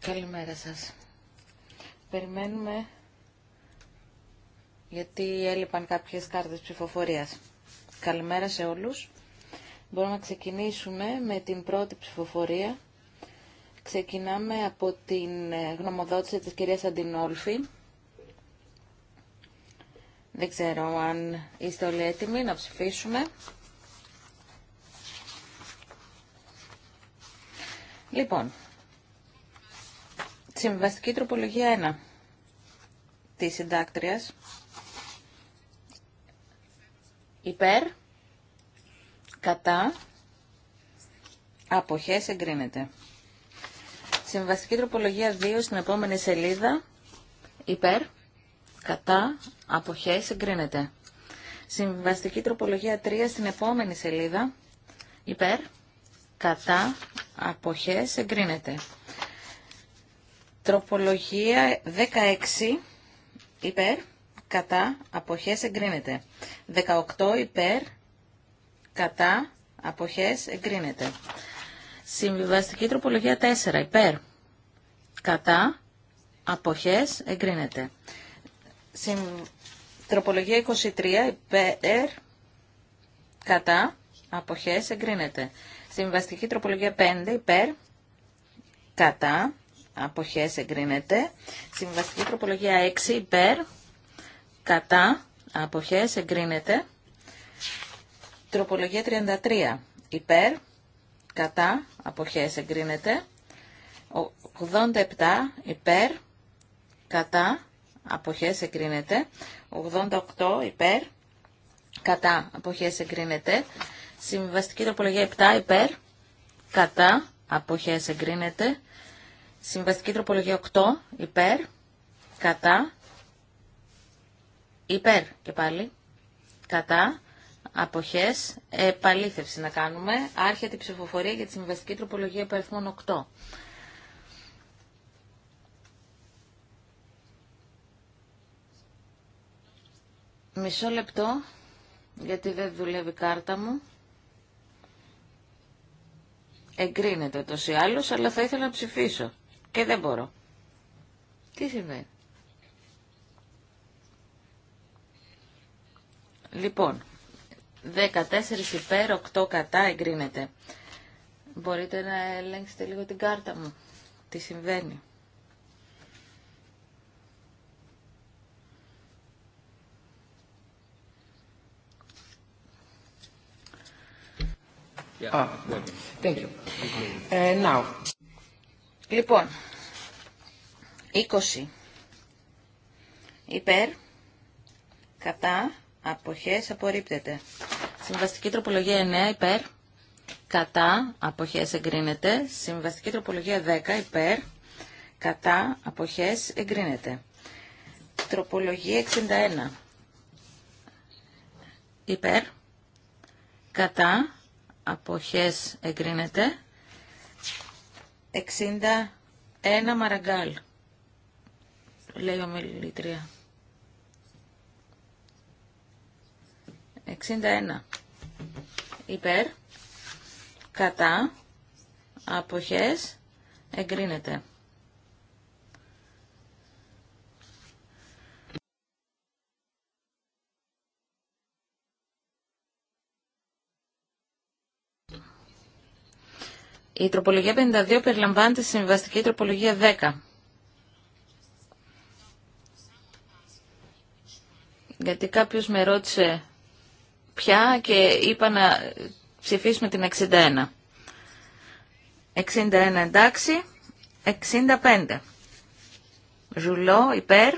Καλημέρα σας. Περιμένουμε γιατί έλειπαν κάποιες κάρτες ψηφοφορίας. Καλημέρα σε όλους. Μπορούμε να ξεκινήσουμε με την πρώτη ψηφοφορία. Ξεκινάμε από την ε, γνωμοδότηση της κυρίας Αντινόλφη. Δεν ξέρω αν είστε όλοι έτοιμοι να ψηφίσουμε. Λοιπόν, συμβαστική τροπολογία 1 της συντάκτριας υπέρ, κατά, αποχές εγκρίνεται. Συμβαστική τροπολογία 2 στην επόμενη σελίδα, υπέρ, κατά, αποχές εγκρίνεται. Συμβαστική τροπολογία 3 στην επόμενη σελίδα, υπέρ, κατά, αποχές εγκρίνεται. Τροπολογία 16 υπέρ, κατά, αποχές εγκρίνεται. 18 υπέρ, κατά, αποχές εγκρίνεται. Συμβιβαστική τροπολογία 4 υπέρ, κατά, αποχές εγκρίνεται. Συμ... Τροπολογία 23 υπέρ, κατά, αποχές εγκρίνεται. Συμβαστική τροπολογία 5 υπέρ, κατά, αποχές εγκρίνεται. Συμβαστική τροπολογία 6 υπέρ, κατά, αποχές εγκρίνεται. Τροπολογία 33 υπέρ, κατά, αποχές εγκρίνεται. 87 υπέρ, κατά, αποχές εγκρίνεται. 88 υπέρ, κατά, αποχές εγκρίνεται. Συμβαστική τροπολογία 7 υπέρ, κατά, αποχές εγκρίνεται. Συμβαστική τροπολογία 8 υπέρ, κατά, υπέρ και πάλι, κατά, αποχές, επαλήθευση να κάνουμε. Άρχεται η ψηφοφορία για τη συμβαστική τροπολογία υπαριθμών 8. Μισό λεπτό, γιατί δεν δουλεύει η κάρτα μου. Εγκρίνεται το ή άλλως, αλλά θα ήθελα να ψηφίσω. Και δεν μπορώ. Τι συμβαίνει. Λοιπόν, 14 υπέρ, 8 κατά εγκρίνεται. Μπορείτε να ελέγξετε λίγο την κάρτα μου. Τι συμβαίνει. Yeah. Ah. Thank uh, Λοιπόν, 20 υπέρ, κατά, αποχές, απορρίπτεται. Συμβαστική τροπολογία 9 υπέρ, κατά, αποχές, εγκρίνεται. Συμβαστική τροπολογία 10 υπέρ, κατά, αποχές, εγκρίνεται. Τροπολογία 61 υπέρ, κατά, αποχές εγκρίνεται. 61 μαραγκάλ, λέει ο μιλήτρια. 61 υπέρ, κατά, αποχές, εγκρίνεται. Η τροπολογία 52 περιλαμβάνεται στη συμβαστική τροπολογία 10. Γιατί κάποιος με ρώτησε πια και είπα να ψηφίσουμε την 61. 61 εντάξει, 65. Ζουλό, υπέρ,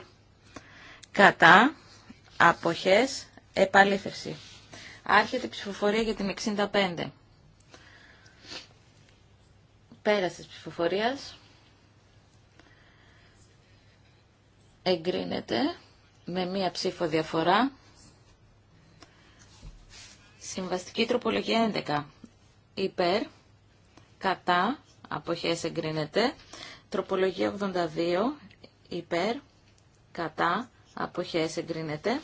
κατά, αποχές, επαλήθευση. Άρχεται η ψηφοφορία για την 65. Πέρας της ψηφοφορίας εγκρίνεται με μία ψήφο διαφορά. Συμβαστική τροπολογία 11. Υπέρ, κατά, αποχές εγκρίνεται. Τροπολογία 82. Υπέρ, κατά, αποχές εγκρίνεται.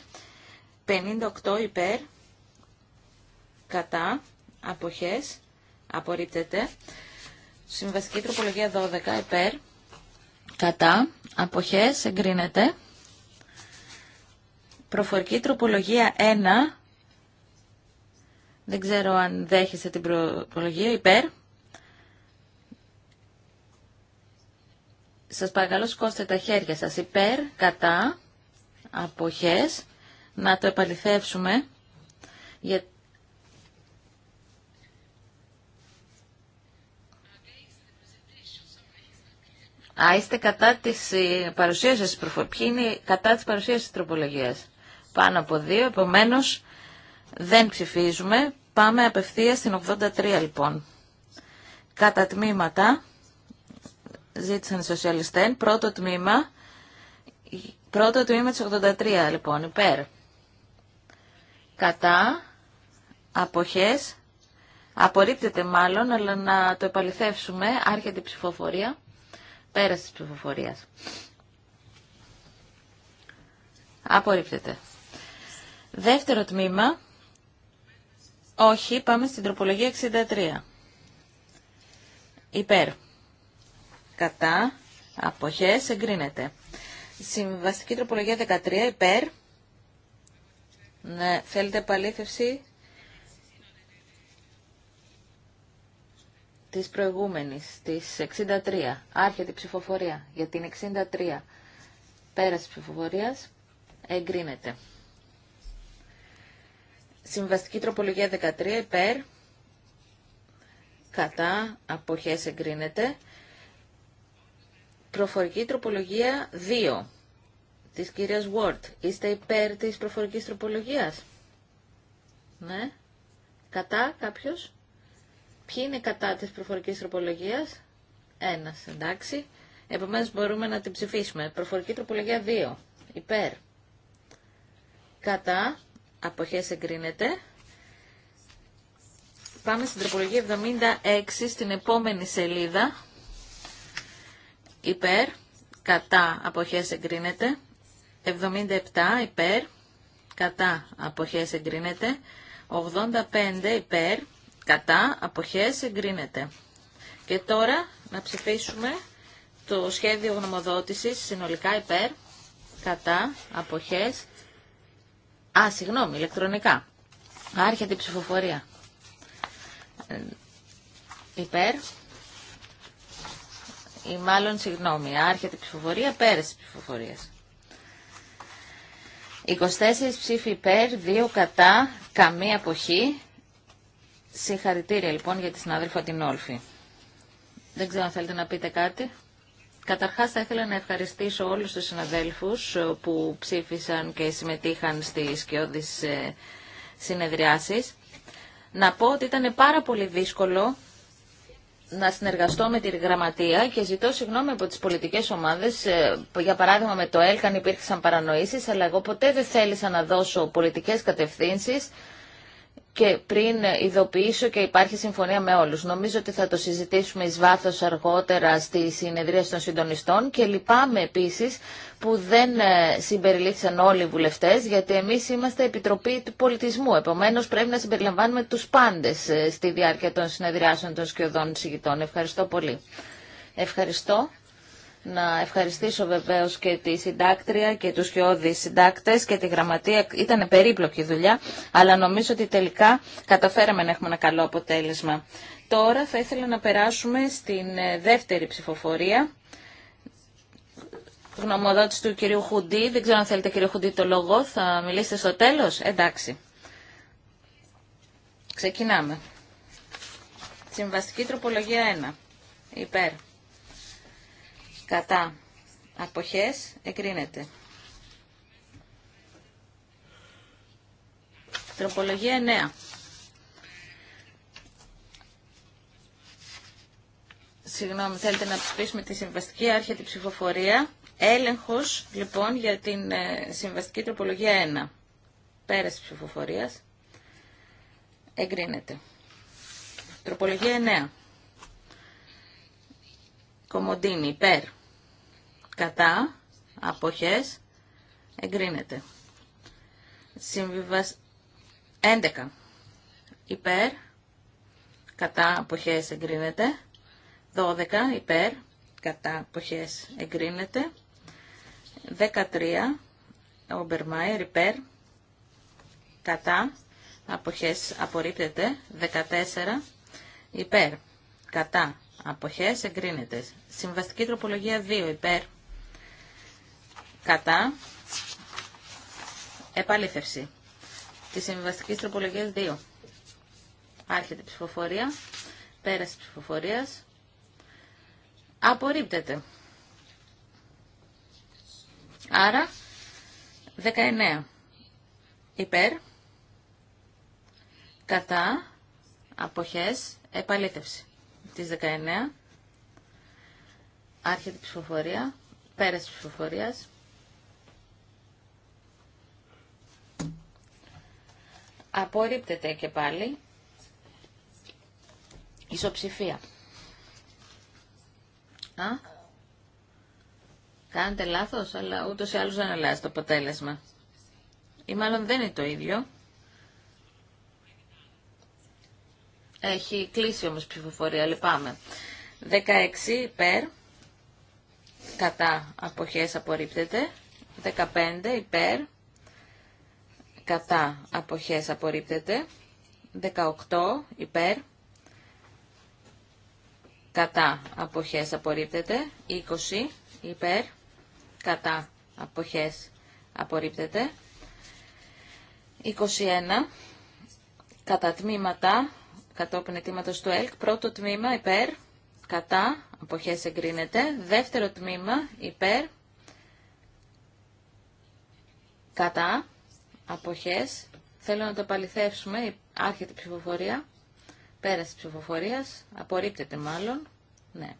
58. Υπέρ, κατά, αποχές απορρίπτεται. Συμβαστική τροπολογία 12 υπέρ. Κατά. Αποχές εγκρίνεται. Προφορική τροπολογία 1. Δεν ξέρω αν δέχεσαι την προπολογία υπέρ. Σας παρακαλώ σκόστε τα χέρια σας υπέρ, κατά, αποχές. Να το επαληθεύσουμε για Α, είστε κατά της ε, παρουσίας τη Ποιοι είναι κατά τη παρουσίαση τροπολογίας. Πάνω από δύο, επομένω δεν ψηφίζουμε. Πάμε απευθεία στην 83 λοιπόν. Κατά τμήματα ζήτησαν οι σοσιαλιστές. Πρώτο τμήμα, πρώτο τμήμα της 83 λοιπόν, υπέρ. Κατά, αποχές, απορρίπτεται μάλλον, αλλά να το επαληθεύσουμε, άρχεται η ψηφοφορία. Πέραση της ψηφοφορίας. Απορρίπτεται. Δεύτερο τμήμα. Όχι, πάμε στην τροπολογία 63. Υπέρ. Κατά. Αποχές. Εγκρίνεται. Συμβαστική τροπολογία 13. Υπέρ. Ναι, θέλετε επαλήθευση της προηγούμενης, της 63, άρχεται η ψηφοφορία για την 63, πέρας της ψηφοφορίας, εγκρίνεται. Συμβαστική τροπολογία 13, υπέρ, κατά, αποχές εγκρίνεται. Προφορική τροπολογία 2, της κυρίας Ward. Είστε υπέρ της προφορικής τροπολογίας. Ναι. Κατά κάποιος. Ποιοι είναι κατά της προφορικής τροπολογίας. Ένας, εντάξει. Επομένως μπορούμε να την ψηφίσουμε. Προφορική τροπολογία 2. Υπέρ. Κατά. Αποχές εγκρίνεται. Πάμε στην τροπολογία 76 στην επόμενη σελίδα. Υπέρ. Κατά. Αποχές εγκρίνεται. 77. Υπέρ. Κατά. Αποχές εγκρίνεται. 85. Υπέρ κατά, αποχές, εγκρίνεται. Και τώρα να ψηφίσουμε το σχέδιο γνωμοδότησης συνολικά υπέρ, κατά, αποχές, α, συγγνώμη, ηλεκτρονικά. Άρχεται η ψηφοφορία. Ε, υπέρ, ή μάλλον συγγνώμη, άρχεται η ψηφοφορία, η ψηφοφορια περες της ψηφοφορία. 24 ψήφοι υπέρ, 2 κατά, καμία αποχή. Συγχαρητήρια λοιπόν για τη συνάδελφα την Όλφη. Δεν ξέρω αν θέλετε να πείτε κάτι. Καταρχάς θα ήθελα να ευχαριστήσω όλους τους συναδέλφους που ψήφισαν και συμμετείχαν στις σκιώδεις ε, συνεδριάσεις. Να πω ότι ήταν πάρα πολύ δύσκολο να συνεργαστώ με τη γραμματεία και ζητώ συγγνώμη από τις πολιτικές ομάδες. Ε, για παράδειγμα με το ΕΛΚΑΝ υπήρξαν παρανοήσεις, αλλά εγώ ποτέ δεν θέλησα να δώσω πολιτικές κατευθύνσει και πριν ειδοποιήσω και υπάρχει συμφωνία με όλους. Νομίζω ότι θα το συζητήσουμε εις βάθος αργότερα στη συνεδρία των συντονιστών και λυπάμαι επίσης που δεν ε, συμπεριλήφθησαν όλοι οι βουλευτές γιατί εμείς είμαστε Επιτροπή του Πολιτισμού. Επομένως πρέπει να συμπεριλαμβάνουμε τους πάντες ε, στη διάρκεια των συνεδριάσεων των σκιωδών συγητών. Ευχαριστώ πολύ. Ευχαριστώ. Να ευχαριστήσω βεβαίως και τη συντάκτρια και του χειώδεις συντάκτες και τη γραμματεία. Ήταν περίπλοκη δουλειά, αλλά νομίζω ότι τελικά καταφέραμε να έχουμε ένα καλό αποτέλεσμα. Τώρα θα ήθελα να περάσουμε στην ε, δεύτερη ψηφοφορία. Γνωμοδότηση του κυρίου Χουντή. Δεν ξέρω αν θέλετε κύριο Χουντή το λόγο. Θα μιλήσετε στο τέλο. Ε, εντάξει. Ξεκινάμε. Συμβαστική τροπολογία 1. Υπέρ κατά αποχές εγκρίνεται. Τροπολογία 9. Συγγνώμη, θέλετε να ψηφίσουμε τη συμβαστική άρχια τη ψηφοφορία. Έλεγχος, λοιπόν, για την ε, συμβαστική τροπολογία 1. Πέραση ψηφοφορίας. Εγκρίνεται. Τροπολογία 9. Κομοντίνη, υπέρ κατά, αποχές, εγκρίνεται. Συμβιβασ... 11. Υπέρ, κατά, αποχές, εγκρίνεται. 12. Υπέρ, κατά, αποχές, εγκρίνεται. 13. Ομπερμάιρ, υπέρ, κατά, αποχές, απορρίπτεται. 14. Υπέρ, κατά, αποχές, εγκρίνεται. Συμβαστική τροπολογία 2. Υπέρ, Κατά. Επαλήθευση. Τη συμβιβαστική τροπολογία 2. Άρχεται η ψηφοφορία. τη ψηφοφορία. Απορρίπτεται. Άρα 19. Υπέρ. Κατά. Αποχές. Επαλήθευση. Της 19. Άρχεται η ψηφοφορία. Πέραση ψηφοφορίας. Απορρίπτεται και πάλι. Ισοψηφία. Α, κάνετε λάθος, αλλά ούτως ή άλλως δεν αλλάζει το αποτέλεσμα. Ή μάλλον δεν είναι το ίδιο. Έχει κλείσει όμως ψηφοφορία, λυπάμαι. 16 υπέρ, κατά αποχές απορρίπτεται. 15 υπέρ, κατά αποχές απορρίπτεται. 18 υπέρ κατά αποχές απορρίπτεται. 20 υπέρ κατά αποχές απορρίπτεται. 21 κατά τμήματα κατόπιν αιτήματος του ΕΛΚ. Πρώτο τμήμα υπέρ κατά αποχές εγκρίνεται. Δεύτερο τμήμα υπέρ κατά αποχές. Θέλω να το επαληθεύσουμε. Άρχεται η ψηφοφορία. Πέραση της ψηφοφορίας. Απορρίπτεται μάλλον. Ναι.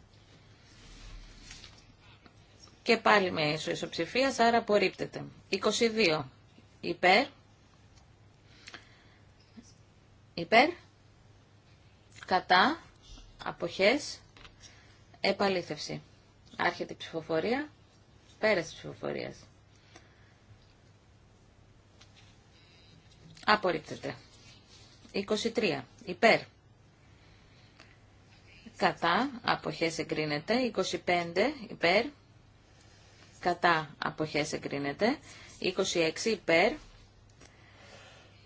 Και πάλι με ισοψηφία, άρα απορρίπτεται. 22. Υπέρ. Υπέρ. Κατά. Αποχές. Επαλήθευση. Άρχεται η ψηφοφορία. Πέραση της ψηφοφορίας. Απορρίπτεται. 23. Υπέρ. Κατά. Αποχές εγκρίνεται. 25. Υπέρ. Κατά. Αποχές εγκρίνεται. 26. Υπέρ.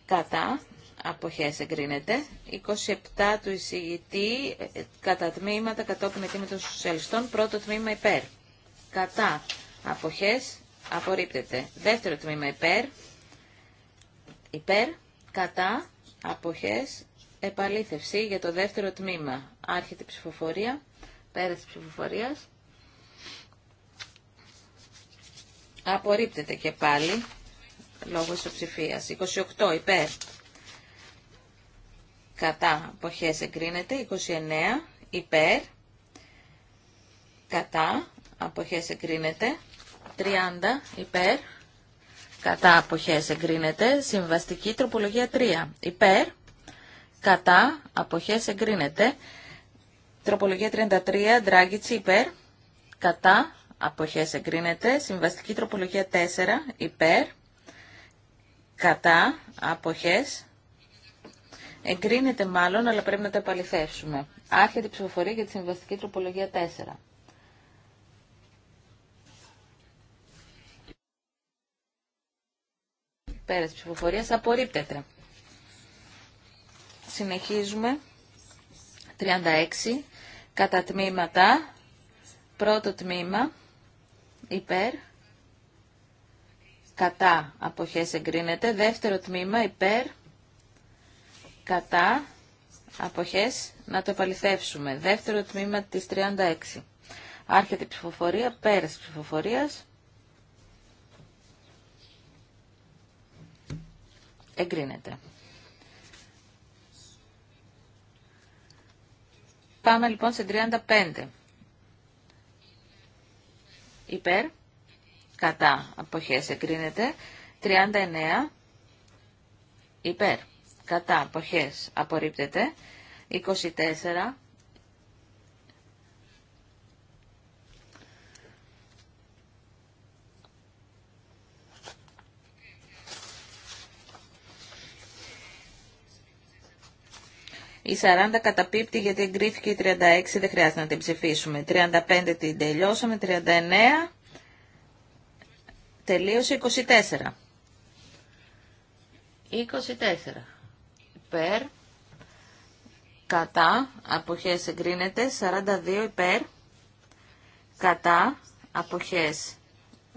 Κατά. Αποχές εγκρίνεται. 27 του εισηγητή ε, κατά τμήματα κατόπιν εκείνων των σοσιαλιστών. Πρώτο τμήμα υπέρ. Κατά. Αποχές απορρίπτεται. Δεύτερο τμήμα υπέρ. Υπέρ, κατά, αποχές, επαλήθευση για το δεύτερο τμήμα. Άρχεται η ψηφοφορία, πέρα της ψηφοφορίας. Απορρίπτεται και πάλι, λόγω ισοψηφίας. 28 υπέρ, κατά, αποχές εγκρίνεται. 29 υπέρ, κατά, αποχές εγκρίνεται. 30 υπέρ, κατά αποχές εγκρίνεται. Συμβαστική τροπολογία 3 υπέρ, κατά αποχές εγκρίνεται. Τροπολογία 33, Ντράγκητσι υπέρ, κατά αποχές εγκρίνεται. Συμβαστική τροπολογία 4 υπέρ, κατά αποχές Εγκρίνεται μάλλον, αλλά πρέπει να το επαληθεύσουμε. Άρχεται η ψηφοφορία για τη συμβαστική τροπολογία 4. Πέρας ψηφοφορίας απορρίπτεται. Συνεχίζουμε. 36. Κατά τμήματα. Πρώτο τμήμα. Υπέρ. Κατά αποχές εγκρίνεται. Δεύτερο τμήμα. Υπέρ. Κατά αποχές. Να το επαληθεύσουμε. Δεύτερο τμήμα της 36. Άρχεται η ψηφοφορία. Πέρας ψηφοφορίας. εγκρίνεται. Πάμε λοιπόν σε 35. Υπέρ, κατά, αποχές εγκρίνεται. 39, υπέρ, κατά, αποχές απορρίπτεται. 24, Η 40 καταπίπτει γιατί εγκρίθηκε η 36, δεν χρειάζεται να την ψηφίσουμε. 35 την τελειώσαμε, 39 τελείωσε 24. 24. Υπέρ, κατά, αποχές εγκρίνεται, 42 υπέρ, κατά, αποχές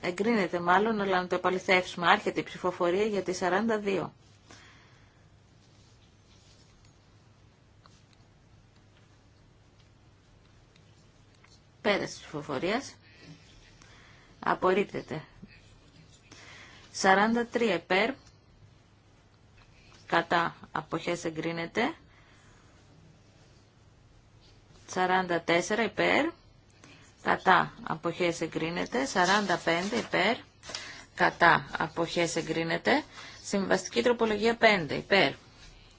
εγκρίνεται μάλλον, αλλά να το επαληθεύσουμε. Άρχεται η ψηφοφορία για τη 42. Πέρας της ψηφοφορίας. Απορρίπτεται. 43 υπέρ. Κατά αποχές εγκρίνεται. 44 υπέρ. Κατά αποχές εγκρίνεται. 45 υπέρ. Κατά αποχές εγκρίνεται. Συμβαστική τροπολογία 5 υπέρ.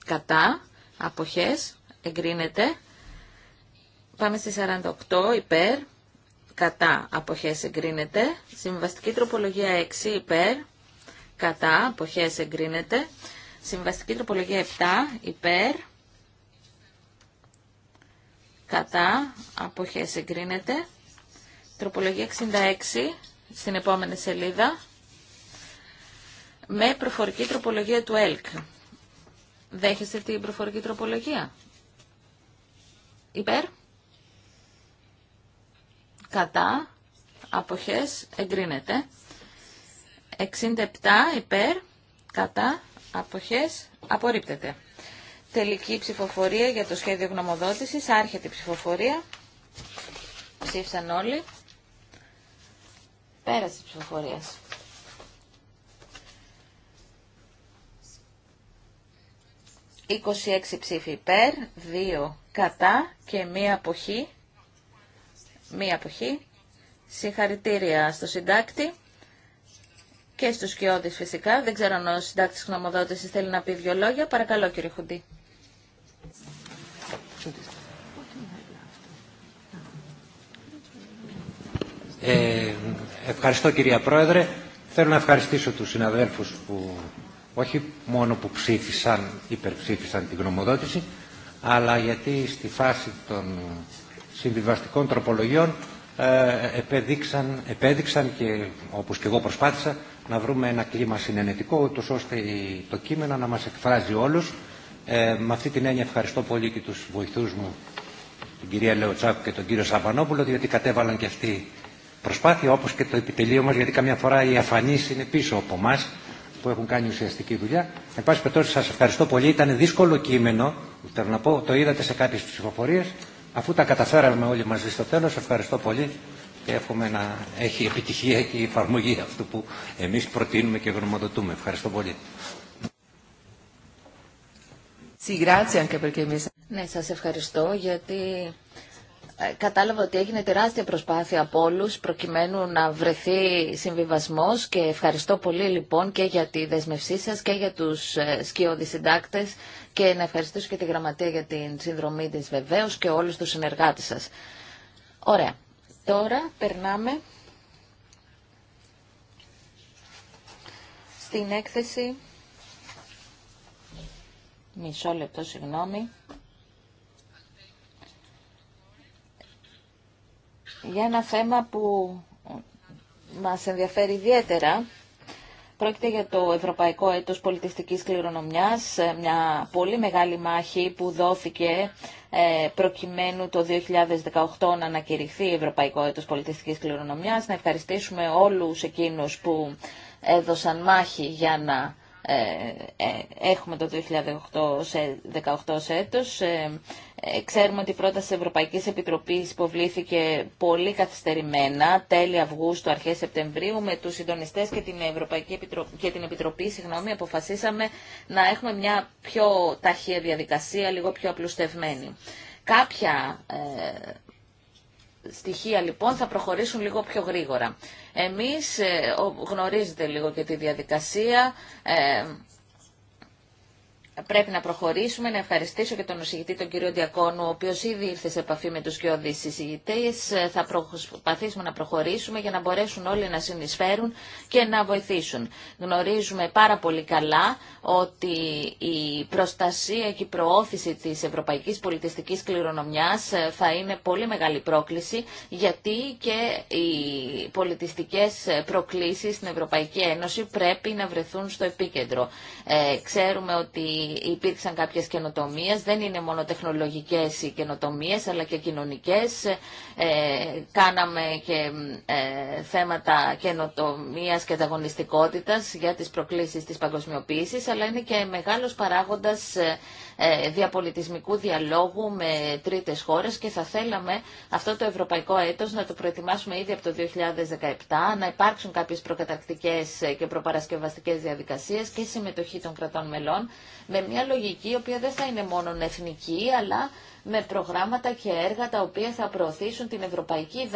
Κατά αποχές εγκρίνεται. Πάμε στη 48 υπέρ, κατά αποχές εγκρίνεται. Συμβαστική τροπολογία 6 υπέρ, κατά αποχές εγκρίνεται. Συμβαστική τροπολογία 7 υπέρ, κατά αποχές εγκρίνεται. Τροπολογία 66 στην επόμενη σελίδα με προφορική τροπολογία του ΕΛΚ. Δέχεστε την προφορική τροπολογία. Υπέρ κατά, αποχές, εγκρίνεται. 67 υπέρ, κατά, αποχές, απορρίπτεται. Τελική ψηφοφορία για το σχέδιο γνωμοδότησης, άρχεται η ψηφοφορία. Ψήφισαν όλοι. Πέρασε η ψηφοφορία. «26 ψήφοι υπέρ, 2 κατά και μία αποχή μία αποχή. Συγχαρητήρια στο συντάκτη και στους σκιώδεις φυσικά. Δεν ξέρω αν ο συντάκτης γνωμοδότησης θέλει να πει δύο λόγια. Παρακαλώ κύριε Χουντή. Ε, ευχαριστώ κυρία Πρόεδρε. Θέλω να ευχαριστήσω τους συναδέλφους που όχι μόνο που ψήφισαν, υπερψήφισαν την γνωμοδότηση, αλλά γιατί στη φάση των συμβιβαστικών τροπολογιών ε, επέδειξαν, επέδειξαν και όπως και εγώ προσπάθησα να βρούμε ένα κλίμα συνενετικό ούτως ώστε το κείμενο να μας εκφράζει όλους. Ε, με αυτή την έννοια ευχαριστώ πολύ και τους βοηθούς μου την κυρία Λεοτσάκου και τον κύριο Σαμπανόπουλο διότι κατέβαλαν και αυτή προσπάθεια όπως και το επιτελείο μας γιατί καμιά φορά οι αφανείς είναι πίσω από εμά που έχουν κάνει ουσιαστική δουλειά. Εν πάση περιπτώσει σας ευχαριστώ πολύ. Ήταν δύσκολο κείμενο, θέλω να πω, το είδατε σε κάποιες ψηφοφορίε. Αφού τα καταφέραμε όλοι μαζί στο τέλος, ευχαριστώ πολύ και εύχομαι να έχει επιτυχία και η εφαρμογή αυτού που εμείς προτείνουμε και γνωμοδοτούμε. Ευχαριστώ πολύ. Ναι, σας ευχαριστώ γιατί ε, κατάλαβα ότι έγινε τεράστια προσπάθεια από όλου προκειμένου να βρεθεί συμβιβασμός και ευχαριστώ πολύ λοιπόν και για τη δεσμευσή σας και για τους ε, σκιώδη συντάκτες και να ευχαριστήσω και τη Γραμματεία για την συνδρομή της βεβαίως και όλους τους συνεργάτες σας. Ωραία. Τώρα περνάμε στην έκθεση... Μισό λεπτό, συγγνώμη. Για ένα θέμα που μας ενδιαφέρει ιδιαίτερα Πρόκειται για το Ευρωπαϊκό Έτος Πολιτιστικής Κληρονομιάς, ε, μια πολύ μεγάλη μάχη που δόθηκε ε, προκειμένου το 2018 να ανακηρυχθεί Ευρωπαϊκό Έτος Πολιτιστικής Κληρονομιάς. Να ευχαριστήσουμε όλους εκείνους που έδωσαν μάχη για να ε, ε, έχουμε το 2018 σε 18 έτος. Ε, ξέρουμε ότι η πρόταση της Ευρωπαϊκής Επιτροπής υποβλήθηκε πολύ καθυστερημένα, τέλη Αυγούστου, αρχές Σεπτεμβρίου, με τους συντονιστές και την, Ευρωπαϊκή Επιτροπή, και την Επιτροπή συγγνώμη, αποφασίσαμε να έχουμε μια πιο ταχεία διαδικασία, λίγο πιο απλουστευμένη. Κάποια στοιχεία λοιπόν θα προχωρήσουν λίγο πιο γρήγορα. Εμείς ε, γνωρίζετε λίγο και τη διαδικασία, ε, πρέπει να προχωρήσουμε. Να ευχαριστήσω και τον εισηγητή, τον κύριο Διακόνου, ο οποίος ήδη ήρθε σε επαφή με τους κοιόδη συζητητές. Ε, θα προσπαθήσουμε να προχωρήσουμε για να μπορέσουν όλοι να συνεισφέρουν και να βοηθήσουν. Γνωρίζουμε πάρα πολύ καλά ότι η προστασία και η προώθηση της ευρωπαϊκής πολιτιστικής κληρονομιάς ε, θα είναι πολύ μεγάλη πρόκληση, γιατί και οι πολιτιστικές προκλήσεις στην Ευρωπαϊκή Ένωση πρέπει να βρεθούν στο επίκεντρο. Ε, ξέρουμε ότι υπήρξαν κάποιες καινοτομίες, δεν είναι μόνο τεχνολογικές οι καινοτομίες, αλλά και κοινωνικές. Ε, κάναμε και ε, θέματα καινοτομίας και ανταγωνιστικότητας για τις προκλήσεις της παγκοσμιοποίησης, αλλά είναι και μεγάλος παράγοντας ε, ε, διαπολιτισμικού διαλόγου με τρίτες χώρες και θα θέλαμε αυτό το ευρωπαϊκό έτος να το προετοιμάσουμε ήδη από το 2017, να υπάρξουν κάποιες προκαταρκτικές και προπαρασκευαστικές διαδικασίες και συμμετοχή των κρατών μελών με μια λογική η οποία δεν θα είναι μόνο εθνική αλλά με προγράμματα και έργα τα οποία θα προωθήσουν την ευρωπαϊκή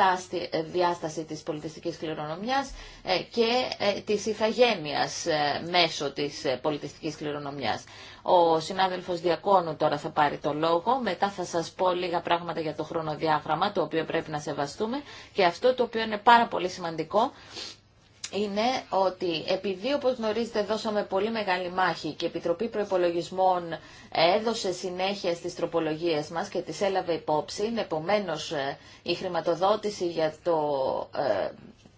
ε, διάσταση της πολιτιστικής κληρονομιάς ε, και ε, της ηθαγένειας μέσω της πολιτιστικής κληρονομιάς. Ο συνάδελφος Διακόνου τώρα θα πάρει το λόγο, μετά θα σας πω λίγα πράγματα για το χρονοδιάγραμμα, το οποίο πρέπει να σεβαστούμε και αυτό το οποίο είναι πάρα πολύ σημαντικό είναι ότι επειδή όπως γνωρίζετε δώσαμε πολύ μεγάλη μάχη και η Επιτροπή Προϋπολογισμών έδωσε συνέχεια στις τροπολογίες μας και τις έλαβε υπόψη, επομένως ε, η χρηματοδότηση για το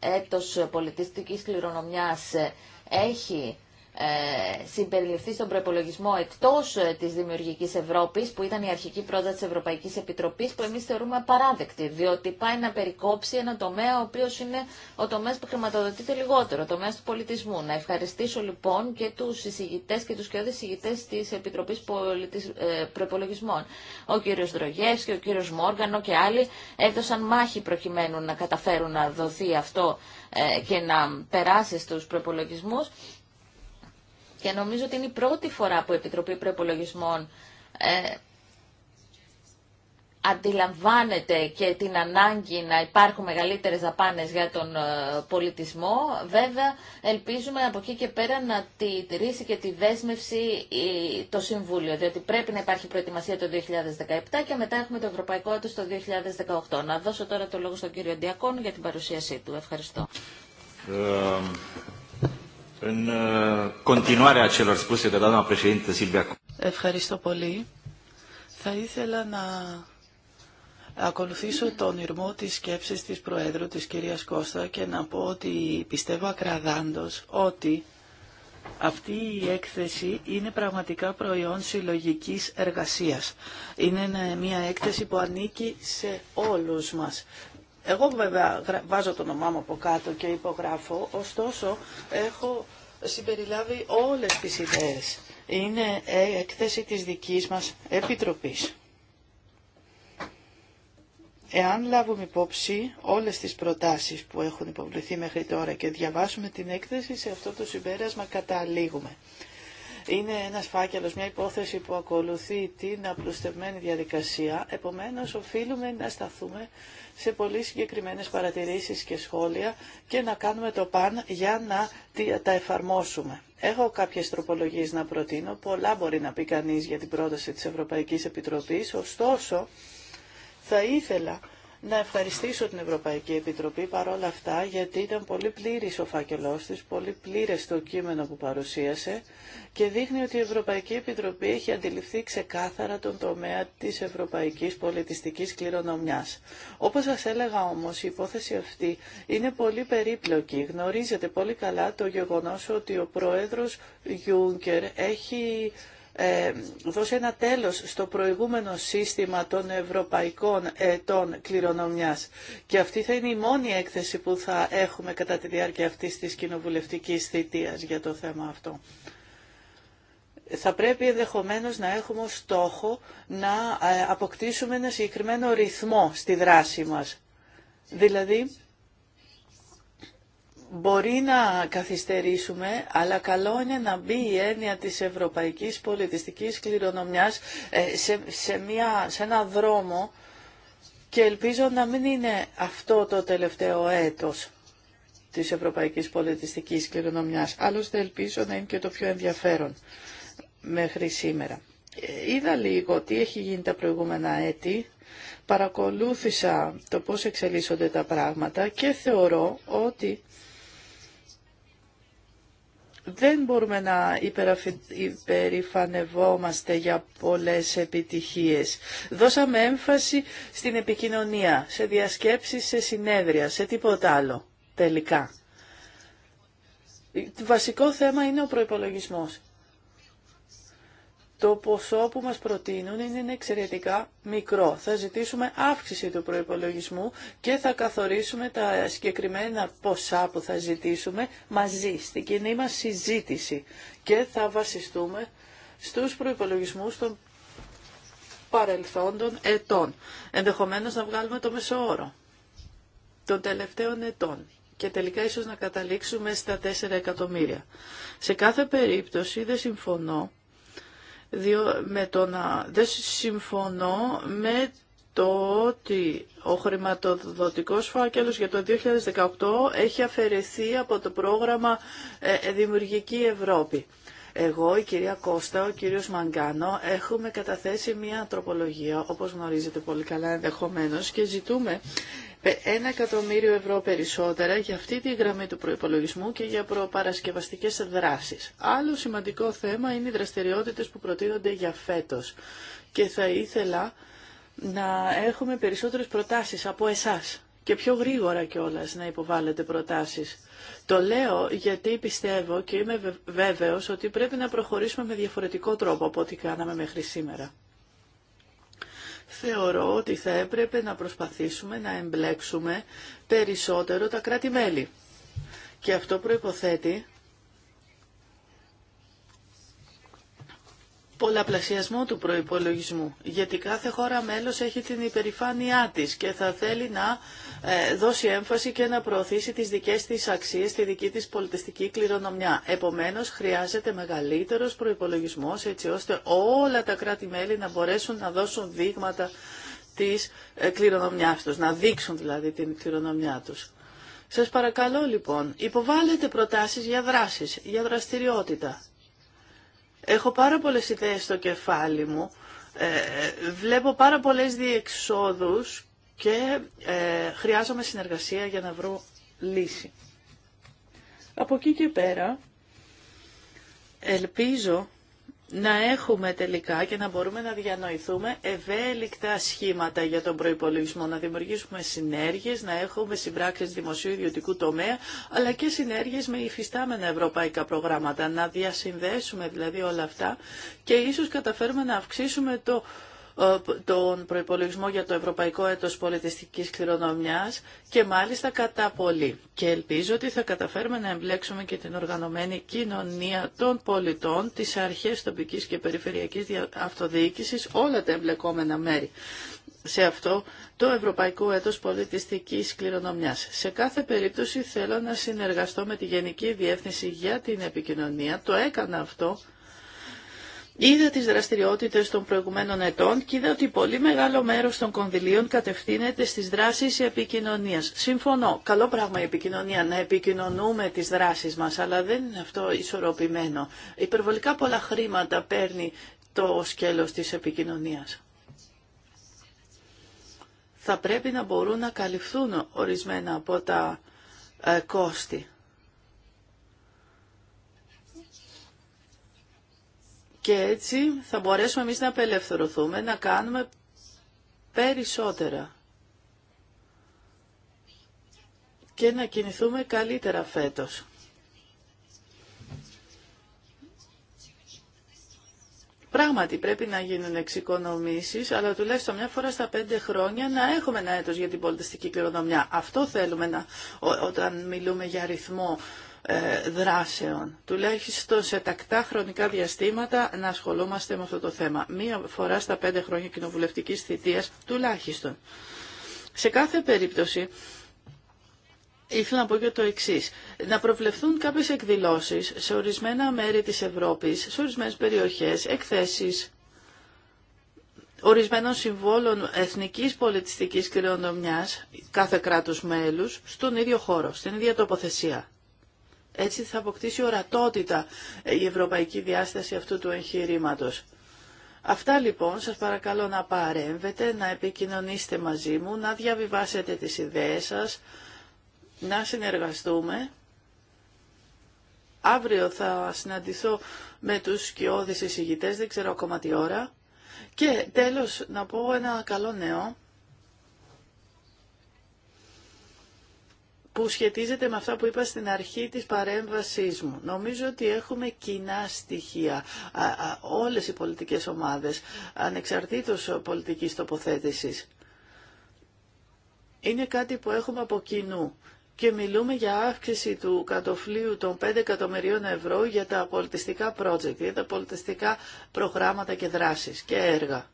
ε, έτος πολιτιστικής κληρονομιάς ε, έχει ε, συμπεριληφθεί στον προπολογισμό εκτός ε, τη Δημιουργική Ευρώπη, που ήταν η αρχική πρόταση τη Ευρωπαϊκή Επιτροπή, που εμεί θεωρούμε απαράδεκτη, διότι πάει να περικόψει ένα τομέα ο οποίο είναι ο τομέα που χρηματοδοτείται λιγότερο, ο του πολιτισμού. Να ευχαριστήσω λοιπόν και του συζητητέ και του κοιόδη συζητητέ τη Επιτροπή Πολιτισ... Ε, Προπολογισμών. Ο κύριος Δρογεύς και ο κύριος Μόργανο και άλλοι έδωσαν μάχη προκειμένου να καταφέρουν να δοθεί αυτό και να περάσει στου προπολογισμού και νομίζω ότι είναι η πρώτη φορά που η Επιτροπή Προπολογισμών ε, αντιλαμβάνεται και την ανάγκη να υπάρχουν μεγαλύτερες δαπάνες για τον ε, πολιτισμό. Βέβαια, ελπίζουμε από εκεί και πέρα να τη τηρήσει και τη δέσμευση το Συμβούλιο, διότι πρέπει να υπάρχει προετοιμασία το 2017 και μετά έχουμε το Ευρωπαϊκό Έτος το 2018. Να δώσω τώρα το λόγο στον κύριο Διακόν για την παρουσίασή του. Ευχαριστώ. Ε, Uh, Ευχαριστώ πολύ. Θα ήθελα να ακολουθήσω τον ηρμό της σκέψης της Προέδρου, της κυρίας Κώστα, και να πω ότι πιστεύω ακραδάντως ότι αυτή η έκθεση είναι πραγματικά προϊόν συλλογικής εργασίας. Είναι μια έκθεση που ανήκει σε όλους μας. Εγώ βέβαια βάζω το όνομά μου από κάτω και υπογράφω, ωστόσο έχω συμπεριλάβει όλες τις ιδέες. Είναι ε, έκθεση της δικής μας Επιτροπής. Εάν λάβουμε υπόψη όλες τις προτάσεις που έχουν υποβληθεί μέχρι τώρα και διαβάσουμε την έκθεση, σε αυτό το συμπέρασμα καταλήγουμε. Είναι ένας φάκελος, μια υπόθεση που ακολουθεί την απλουστευμένη διαδικασία. Επομένως, οφείλουμε να σταθούμε σε πολύ συγκεκριμένες παρατηρήσεις και σχόλια και να κάνουμε το παν για να τα εφαρμόσουμε. Έχω κάποιες τροπολογίες να προτείνω, πολλά μπορεί να πει κανείς για την πρόταση της Ευρωπαϊκής Επιτροπής, ωστόσο θα ήθελα να ευχαριστήσω την Ευρωπαϊκή Επιτροπή παρόλα αυτά γιατί ήταν πολύ πλήρης ο φάκελός της, πολύ πλήρες το κείμενο που παρουσίασε και δείχνει ότι η Ευρωπαϊκή Επιτροπή έχει αντιληφθεί ξεκάθαρα τον τομέα της ευρωπαϊκής πολιτιστικής κληρονομιάς. Όπως σας έλεγα όμως, η υπόθεση αυτή είναι πολύ περίπλοκη. Γνωρίζετε πολύ καλά το γεγονός ότι ο Πρόεδρος Γιούγκερ έχει ε, δώσει ένα τέλος στο προηγούμενο σύστημα των ευρωπαϊκών ετών κληρονομιάς. Και αυτή θα είναι η μόνη έκθεση που θα έχουμε κατά τη διάρκεια αυτής της κοινοβουλευτικής θητείας για το θέμα αυτό. Θα πρέπει ενδεχομένως να έχουμε στόχο να ε, αποκτήσουμε ένα συγκεκριμένο ρυθμό στη δράση μας. Δηλαδή, Μπορεί να καθυστερήσουμε, αλλά καλό είναι να μπει η έννοια της ευρωπαϊκής πολιτιστικής κληρονομιάς ε, σε, σε, μια, σε ένα δρόμο και ελπίζω να μην είναι αυτό το τελευταίο έτος της ευρωπαϊκής πολιτιστικής κληρονομιάς. Άλλωστε ελπίζω να είναι και το πιο ενδιαφέρον μέχρι σήμερα. Ε, είδα λίγο τι έχει γίνει τα προηγούμενα έτη, παρακολούθησα το πώς εξελίσσονται τα πράγματα και θεωρώ ότι δεν μπορούμε να υπερηφανευόμαστε για πολλές επιτυχίες. Δώσαμε έμφαση στην επικοινωνία, σε διασκέψεις, σε συνέδρια, σε τίποτα άλλο τελικά. Το βασικό θέμα είναι ο προϋπολογισμός το ποσό που μας προτείνουν είναι εξαιρετικά μικρό. Θα ζητήσουμε αύξηση του προϋπολογισμού και θα καθορίσουμε τα συγκεκριμένα ποσά που θα ζητήσουμε μαζί στην κοινή μας συζήτηση και θα βασιστούμε στους προϋπολογισμούς των παρελθόντων ετών. Ενδεχομένως να βγάλουμε το μεσοόρο των τελευταίων ετών και τελικά ίσως να καταλήξουμε στα 4 εκατομμύρια. Σε κάθε περίπτωση δεν συμφωνώ διό με το να δεν συμφωνώ με το ότι ο χρηματοδοτικός φάκελος για το 2018 έχει αφαιρεθεί από το πρόγραμμα ε, ε, Δημιουργική Ευρώπη. Εγώ, η κυρία Κώστα, ο κύριος Μαγκάνο έχουμε καταθέσει μια τροπολογία, όπως γνωρίζετε πολύ καλά ενδεχομένως, και ζητούμε ε, ένα εκατομμύριο ευρώ περισσότερα για αυτή τη γραμμή του προπολογισμού και για προπαρασκευαστικές δράσεις. Άλλο σημαντικό θέμα είναι οι δραστηριότητε που προτείνονται για φέτος και θα ήθελα να έχουμε περισσότερες προτάσεις από εσάς και πιο γρήγορα κιόλα να υποβάλλετε προτάσεις. Το λέω γιατί πιστεύω και είμαι βέβαιος ότι πρέπει να προχωρήσουμε με διαφορετικό τρόπο από ό,τι κάναμε μέχρι σήμερα θεωρώ ότι θα έπρεπε να προσπαθήσουμε να εμπλέξουμε περισσότερο τα κράτη-μέλη. Και αυτό προϋποθέτει πολλαπλασιασμό του προϋπολογισμού, γιατί κάθε χώρα μέλος έχει την υπερηφάνειά της και θα θέλει να ε, δώσει έμφαση και να προωθήσει τις δικές της αξίες τη δική της πολιτιστική κληρονομιά. Επομένως, χρειάζεται μεγαλύτερος προϋπολογισμός έτσι ώστε όλα τα κράτη-μέλη να μπορέσουν να δώσουν δείγματα της ε, κληρονομιάς τους, να δείξουν δηλαδή την κληρονομιά τους. Σας παρακαλώ λοιπόν, υποβάλλετε προτάσεις για δράσεις, για δραστηριότητα. Έχω πάρα πολλές ιδέες στο κεφάλι μου. Ε, βλέπω πάρα πολλές διεξόδους και ε, χρειάζομαι συνεργασία για να βρω λύση. Από εκεί και πέρα, ελπίζω να έχουμε τελικά και να μπορούμε να διανοηθούμε ευέλικτα σχήματα για τον προϋπολογισμό, να δημιουργήσουμε συνέργειες, να έχουμε συμπράξεις δημοσίου ιδιωτικού τομέα, αλλά και συνέργειες με υφιστάμενα ευρωπαϊκά προγράμματα, να διασυνδέσουμε δηλαδή όλα αυτά και ίσως καταφέρουμε να αυξήσουμε το ε, τον προϋπολογισμό για το Ευρωπαϊκό Έτος Πολιτιστικής Κληρονομιάς και μάλιστα κατά πολύ. Και ελπίζω ότι θα καταφέρουμε να εμπλέξουμε και την οργανωμένη κοινωνία των πολιτών, τις αρχές τοπικής και περιφερειακής αυτοδιοίκησης, όλα τα εμπλεκόμενα μέρη σε αυτό το Ευρωπαϊκό Έτος Πολιτιστικής Κληρονομιάς. Σε κάθε περίπτωση θέλω να συνεργαστώ με τη Γενική Διεύθυνση για την Επικοινωνία. Το έκανα αυτό Είδα τις δραστηριότητες των προηγουμένων ετών και είδα ότι πολύ μεγάλο μέρος των κονδυλίων κατευθύνεται στις δράσεις επικοινωνίας. Συμφωνώ, καλό πράγμα η επικοινωνία, να επικοινωνούμε τις δράσεις μας, αλλά δεν είναι αυτό ισορροπημένο. Υπερβολικά πολλά χρήματα παίρνει το σκέλος της επικοινωνίας. Θα πρέπει να μπορούν να καλυφθούν ορισμένα από τα ε, κόστη. Και έτσι θα μπορέσουμε εμείς να απελευθερωθούμε, να κάνουμε περισσότερα και να κινηθούμε καλύτερα φέτος. Πράγματι πρέπει να γίνουν εξοικονομήσεις, αλλά τουλάχιστον μια φορά στα πέντε χρόνια να έχουμε ένα έτος για την πολιτιστική κληρονομιά. Αυτό θέλουμε να, όταν μιλούμε για ρυθμό. Ε, δράσεων. Τουλάχιστον σε τακτά χρονικά διαστήματα να ασχολούμαστε με αυτό το θέμα. Μία φορά στα πέντε χρόνια κοινοβουλευτική θητείας τουλάχιστον. Σε κάθε περίπτωση ήθελα να πω και το εξή. Να προβλεφθούν κάποιες εκδηλώσεις σε ορισμένα μέρη της Ευρώπης, σε ορισμένες περιοχές, εκθέσεις, ορισμένων συμβόλων εθνικής πολιτιστικής κληρονομιάς κάθε κράτους μέλους στον ίδιο χώρο, στην ίδια τοποθεσία. Έτσι θα αποκτήσει ορατότητα η ευρωπαϊκή διάσταση αυτού του εγχειρήματο. Αυτά λοιπόν, σας παρακαλώ να παρέμβετε, να επικοινωνήσετε μαζί μου, να διαβιβάσετε τις ιδέες σας, να συνεργαστούμε. Αύριο θα συναντηθώ με τους σκιώδεις εισηγητές, δεν ξέρω ακόμα τι ώρα. Και τέλος να πω ένα καλό νέο. που σχετίζεται με αυτά που είπα στην αρχή της παρέμβασής μου. Νομίζω ότι έχουμε κοινά στοιχεία όλες οι πολιτικές ομάδες, ανεξαρτήτως πολιτικής τοποθέτησης. Είναι κάτι που έχουμε από κοινού και μιλούμε για αύξηση του κατοφλίου των 5 εκατομμυρίων ευρώ για τα πολιτιστικά project, για τα πολιτιστικά προγράμματα και δράσεις και έργα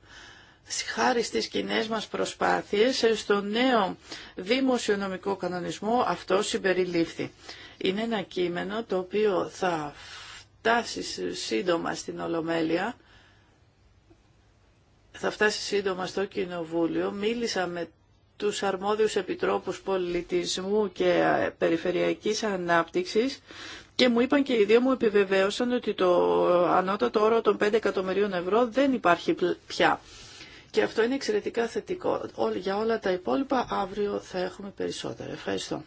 χάρη στις κοινέ μας προσπάθειες ε, στο νέο δημοσιονομικό κανονισμό αυτό συμπεριλήφθη. Είναι ένα κείμενο το οποίο θα φτάσει σύντομα στην Ολομέλεια, θα φτάσει σύντομα στο Κοινοβούλιο. Μίλησα με τους αρμόδιους επιτρόπους πολιτισμού και ε, περιφερειακής ανάπτυξης και μου είπαν και οι δύο μου επιβεβαίωσαν ότι το ε, ανώτατο όρο των 5 εκατομμυρίων ευρώ δεν υπάρχει πια. Και αυτό είναι εξαιρετικά θετικό. Για όλα τα υπόλοιπα αύριο θα έχουμε περισσότερα. Ευχαριστώ.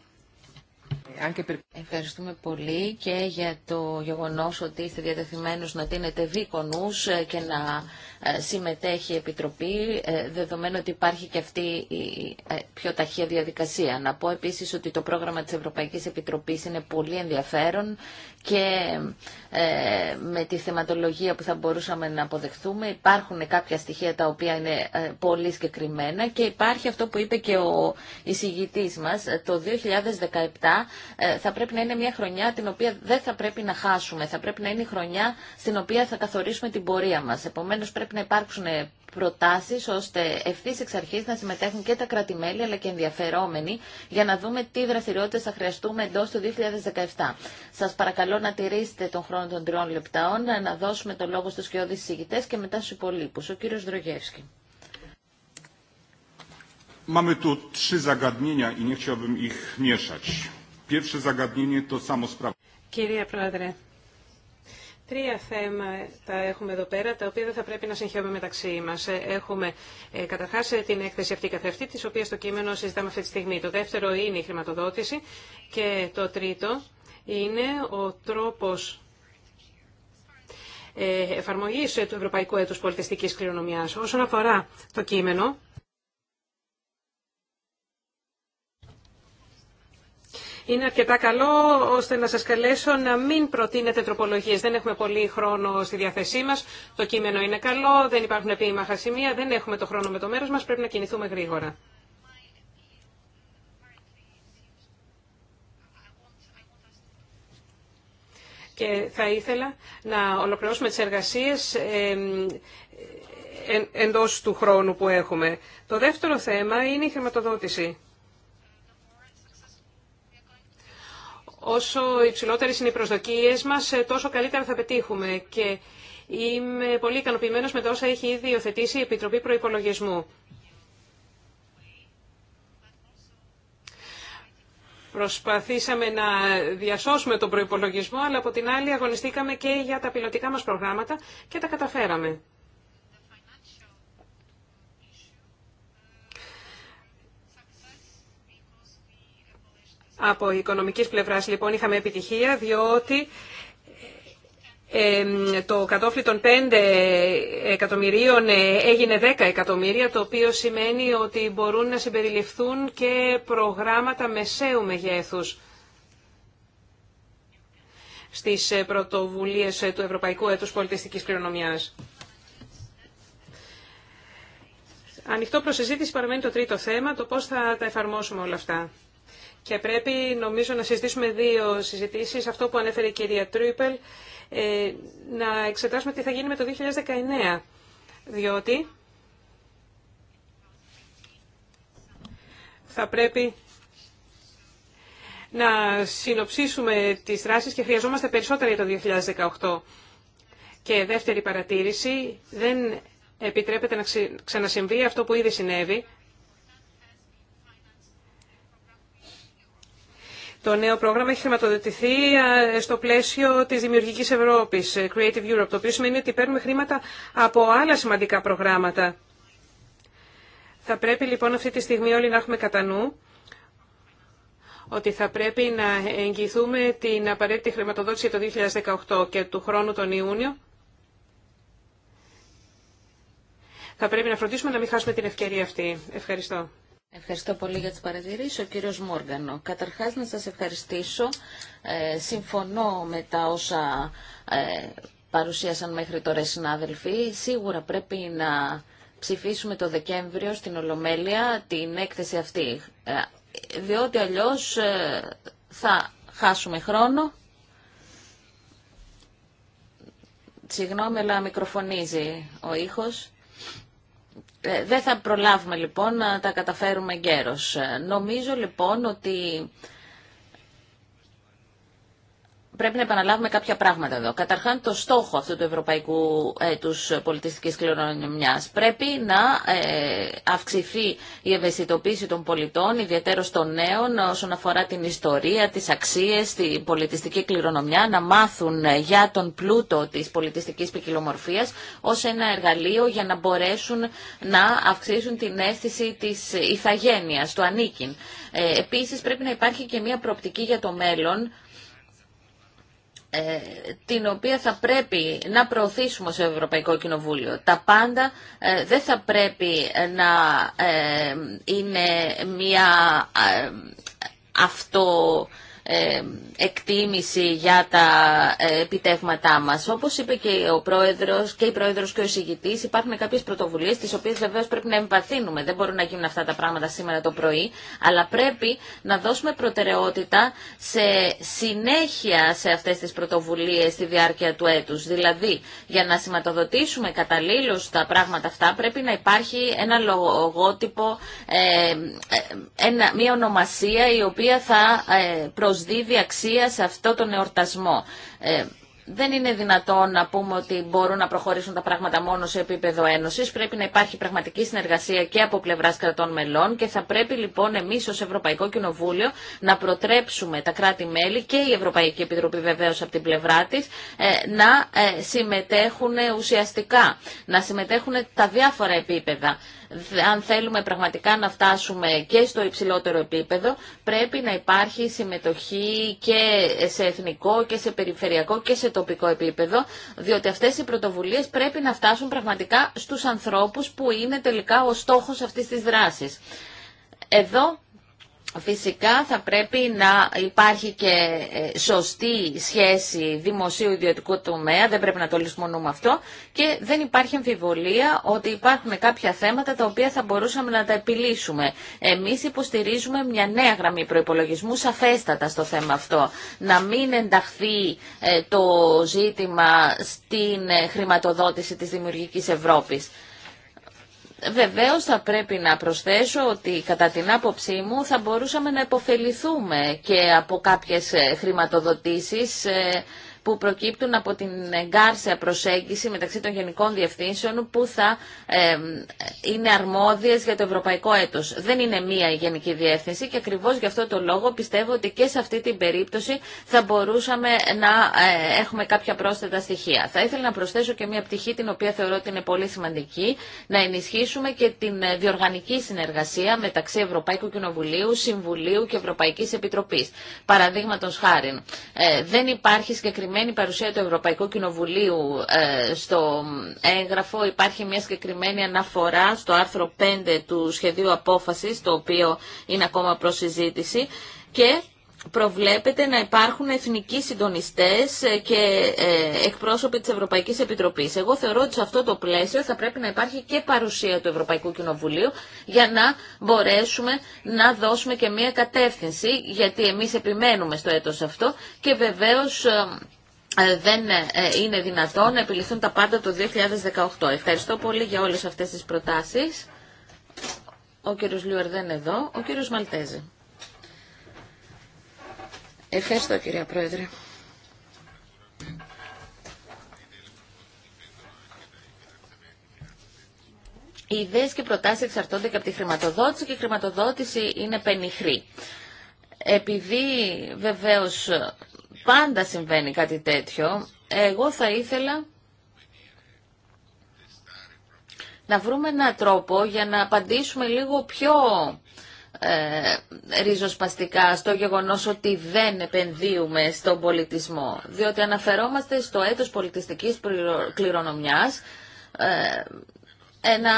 Ευχαριστούμε πολύ και για το γεγονός ότι είστε διατεθειμένος να τίνετε δίκονους και να ε, συμμετέχει η Επιτροπή, ε, δεδομένου ότι υπάρχει και αυτή η ε, πιο ταχεία διαδικασία. Να πω επίσης ότι το πρόγραμμα της Ευρωπαϊκής Επιτροπής είναι πολύ ενδιαφέρον και ε, με τη θεματολογία που θα μπορούσαμε να αποδεχθούμε. Υπάρχουν κάποια στοιχεία τα οποία είναι ε, πολύ συγκεκριμένα και υπάρχει αυτό που είπε και ο εισηγητής μας. Το 2017 ε, θα πρέπει να είναι μια χρονιά την οποία δεν θα πρέπει να χάσουμε. Θα πρέπει να είναι η χρονιά στην οποία θα καθορίσουμε την πορεία μας. Επομένως πρέπει να υπάρξουν προτάσεις ώστε ευθύ εξ αρχή να συμμετέχουν και τα κρατημέλη αλλά και ενδιαφερόμενοι για να δούμε τι δραστηριότητες θα χρειαστούμε εντό του 2017. Σας παρακαλώ να τηρήσετε τον χρόνο των τριών λεπτών, να δώσουμε το λόγο στους κοιόδης συγητές και μετά στους υπολείπους. Ο κύριος Δρογεύσκη. Mamy tu trzy zagadnienia i nie ich mieszać. Pierwsze zagadnienie to Πρόεδρε, Τρία θέματα έχουμε εδώ πέρα, τα οποία δεν θα πρέπει να συγχαίουμε μεταξύ μα. Ε, έχουμε ε, καταρχά ε, την έκθεση αυτή αυτή, τη οποία το κείμενο συζητάμε αυτή τη στιγμή. Το δεύτερο είναι η χρηματοδότηση. Και το τρίτο είναι ο τρόπο ε, εφαρμογή του Ευρωπαϊκού Έτου Πολιτιστική Κληρονομιά. Όσον αφορά το κείμενο, είναι αρκετά καλό ώστε να σας καλέσω να μην προτείνετε τροπολογίες. Δεν έχουμε πολύ χρόνο στη διάθεσή μας. Το κείμενο είναι καλό, δεν υπάρχουν επίμαχα σημεία, δεν έχουμε το χρόνο με το μέρος μας, πρέπει να κινηθούμε γρήγορα. Και θα ήθελα να ολοκληρώσουμε τις εργασίες εντός του χρόνου που έχουμε. Το δεύτερο θέμα είναι η χρηματοδότηση. όσο υψηλότερε είναι οι προσδοκίε μας, ε, τόσο καλύτερα θα πετύχουμε. Και είμαι πολύ ικανοποιημένο με το όσα έχει ήδη υιοθετήσει η Επιτροπή προπολογισμού. Προσπαθήσαμε να διασώσουμε τον προϋπολογισμό, αλλά από την άλλη αγωνιστήκαμε και για τα πιλωτικά μας προγράμματα και τα καταφέραμε. Από οικονομικής πλευράς λοιπόν είχαμε επιτυχία διότι το κατόφλι των 5 εκατομμυρίων ε, έγινε 10 εκατομμύρια, το οποίο σημαίνει ότι μπορούν να συμπεριληφθούν και προγράμματα μεσαίου μεγέθους στις ε, πρωτοβουλίες ε, του Ευρωπαϊκού Έτους Πολιτιστικής Κληρονομιάς. Ανοιχτό προς παραμένει το τρίτο θέμα, το πώς θα τα εφαρμόσουμε όλα αυτά. Και πρέπει νομίζω να συζητήσουμε δύο συζητήσεις. Αυτό που ανέφερε η κυρία Τρούιπελ, ε, να εξετάσουμε τι θα γίνει με το 2019. Διότι θα πρέπει να συνοψίσουμε τις δράσεις και χρειαζόμαστε περισσότερα για το 2018. Και δεύτερη παρατήρηση, δεν επιτρέπεται να ξανασυμβεί αυτό που ήδη συνέβη, Το νέο πρόγραμμα έχει χρηματοδοτηθεί στο πλαίσιο της Δημιουργικής Ευρώπης, ε, Creative Europe, το οποίο σημαίνει ότι παίρνουμε χρήματα από άλλα σημαντικά προγράμματα. Θα πρέπει λοιπόν αυτή τη στιγμή όλοι να έχουμε κατά νου ότι θα πρέπει να εγγυηθούμε την απαραίτητη χρηματοδότηση το 2018 και του χρόνου τον Ιούνιο. Θα πρέπει να φροντίσουμε να μην χάσουμε την ευκαιρία αυτή. Ευχαριστώ. Ευχαριστώ πολύ για τις παρατηρήσεις. Ο κύριος Μόργανο. Καταρχάς να σας ευχαριστήσω. Ε, συμφωνώ με τα όσα ε, παρουσίασαν μέχρι τώρα οι συνάδελφοι. Σίγουρα πρέπει να ψηφίσουμε το Δεκέμβριο στην Ολομέλεια την έκθεση αυτή. Ε, διότι αλλιώς θα χάσουμε χρόνο. Συγγνώμη, αλλά μικροφωνίζει ο ήχος. Ε, δεν θα προλάβουμε λοιπόν να τα καταφέρουμε γέρος. Ε, νομίζω λοιπόν ότι πρέπει να επαναλάβουμε κάποια πράγματα εδώ. Καταρχάν, το στόχο αυτού του ευρωπαϊκού έτους πολιτιστικής κληρονομιάς πρέπει να ε, αυξηθεί η ευαισθητοποίηση των πολιτών, ιδιαίτερα των νέων, όσον αφορά την ιστορία, τις αξίες, την πολιτιστική κληρονομιά, να μάθουν για τον πλούτο της πολιτιστικής ποικιλομορφία ως ένα εργαλείο για να μπορέσουν να αυξήσουν την αίσθηση της ηθαγένειας, του ανήκειν. Ε, επίσης, πρέπει να υπάρχει και μια προοπτική για το μέλλον, ε, την οποία θα πρέπει να προωθήσουμε στο Ευρωπαϊκό Κοινοβούλιο. Τα πάντα ε, δεν θα πρέπει ε, να είναι μια αυτό εκτίμηση για τα ε, επιτεύγματά μας. Όπως είπε και ο πρόεδρος και η πρόεδρος και ο εισηγητής υπάρχουν κάποιες πρωτοβουλίες τις οποίες βεβαίως πρέπει να εμπαθύνουμε. Δεν μπορούν να γίνουν αυτά τα πράγματα σήμερα το πρωί αλλά πρέπει να δώσουμε προτεραιότητα σε συνέχεια σε αυτές τις πρωτοβουλίες στη διάρκεια του έτους. Δηλαδή για να σηματοδοτήσουμε καταλήλως τα πράγματα αυτά πρέπει να υπάρχει ένα λογότυπο, ε, ε, ένα, μια ονομασία η οποία θα ε, δίδει αξία σε αυτό τον εορτασμό. Ε, δεν είναι δυνατόν να πούμε ότι μπορούν να προχωρήσουν τα πράγματα μόνο σε επίπεδο ένωση. Πρέπει να υπάρχει πραγματική συνεργασία και από πλευρά κρατών μελών και θα πρέπει λοιπόν εμεί ω Ευρωπαϊκό Κοινοβούλιο να προτρέψουμε τα κράτη-μέλη και η Ευρωπαϊκή Επιτροπή βεβαίω από την πλευρά τη ε, να ε, συμμετέχουν ουσιαστικά, να συμμετέχουν τα διάφορα επίπεδα αν θέλουμε πραγματικά να φτάσουμε και στο υψηλότερο επίπεδο, πρέπει να υπάρχει συμμετοχή και σε εθνικό και σε περιφερειακό και σε τοπικό επίπεδο, διότι αυτές οι πρωτοβουλίες πρέπει να φτάσουν πραγματικά στους ανθρώπους που είναι τελικά ο στόχος αυτής της δράσης. Εδώ Φυσικά θα πρέπει να υπάρχει και ε, σωστή σχέση δημοσίου ιδιωτικού τομέα, δεν πρέπει να το λησμονούμε αυτό και δεν υπάρχει αμφιβολία ότι υπάρχουν κάποια θέματα τα οποία θα μπορούσαμε να τα επιλύσουμε. Εμείς υποστηρίζουμε μια νέα γραμμή προϋπολογισμού σαφέστατα στο θέμα αυτό. Να μην ενταχθεί ε, το ζήτημα στην ε, χρηματοδότηση της Δημιουργικής Ευρώπης. Βεβαίως θα πρέπει να προσθέσω ότι κατά την άποψή μου θα μπορούσαμε να υποφεληθούμε και από κάποιες ε, χρηματοδοτήσεις ε, που προκύπτουν από την εγκάρσια προσέγγιση μεταξύ των γενικών διευθύνσεων που θα είναι αρμόδιες για το ευρωπαϊκό έτος. Δεν είναι μία η γενική διεύθυνση και ακριβώς γι' αυτό το λόγο πιστεύω ότι και σε αυτή την περίπτωση θα μπορούσαμε να ε, έχουμε κάποια πρόσθετα στοιχεία. Θα ήθελα να προσθέσω και μία πτυχή την οποία θεωρώ ότι είναι πολύ σημαντική, να ενισχύσουμε και την διοργανική συνεργασία μεταξύ Ευρωπαϊκού Κοινοβουλίου, Συμβουλίου και Ευρωπαϊκής Επιτροπής. Παραδείγματος χάρη, ε, δεν υπάρχει συγκεκριμένη συγκεκριμένη παρουσία του Ευρωπαϊκού Κοινοβουλίου ε, στο έγγραφο υπάρχει μια συγκεκριμένη αναφορά στο άρθρο 5 του σχεδίου απόφασης, το οποίο είναι ακόμα προς συζήτηση, και προβλέπεται να υπάρχουν εθνικοί συντονιστές ε, και ε, εκπρόσωποι της Ευρωπαϊκής Επιτροπής. Εγώ θεωρώ ότι σε αυτό το πλαίσιο θα πρέπει να υπάρχει και παρουσία του Ευρωπαϊκού Κοινοβουλίου για να μπορέσουμε να δώσουμε και μία κατεύθυνση, γιατί εμείς επιμένουμε στο έτος αυτό και βεβαίως ε, δεν ε, ε, είναι δυνατόν να επιληθούν τα πάντα το 2018. Ευχαριστώ πολύ για όλες αυτές τις προτάσεις. Ο κύριος Λιουερ δεν εδώ. Ο κύριος Μαλτέζη. Ευχαριστώ κυρία Πρόεδρε. Οι ιδέες και προτάσεις εξαρτώνται και από τη χρηματοδότηση και η χρηματοδότηση είναι πενιχρή. Επειδή βεβαίως Πάντα συμβαίνει κάτι τέτοιο. Εγώ θα ήθελα να βρούμε έναν τρόπο για να απαντήσουμε λίγο πιο ε, ριζοσπαστικά στο γεγονός ότι δεν επενδύουμε στον πολιτισμό. Διότι αναφερόμαστε στο έτος πολιτιστικής κληρονομιάς, ε, ένα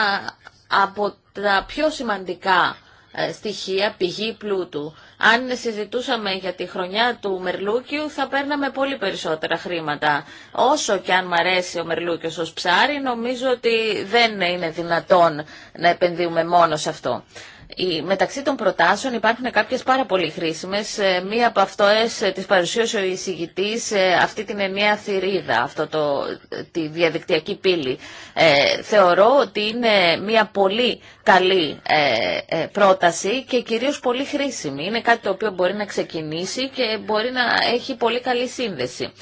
από τα πιο σημαντικά ε, στοιχεία, πηγή πλούτου. Αν συζητούσαμε για τη χρονιά του Μερλούκιου θα παίρναμε πολύ περισσότερα χρήματα. Όσο και αν μ' αρέσει ο Μερλούκιος ως ψάρι νομίζω ότι δεν είναι δυνατόν να επενδύουμε μόνο σε αυτό. Μεταξύ των προτάσεων υπάρχουν κάποιες πάρα πολύ χρήσιμες. Ε, μία από αυτές ε, τι παρουσίασε ο εισηγητής ε, αυτή την ενιαία θηρίδα, αυτό το, τη διαδικτυακή πύλη. θεωρώ ότι είναι μία πολύ καλή πρόταση και κυρίως πολύ χρήσιμη. Είναι κάτι το οποίο μπορεί να ξεκινήσει και μπορεί να έχει πολύ καλή σύνδεση.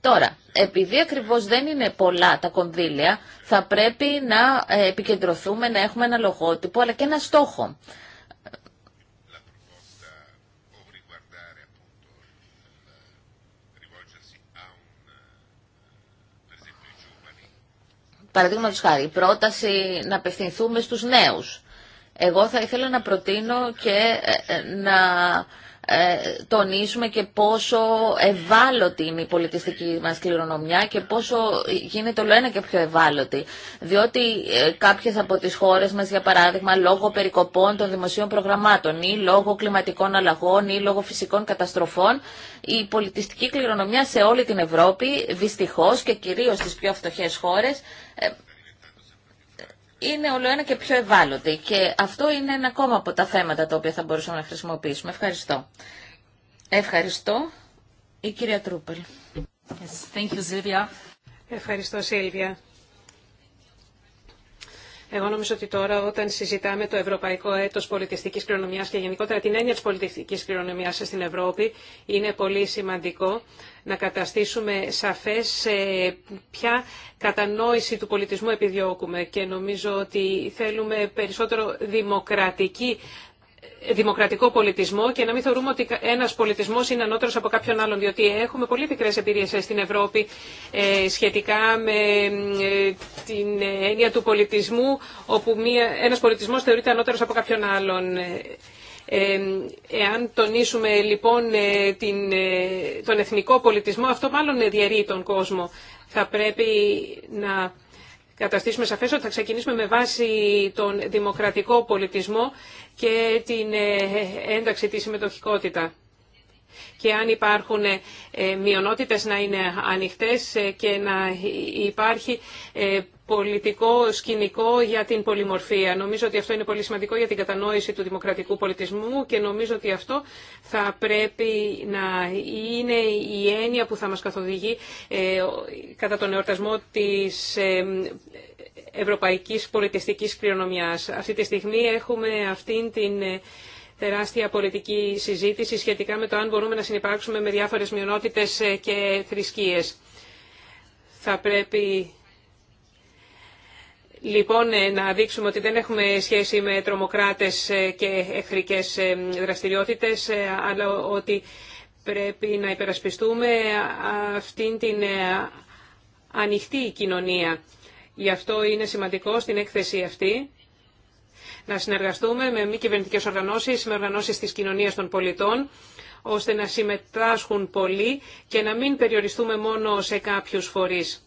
Τώρα, επειδή ακριβώς δεν είναι πολλά τα κονδύλια, θα πρέπει να ε, επικεντρωθούμε, να έχουμε ένα λογότυπο, αλλά και ένα στόχο. Παραδείγματος χάρη, η πρόταση να απευθυνθούμε στους νέους. Εγώ θα ήθελα να προτείνω και ε, ε, να ε, τονίσουμε και πόσο ευάλωτη είναι η πολιτιστική μας κληρονομιά και πόσο γίνεται όλο ένα και πιο ευάλωτη. Διότι ε, κάποιες από τις χώρες μας, για παράδειγμα, λόγω περικοπών των δημοσίων προγραμμάτων ή λόγω κλιματικών αλλαγών ή λόγω φυσικών καταστροφών, η πολιτιστική κληρονομιά σε όλη την Ευρώπη, δυστυχώς και κυρίως στις πιο φτωχές χώρες, ε, είναι όλο και πιο ευάλωτοι. Και αυτό είναι ένα ακόμα από τα θέματα τα οποία θα μπορούσαμε να χρησιμοποιήσουμε. Ευχαριστώ. Ευχαριστώ. Η κυρία Τρούπελ. Yes, thank you, Ευχαριστώ, Σίλβια. Εγώ νομίζω ότι τώρα όταν συζητάμε το Ευρωπαϊκό Έτος Πολιτιστικής Κληρονομιάς και γενικότερα την έννοια της πολιτιστικής κληρονομιάς στην Ευρώπη, είναι πολύ σημαντικό να καταστήσουμε σαφές ε, ποια κατανόηση του πολιτισμού επιδιώκουμε και νομίζω ότι θέλουμε περισσότερο δημοκρατική δημοκρατικό πολιτισμό και να μην θεωρούμε ότι ένας πολιτισμός είναι ανώτερος από κάποιον άλλον, διότι έχουμε πολύ πικρές εμπειρίες ε, στην Ευρώπη ε, σχετικά με ε, την έννοια του πολιτισμού, όπου ένας πολιτισμός θεωρείται ανώτερος από κάποιον άλλον. Εάν τονίσουμε λοιπόν τον εθνικό πολιτισμό, αυτό μάλλον διαιρεί τον κόσμο. Θα πρέπει να καταστήσουμε σαφές ότι θα ξεκινήσουμε με βάση τον δημοκρατικό πολιτισμό και την ε, ένταξη της συμμετοχικότητα. Και αν υπάρχουν ε, μειονότητες να είναι ανοιχτές ε, και να υπάρχει πολιτικό σκηνικό για την πολυμορφία. Νομίζω ότι αυτό είναι πολύ σημαντικό για την κατανόηση του δημοκρατικού πολιτισμού και νομίζω ότι αυτό θα πρέπει να είναι η έννοια που θα μας καθοδηγεί κατά τον εορτασμό της ευρωπαϊκής πολιτιστικής κληρονομιάς. Αυτή τη στιγμή έχουμε αυτήν την ε, τεράστια πολιτική συζήτηση σχετικά με το αν μπορούμε να συνεπάρξουμε με διάφορες μειονότητες ε, και θρησκείες. Θα πρέπει λοιπόν ε, να δείξουμε ότι δεν έχουμε σχέση με τρομοκράτες και εχθρικές δραστηριότητες, αλλά ότι πρέπει να υπερασπιστούμε αυτήν την ανοιχτή κοινωνία. Γι' αυτό είναι σημαντικό στην έκθεση αυτή να συνεργαστούμε με μη κυβερνητικέ οργανώσεις, με οργανώσεις της κοινωνίας των πολιτών, ώστε να συμμετάσχουν πολλοί και να μην περιοριστούμε μόνο σε κάποιους φορείς.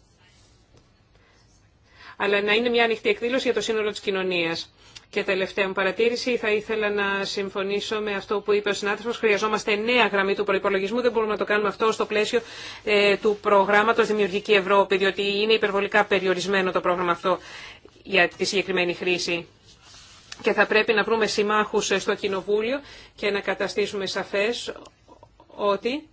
Αλλά να είναι μια ανοιχτή εκδήλωση για το σύνολο της κοινωνίας. Και τελευταία μου παρατήρηση, θα ήθελα να συμφωνήσω με αυτό που είπε ο συνάδελφος. Χρειαζόμαστε νέα γραμμή του προπολογισμού. Δεν μπορούμε να το κάνουμε αυτό στο πλαίσιο ε, του προγράμματο Δημιουργική Ευρώπη, διότι είναι υπερβολικά περιορισμένο το πρόγραμμα αυτό για τη συγκεκριμένη χρήση. Και θα πρέπει να βρούμε συμμάχους ε, στο Κοινοβούλιο και να καταστήσουμε σαφές ότι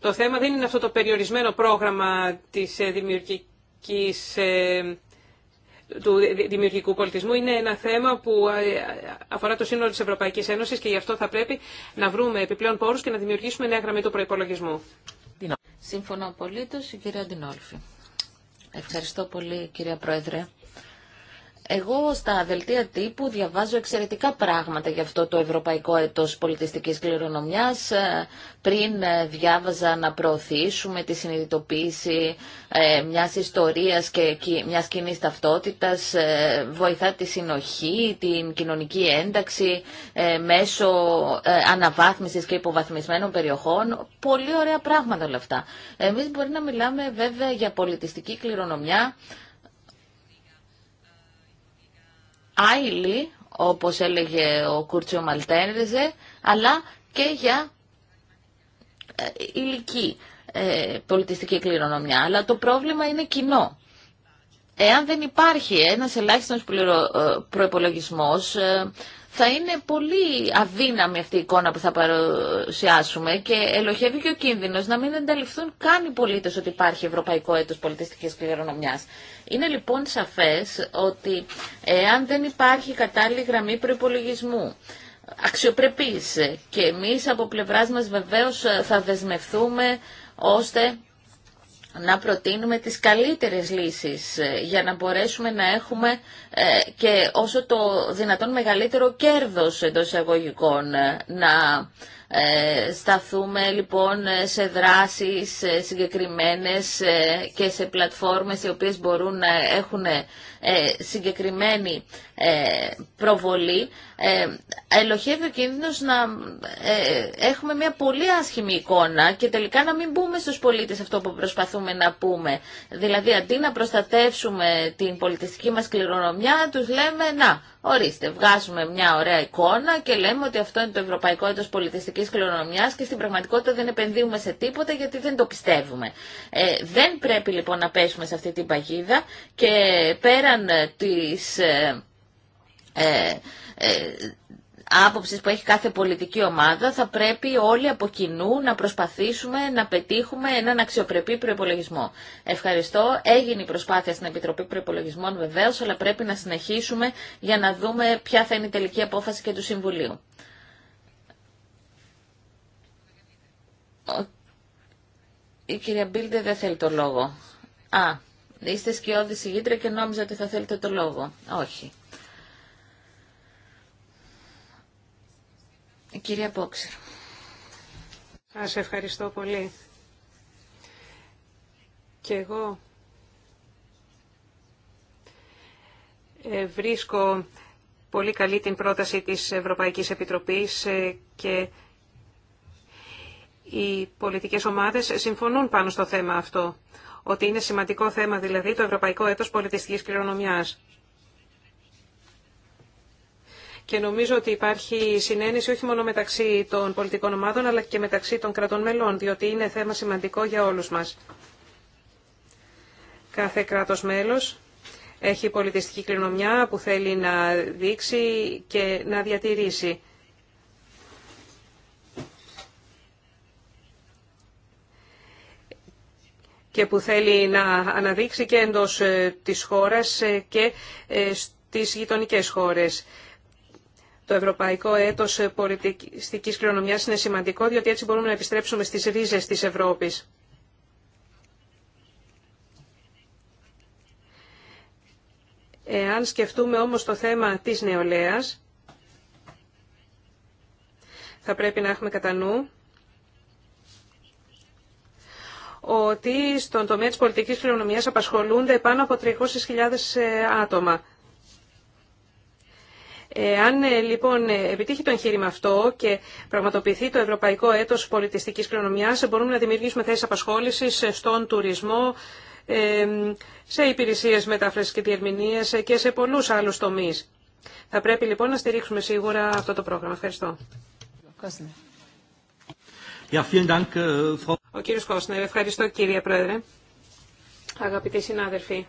το θέμα δεν είναι αυτό το περιορισμένο πρόγραμμα της ε, δημιουργικής του δημιουργικού πολιτισμού είναι ένα θέμα που ε, αφορά το σύνολο της Ευρωπαϊκής Ένωσης και γι' αυτό θα πρέπει να βρούμε επιπλέον πόρους και να δημιουργήσουμε νέα γραμμή του προϋπολογισμού. Σύμφωνα απολύτως, η κυρία Αντινόλφη. Ευχαριστώ πολύ κυρία Πρόεδρε. Εγώ στα δελτία τύπου διαβάζω εξαιρετικά πράγματα για αυτό το Ευρωπαϊκό Έτος Πολιτιστικής Κληρονομιάς. Ε, πριν ε, διάβαζα να προωθήσουμε τη συνειδητοποίηση ε, μιας ιστορίας και μιας κοινή ταυτότητας, βοηθά τη συνοχή, την κοινωνική ένταξη μέσω αναβάθμισης και υποβαθμισμένων περιοχών. Πολύ ωραία πράγματα όλα αυτά. Εμείς μπορεί να μιλάμε βέβαια για πολιτιστική κληρονομιά, άειλη, όπως έλεγε ο Κούρτσιο Μαλτένριζε, αλλά και για ε, ηλική ε, πολιτιστική κληρονομιά. Αλλά το πρόβλημα είναι κοινό. Εάν δεν υπάρχει ένας ελάχιστος ε, προϋπολογισμός, ε, θα είναι πολύ αδύναμη αυτή η εικόνα που θα παρουσιάσουμε και ελοχεύει και ο κίνδυνος να μην ενταληφθούν καν οι πολίτες ότι υπάρχει Ευρωπαϊκό Έτος Πολιτιστικής κληρονομιά. Είναι λοιπόν σαφές ότι εάν δεν υπάρχει κατάλληλη γραμμή προϋπολογισμού, αξιοπρεπής και εμείς από πλευράς μας βεβαίως θα δεσμευθούμε ώστε να προτείνουμε τις καλύτερες λύσεις ε, για να μπορέσουμε να έχουμε ε, και όσο το δυνατόν μεγαλύτερο κέρδος εντό εισαγωγικών ε, να ε, σταθούμε λοιπόν σε δράσεις ε, συγκεκριμένες ε, και σε πλατφόρμες οι οποίες μπορούν να έχουν συγκεκριμένη προβολή ελοχεύει ο κίνδυνος να έχουμε μια πολύ άσχημη εικόνα και τελικά να μην μπούμε στους πολίτες αυτό που προσπαθούμε να πούμε. Δηλαδή αντί να προστατεύσουμε την πολιτιστική μας κληρονομιά τους λέμε να, ορίστε, βγάζουμε μια ωραία εικόνα και λέμε ότι αυτό είναι το Ευρωπαϊκό Έτος Πολιτιστικής και στην πραγματικότητα δεν επενδύουμε σε τίποτα γιατί δεν το πιστεύουμε. Ε, δεν πρέπει λοιπόν να πέσουμε σε αυτή την παγίδα και πέραν τη ε, ε, ε, άποψης που έχει κάθε πολιτική ομάδα, θα πρέπει όλοι από κοινού να προσπαθήσουμε να πετύχουμε έναν αξιοπρεπή προπολογισμό. Ευχαριστώ. Έγινε η προσπάθεια στην Επιτροπή Προπολογισμών βεβαίω, αλλά πρέπει να συνεχίσουμε για να δούμε ποια θα είναι η τελική απόφαση και του Συμβουλίου. Η κυρία Μπίλντε δεν θέλει το λόγο. Α, είστε σκιώδη συγγήτρια και νόμιζα ότι θα θέλετε το λόγο. Όχι. Η κυρία Πόξερ. Σας ευχαριστώ πολύ. Και εγώ ε, βρίσκω πολύ καλή την πρόταση της Ευρωπαϊκής Επιτροπής ε, και οι πολιτικές ομάδες συμφωνούν πάνω στο θέμα αυτό, ότι είναι σημαντικό θέμα δηλαδή το Ευρωπαϊκό Έτος Πολιτιστικής Κληρονομιάς. Και νομίζω ότι υπάρχει συνένεση όχι μόνο μεταξύ των πολιτικών ομάδων, αλλά και μεταξύ των κρατών μελών, διότι είναι θέμα σημαντικό για όλους μας. Κάθε κράτος μέλος έχει πολιτιστική κληρονομιά που θέλει να δείξει και να διατηρήσει. και που θέλει να αναδείξει και εντός ε, της χώρας ε, και ε, στις γειτονικές χώρες. Το Ευρωπαϊκό Έτος Πολιτιστικής Κληρονομιάς είναι σημαντικό, διότι έτσι μπορούμε να επιστρέψουμε στις ρίζες της Ευρώπης. Εάν σκεφτούμε όμως το θέμα της νεολαίας, θα πρέπει να έχουμε κατά νου ότι στον τομέα της πολιτικής κληρονομίας απασχολούνται πάνω από 300.000 ε, άτομα. Ε, αν ε, λοιπόν επιτύχει το εγχείρημα αυτό και πραγματοποιηθεί το Ευρωπαϊκό Έτος Πολιτιστικής Κληρονομιάς, μπορούμε να δημιουργήσουμε θέσεις απασχόλησης στον τουρισμό, σε υπηρεσίες μετάφρασης και διερμηνίες και σε πολλούς άλλους τομείς. Θα πρέπει λοιπόν να στηρίξουμε σίγουρα αυτό το πρόγραμμα. Ευχαριστώ. Äh, Ο κύριος Κόσνερ, ευχαριστώ κύριε Πρόεδρε. Αγαπητοί συνάδελφοι,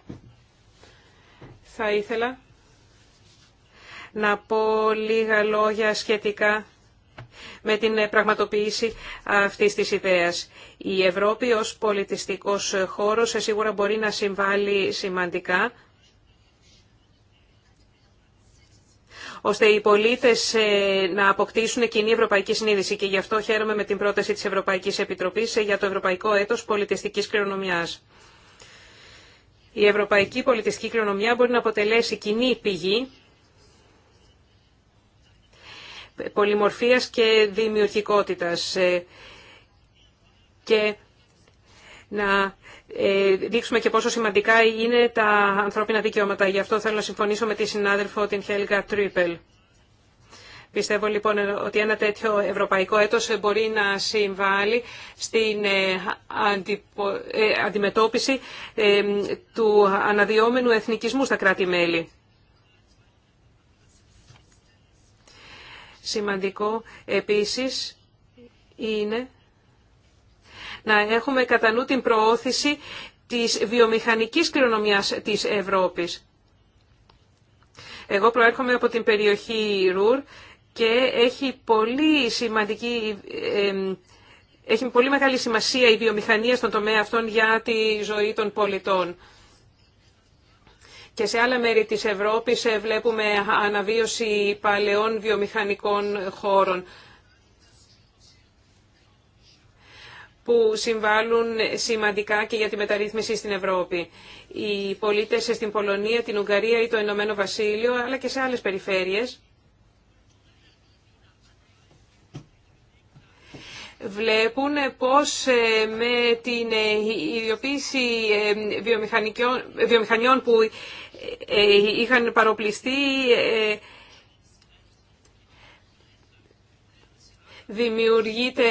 θα ήθελα να πω λίγα λόγια σχετικά με την πραγματοποίηση αυτής της ιδέας. Η Ευρώπη ως πολιτιστικός χώρος ε, σίγουρα μπορεί να συμβάλλει σημαντικά ώστε οι πολίτες ε, να αποκτήσουν κοινή ευρωπαϊκή συνείδηση. Και γι' αυτό χαίρομαι με την πρόταση της Ευρωπαϊκής Επιτροπής ε, για το Ευρωπαϊκό Έτος πολιτιστική Κληρονομιάς. Η Ευρωπαϊκή Πολιτιστική Κληρονομιά μπορεί να αποτελέσει κοινή πηγή πολυμορφίας και δημιουργικότητας ε, και να ε, δείξουμε και πόσο σημαντικά είναι τα ανθρώπινα δικαιώματα. Γι' αυτό θέλω να συμφωνήσω με τη συνάδελφο την Χέλγα Τρίπελ. Πιστεύω λοιπόν ότι ένα τέτοιο ευρωπαϊκό έτος μπορεί να συμβάλλει στην ε, ε, αντιμετώπιση του αναδυόμενου εθνικισμού στα κράτη-μέλη. Σημαντικό επίσης είναι να έχουμε κατά νου την προώθηση της βιομηχανικής κληρονομιάς της Ευρώπης. Εγώ προέρχομαι από την περιοχή Ρουρ και έχει πολύ σημαντική... έχει πολύ μεγάλη σημασία η βιομηχανία στον τομέα αυτών για τη ζωή των πολιτών. Και σε άλλα μέρη της Ευρώπης ε, βλέπουμε αναβίωση παλαιών βιομηχανικών χώρων. που συμβάλλουν σημαντικά και για τη μεταρρύθμιση στην Ευρώπη. Οι πολίτες στην Πολωνία, την Ουγγαρία ή το Ηνωμένο Βασίλειο, αλλά και σε άλλες περιφέρειες, βλέπουν πώς ε, με την ε, ιδιοποίηση ε, βιομηχανιών που είχαν παροπλιστεί δημιουργείται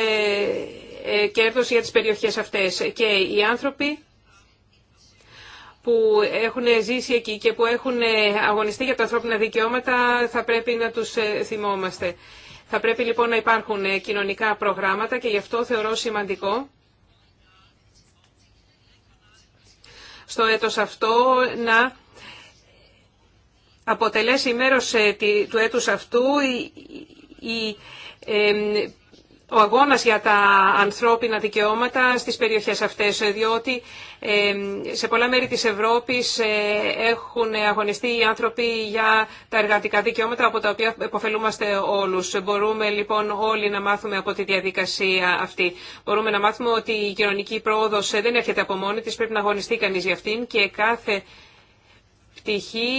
κέρδος για τις περιοχές αυτές. Και οι άνθρωποι που έχουν ζήσει εκεί και που έχουν αγωνιστεί για τα ανθρώπινα δικαιώματα θα πρέπει να τους ε, θυμόμαστε. Θα πρέπει λοιπόν να υπάρχουν ε, κοινωνικά προγράμματα και γι' αυτό θεωρώ σημαντικό στο έτος αυτό να αποτελέσει μέρος ε, του έτους αυτού η ο αγώνας για τα ανθρώπινα δικαιώματα στις περιοχές αυτές, διότι ε, σε πολλά μέρη της Ευρώπης ε, έχουν αγωνιστεί οι άνθρωποι για τα εργατικά δικαιώματα από τα οποία υποφελούμαστε όλους. Μπορούμε λοιπόν όλοι να μάθουμε από τη διαδικασία αυτή. Μπορούμε να μάθουμε ότι η κοινωνική πρόοδος δεν έρχεται από μόνη της, πρέπει να αγωνιστεί κανείς για αυτήν και κάθε πτυχή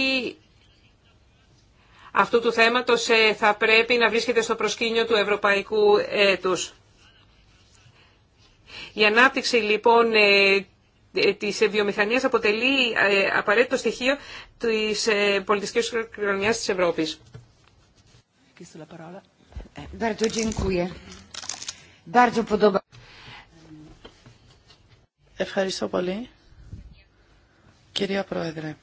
αυτού του θέματος ε, θα πρέπει να βρίσκεται στο προσκήνιο του ευρωπαϊκού έτους. Η ανάπτυξη λοιπόν ε, ε, της βιομηχανίας αποτελεί απαραίτητο στοιχείο της πολιτιστικής κοινωνίας της Ευρώπης. Ευχαριστώ πολύ, κυρία Πρόεδρε.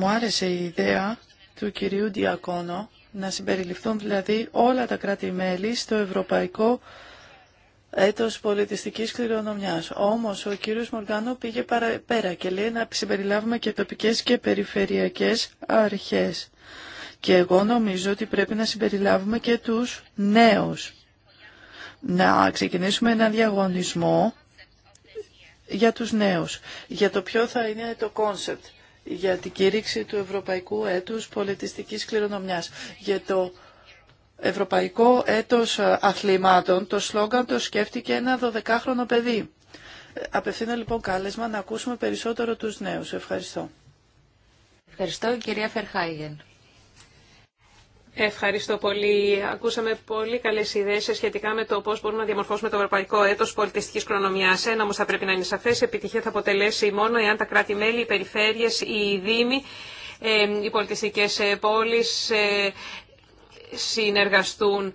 Μου άρεσε η ιδέα του κυρίου Διακόνο να συμπεριληφθούν δηλαδή όλα τα κράτη-μέλη στο ευρωπαϊκό έτος πολιτιστικής κληρονομιάς. Όμως ο κύριος Μοργάνο πήγε πέρα και λέει να συμπεριλάβουμε και τοπικές και περιφερειακές αρχές. Και εγώ νομίζω ότι πρέπει να συμπεριλάβουμε και τους νέους. Να ξεκινήσουμε ένα διαγωνισμό για τους νέους, για το ποιο θα είναι το κόνσεπτ για την κήρυξη του Ευρωπαϊκού Έτους Πολιτιστικής Κληρονομιάς. Για το Ευρωπαϊκό Έτος Αθλημάτων το σλόγγαν το σκέφτηκε ένα 12χρονο παιδί. Απευθύνω λοιπόν κάλεσμα να ακούσουμε περισσότερο τους νέους. Ευχαριστώ. Ευχαριστώ κυρία Φερχάιγεν. Ευχαριστώ πολύ. Ακούσαμε πολύ καλέ ιδέε σχετικά με το πώ μπορούμε να διαμορφώσουμε το ευρωπαϊκό έτο πολιτιστική κληρονομιά. Ένα όμω θα πρέπει να είναι σαφέ. Επιτυχία θα αποτελέσει μόνο εάν τα κράτη-μέλη, οι περιφέρειε, οι δήμοι, ε, οι πολιτιστικέ ε, πόλει ε, συνεργαστούν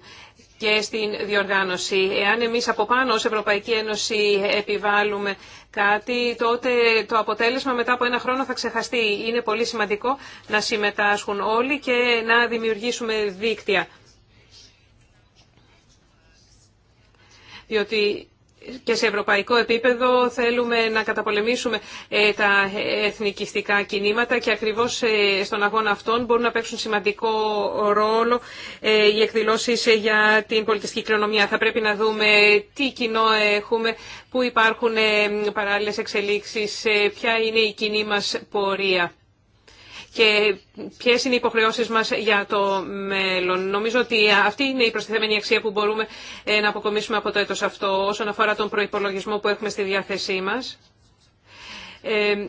και στην διοργάνωση. Εάν εμείς από πάνω ως Ευρωπαϊκή Ένωση επιβάλλουμε κάτι, τότε το αποτέλεσμα μετά από ένα χρόνο θα ξεχαστεί. Είναι πολύ σημαντικό να συμμετάσχουν όλοι και να δημιουργήσουμε δίκτυα. Διότι και σε ευρωπαϊκό επίπεδο θέλουμε να καταπολεμήσουμε ε, τα εθνικιστικά κινήματα και ακριβώς ε, στον αγώνα αυτών μπορούν να παίξουν σημαντικό ρόλο ε, οι εκδηλώσεις για την πολιτιστική κληρονομιά. Θα πρέπει να δούμε τι κοινό έχουμε, πού υπάρχουν παράλληλες εξελίξεις, ποια είναι η κοινή μας πορεία και ποιε είναι οι υποχρεώσεις μας για το μέλλον. Νομίζω ότι αυτή είναι η προστιθέμενη αξία που μπορούμε ε, να αποκομίσουμε από το έτο αυτό όσον αφορά τον προϋπολογισμό που έχουμε στη διάθεσή μας. Ε,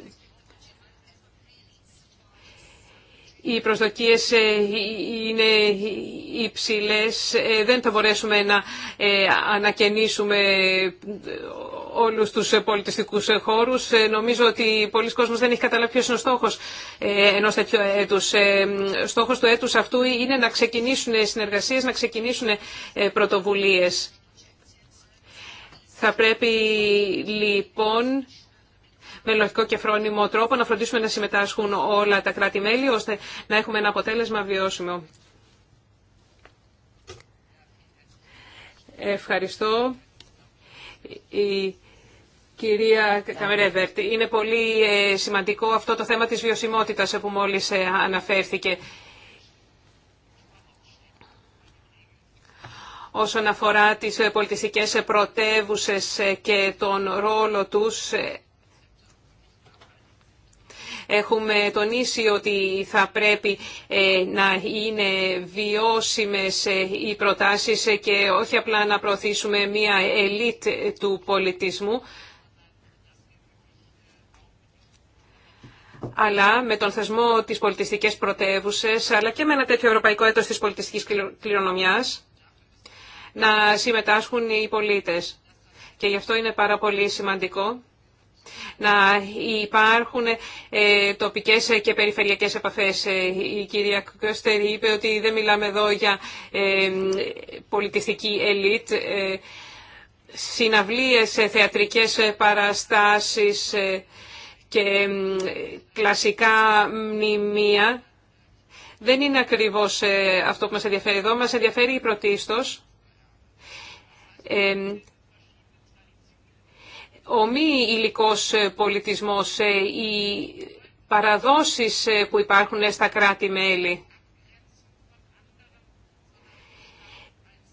οι προσδοκίες ε, είναι υψηλές. Δεν θα μπορέσουμε να ανακαινήσουμε όλους τους ε, πολιτιστικούς ε, χώρους. Ε, νομίζω ότι πολλοί κόσμος δεν έχει καταλάβει ποιος είναι ο στόχος ενός τέτοιου έτους. Στόχος του έτους αυτού είναι να ξεκινήσουν συνεργασίες, να ξεκινήσουν πρωτοβουλίες. Θα πρέπει λοιπόν με λογικό και φρόνιμο τρόπο να φροντίσουμε να συμμετάσχουν όλα τα κράτη-μέλη ώστε να έχουμε ένα αποτέλεσμα βιώσιμο. Ευχαριστώ. Κυρία Καμερέβερτη, είναι πολύ ε, σημαντικό αυτό το θέμα της βιωσιμότητας που μόλις ε, αναφέρθηκε. Όσον αφορά τις πολιτιστικές πρωτεύουσες ε, και τον ρόλο τους, έχουμε τονίσει ότι θα πρέπει να είναι βιώσιμες οι προτάσεις και όχι απλά να προωθήσουμε μία ελίτ του πολιτισμού, αλλά με τον θεσμό της πολιτιστικής πρωτεύουσες, αλλά και με ένα τέτοιο ευρωπαϊκό έτος της πολιτιστικής κληρονομιάς, να συμμετάσχουν οι πολίτες. Και γι' αυτό είναι πάρα πολύ σημαντικό να υπάρχουν ε, τοπικές και περιφερειακές επαφές. Ε, η κυρία Κώστερ είπε ότι δεν μιλάμε εδώ για ε, πολιτιστική ελίτ, ε, συναυλίες, ε, θεατρικές παραστάσεις, και κλασικά μνημεία. Δεν είναι ακριβώς ε, αυτό που μας ενδιαφέρει εδώ. Μας ενδιαφέρει πρωτίστως ε, ο μη υλικός ε, πολιτισμός, οι παραδόσεις που υπάρχουν στα κράτη-μέλη.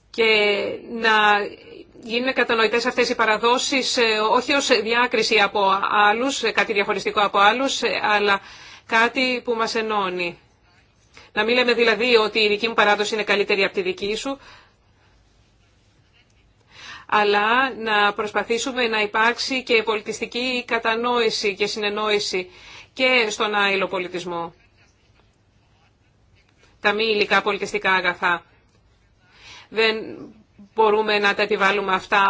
Και να γίνουν κατανοητέ αυτέ οι παραδοσει ε, όχι ως διάκριση από άλλους, ε, κάτι διαχωριστικό από άλλους, ε, αλλά κάτι που μας ενώνει. Να μην λέμε δηλαδή ότι η δική μου παράδοση είναι καλύτερη από τη δική σου, αλλά να προσπαθήσουμε να υπάρξει και πολιτιστική κατανόηση και συνεννόηση και στον άειλο πολιτισμό. Τα μη υλικά πολιτιστικά αγαθά μπορούμε να τα επιβάλλουμε αυτά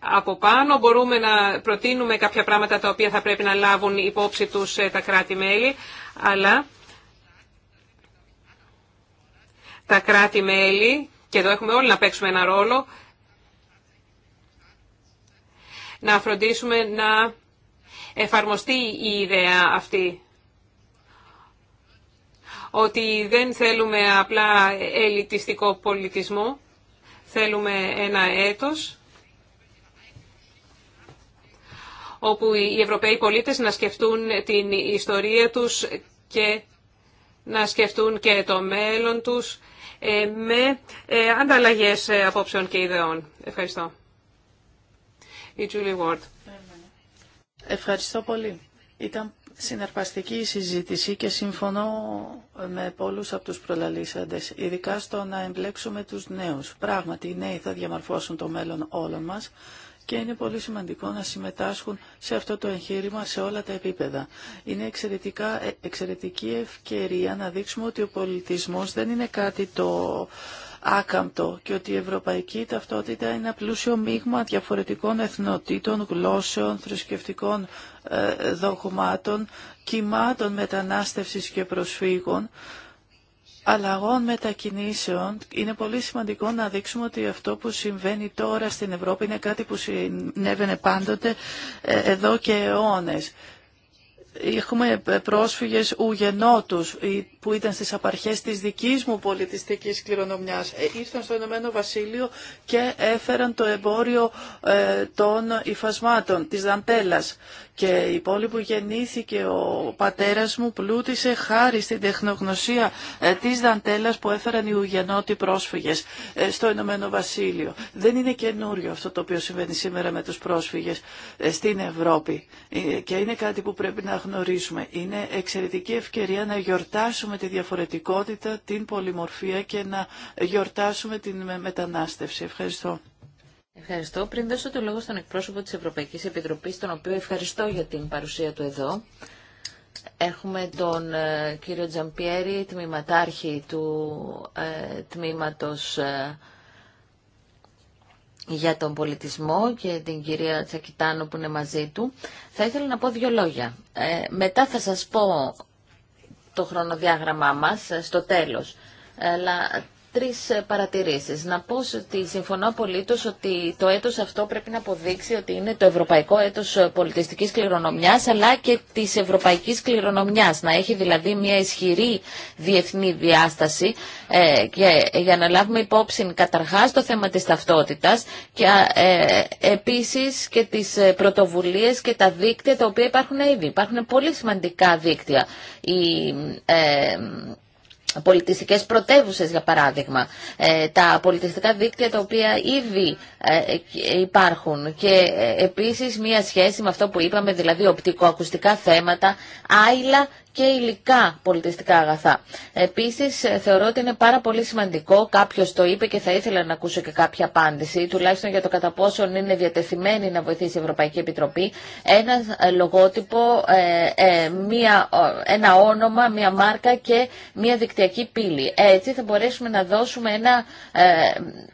από πάνω, μπορούμε να προτείνουμε κάποια πράγματα τα οποία θα πρέπει να λάβουν υπόψη τους ε, τα κράτη-μέλη, αλλά τα κράτη-μέλη, και εδώ έχουμε όλοι να παίξουμε ένα ρόλο, να φροντίσουμε να εφαρμοστεί η ιδέα αυτή. Ότι δεν θέλουμε απλά ελιτιστικό πολιτισμό, Θέλουμε ένα έτος όπου οι Ευρωπαίοι πολίτες να σκεφτούν την ιστορία τους και να σκεφτούν και το μέλλον τους ε, με ε, ανταλλαγές ε, απόψεων και ιδεών. Ευχαριστώ. Η Julie Ward. Ευχαριστώ πολύ συναρπαστική συζήτηση και συμφωνώ με πολλούς από τους προλαλήσαντες, ειδικά στο να εμπλέξουμε τους νέους. Πράγματι, οι νέοι θα διαμορφώσουν το μέλλον όλων μας και είναι πολύ σημαντικό να συμμετάσχουν σε αυτό το εγχείρημα σε όλα τα επίπεδα. Είναι εξαιρετικά, ε, εξαιρετική ευκαιρία να δείξουμε ότι ο πολιτισμός δεν είναι κάτι το άκαμπτο και ότι η ευρωπαϊκή ταυτότητα είναι ένα πλούσιο μείγμα διαφορετικών εθνοτήτων, γλώσσεων, θρησκευτικών ε, δογμάτων, κυμάτων μετανάστευσης και προσφύγων, αλλαγών μετακινήσεων. Είναι πολύ σημαντικό να δείξουμε ότι αυτό που συμβαίνει τώρα στην Ευρώπη είναι κάτι που συνέβαινε πάντοτε ε, εδώ και αιώνες. Έχουμε πρόσφυγες ουγενότους που ήταν στις απαρχές της δικής μου πολιτιστικής κληρονομιάς. Ε, ήρθαν στο Ηνωμένο Βασίλειο και έφεραν το εμπόριο ε, των υφασμάτων, της δαντέλας. Και η πόλη που γεννήθηκε ο πατέρας μου πλούτησε χάρη στην τεχνογνωσία ε, της δαντέλας που έφεραν οι ουγενότοι πρόσφυγες στο Ηνωμένο Βασίλειο. Δεν είναι καινούριο αυτό το οποίο συμβαίνει σήμερα με τους πρόσφυγες στην Ευρώπη και είναι κάτι που πρέπει να είναι εξαιρετική ευκαιρία να γιορτάσουμε τη διαφορετικότητα, την πολυμορφία και να γιορτάσουμε την μετανάστευση. Ευχαριστώ. Ευχαριστώ. Πριν δώσω το λόγο στον εκπρόσωπο της Ευρωπαϊκής Επιτροπής, τον οποίο ευχαριστώ για την παρουσία του εδώ, Έχουμε τον ε, κύριο Τζαμπιέρη, τμήματάρχη του ε, τμήματος ε, για τον πολιτισμό και την κυρία Τσακιτάνο που είναι μαζί του, θα ήθελα να πω δύο λόγια. Ε, μετά θα σας πω το χρονοδιάγραμμά μας ε, στο τέλος. Αλλά τρεις ε, παρατηρήσεις. Να πω ότι συμφωνώ απολύτως ότι το έτος αυτό πρέπει να αποδείξει ότι είναι το ευρωπαϊκό έτος ε, πολιτιστικής κληρονομιάς αλλά και της ευρωπαϊκής κληρονομιάς. Να έχει δηλαδή μια ισχυρή διεθνή διάσταση ε, και, για να λάβουμε υπόψη καταρχάς το θέμα της ταυτότητας και ε, επίσης και τις πρωτοβουλίες και τα δίκτυα τα οποία υπάρχουν ήδη. Υπάρχουν πολύ σημαντικά δίκτυα. Η, πολιτιστικές πρωτεύουσες για παράδειγμα, ε, τα πολιτιστικά δίκτυα τα οποία ήδη ε, ε, υπάρχουν και επίσης μία σχέση με αυτό που είπαμε, δηλαδή οπτικοακουστικά θέματα, άειλα και υλικά πολιτιστικά αγαθά. Επίσης, θεωρώ ότι είναι πάρα πολύ σημαντικό, κάποιος το είπε και θα ήθελα να ακούσω και κάποια απάντηση, τουλάχιστον για το κατά πόσο είναι διατεθειμένη να βοηθήσει η Ευρωπαϊκή Επιτροπή, ένα λογότυπο, ε, ε, ένα όνομα, μία μάρκα και μία δικτυακή πύλη. Έτσι θα μπορέσουμε να δώσουμε ένα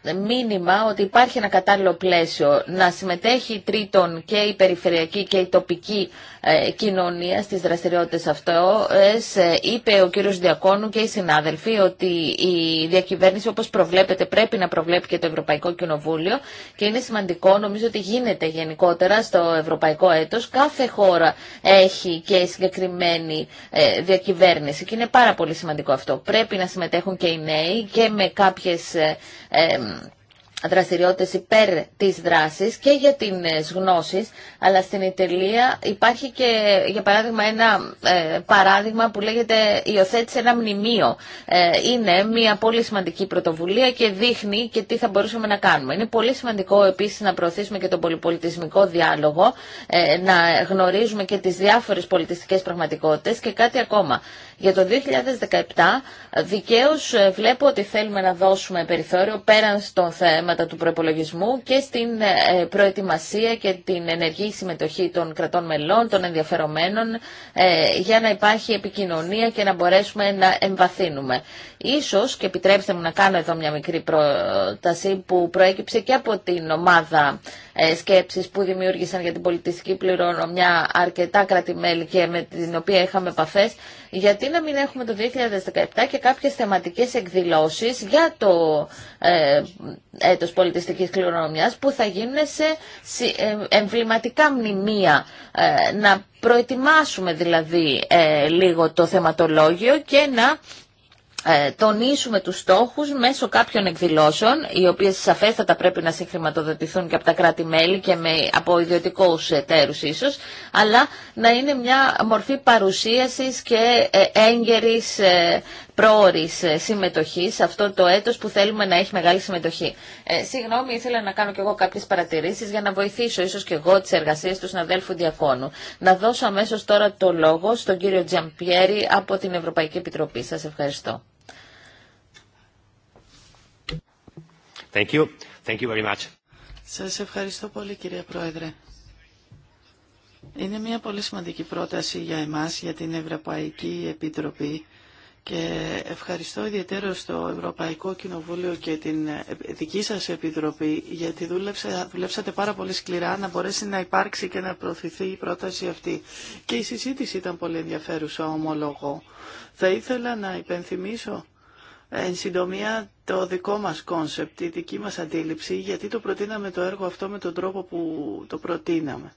ε, μήνυμα ότι υπάρχει ένα κατάλληλο πλαίσιο, να συμμετέχει τρίτον και η περιφερειακή και η τοπική κοινωνία στις δραστηριότητες αυτό ε, είπε ο κύριος Διακόνου και οι συνάδελφοι ότι η διακυβέρνηση όπως προβλέπεται πρέπει να προβλέπει και το Ευρωπαϊκό Κοινοβούλιο και είναι σημαντικό, νομίζω ότι γίνεται γενικότερα στο Ευρωπαϊκό έτος. Κάθε χώρα έχει και συγκεκριμένη ε, διακυβέρνηση και είναι πάρα πολύ σημαντικό αυτό. Πρέπει να συμμετέχουν και οι νέοι και με κάποιες... Ε, δραστηριότητες υπέρ της δράσης και για τι ε, γνώσεις, αλλά στην Ιταλία υπάρχει και για παράδειγμα ένα ε, παράδειγμα που λέγεται «Υιοθέτησε ένα μνημείο». Ε, είναι μια πολύ σημαντική πρωτοβουλία και δείχνει και τι θα μπορούσαμε να κάνουμε. Είναι πολύ σημαντικό επίσης να προωθήσουμε και τον πολυπολιτισμικό διάλογο, να γνωρίζουμε και τις διάφορες πολιτιστικές πραγματικότητες και κάτι ακόμα. Για το 2017 δικαίως ε, βλέπω ότι θέλουμε να δώσουμε περιθώριο πέραν στο θέματα του προπολογισμού και στην ε, προετοιμασία και την ενεργή συμμετοχή των κρατών μελών, των ενδιαφερομένων ε, για να υπάρχει επικοινωνία και να μπορέσουμε να εμβαθύνουμε. Ίσως, και επιτρέψτε μου να κάνω εδώ μια μικρή πρόταση που προέκυψε και από την ομάδα σκέψης που δημιούργησαν για την πολιτιστική πληρονομιά αρκετά κρατημέλη και με την οποία είχαμε επαφές, γιατί να μην έχουμε το 2017 και κάποιες θεματικές εκδηλώσεις για το ε, έτος πολιτιστικής κληρονομιάς που θα γίνουν σε ε, εμβληματικά μνημεία ε, να προετοιμάσουμε δηλαδή ε, λίγο το θεματολόγιο και να ε, τονίσουμε τους στόχους μέσω κάποιων εκδηλώσεων, οι οποίες σαφέστατα πρέπει να συγχρηματοδοτηθούν και από τα κράτη-μέλη και με, από ιδιωτικούς εταίρους ίσως, αλλά να είναι μια μορφή παρουσίασης και ε, έγκαιρης ε, συμμετοχή συμμετοχής, αυτό το έτος που θέλουμε να έχει μεγάλη συμμετοχή. Ε, συγγνώμη, ήθελα να κάνω κι εγώ κάποιες παρατηρήσεις για να βοηθήσω ίσως και εγώ τις εργασίες του συναδέλφου Διακόνου. Να δώσω αμέσως τώρα το λόγο στον κύριο Τζαμπιέρη από την Ευρωπαϊκή Επιτροπή. Σας ευχαριστώ. Thank you. Thank you very much. Σας ευχαριστώ πολύ κύριε Πρόεδρε. Είναι μια πολύ σημαντική πρόταση για εμάς, για την Ευρωπαϊκή Επιτροπή, και ευχαριστώ ιδιαίτερα στο Ευρωπαϊκό Κοινοβούλιο και την δική σας Επιτροπή γιατί δούλεψα, δουλέψατε πάρα πολύ σκληρά να μπορέσει να υπάρξει και να προωθηθεί η πρόταση αυτή. Και η συζήτηση ήταν πολύ ενδιαφέρουσα, ομολογώ. Θα ήθελα να υπενθυμίσω εν συντομία το δικό μας κόνσεπτ, η δική μας αντίληψη, γιατί το προτείναμε το έργο αυτό με τον τρόπο που το προτείναμε.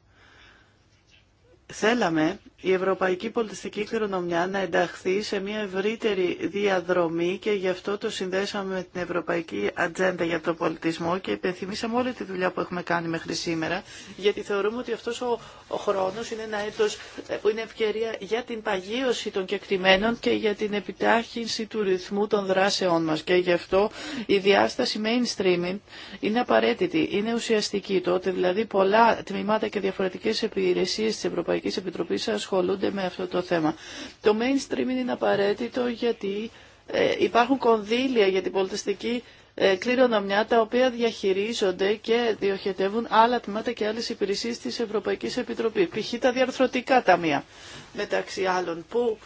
Θέλαμε η ευρωπαϊκή πολιτιστική κληρονομιά να ενταχθεί σε μια ευρύτερη διαδρομή και γι' αυτό το συνδέσαμε με την Ευρωπαϊκή Ατζέντα για τον πολιτισμό και υπενθυμίσαμε όλη τη δουλειά που έχουμε κάνει μέχρι σήμερα, γιατί θεωρούμε ότι αυτός ο, ο χρόνος είναι ένα έτος ε, που είναι ευκαιρία για την παγίωση των κεκτημένων και για την επιτάχυνση του ρυθμού των δράσεών μας. Και γι' αυτό η διάσταση mainstreaming είναι απαραίτητη, είναι ουσιαστική. Τότε δηλαδή πολλά τμήματα και διαφορετικές υπηρεσίες της Ευρωπαϊκή. Ευρωπαϊκής Επιτροπής ασχολούνται με αυτό το θέμα. Το mainstream είναι απαραίτητο γιατί ε, υπάρχουν κονδύλια για την πολιτιστική ε, κληρονομιά τα οποία διαχειρίζονται και διοχετεύουν άλλα τμήματα και άλλες υπηρεσίες της Ευρωπαϊκής Επιτροπής, π.χ. τα διαρθρωτικά ταμεία μεταξύ άλλων που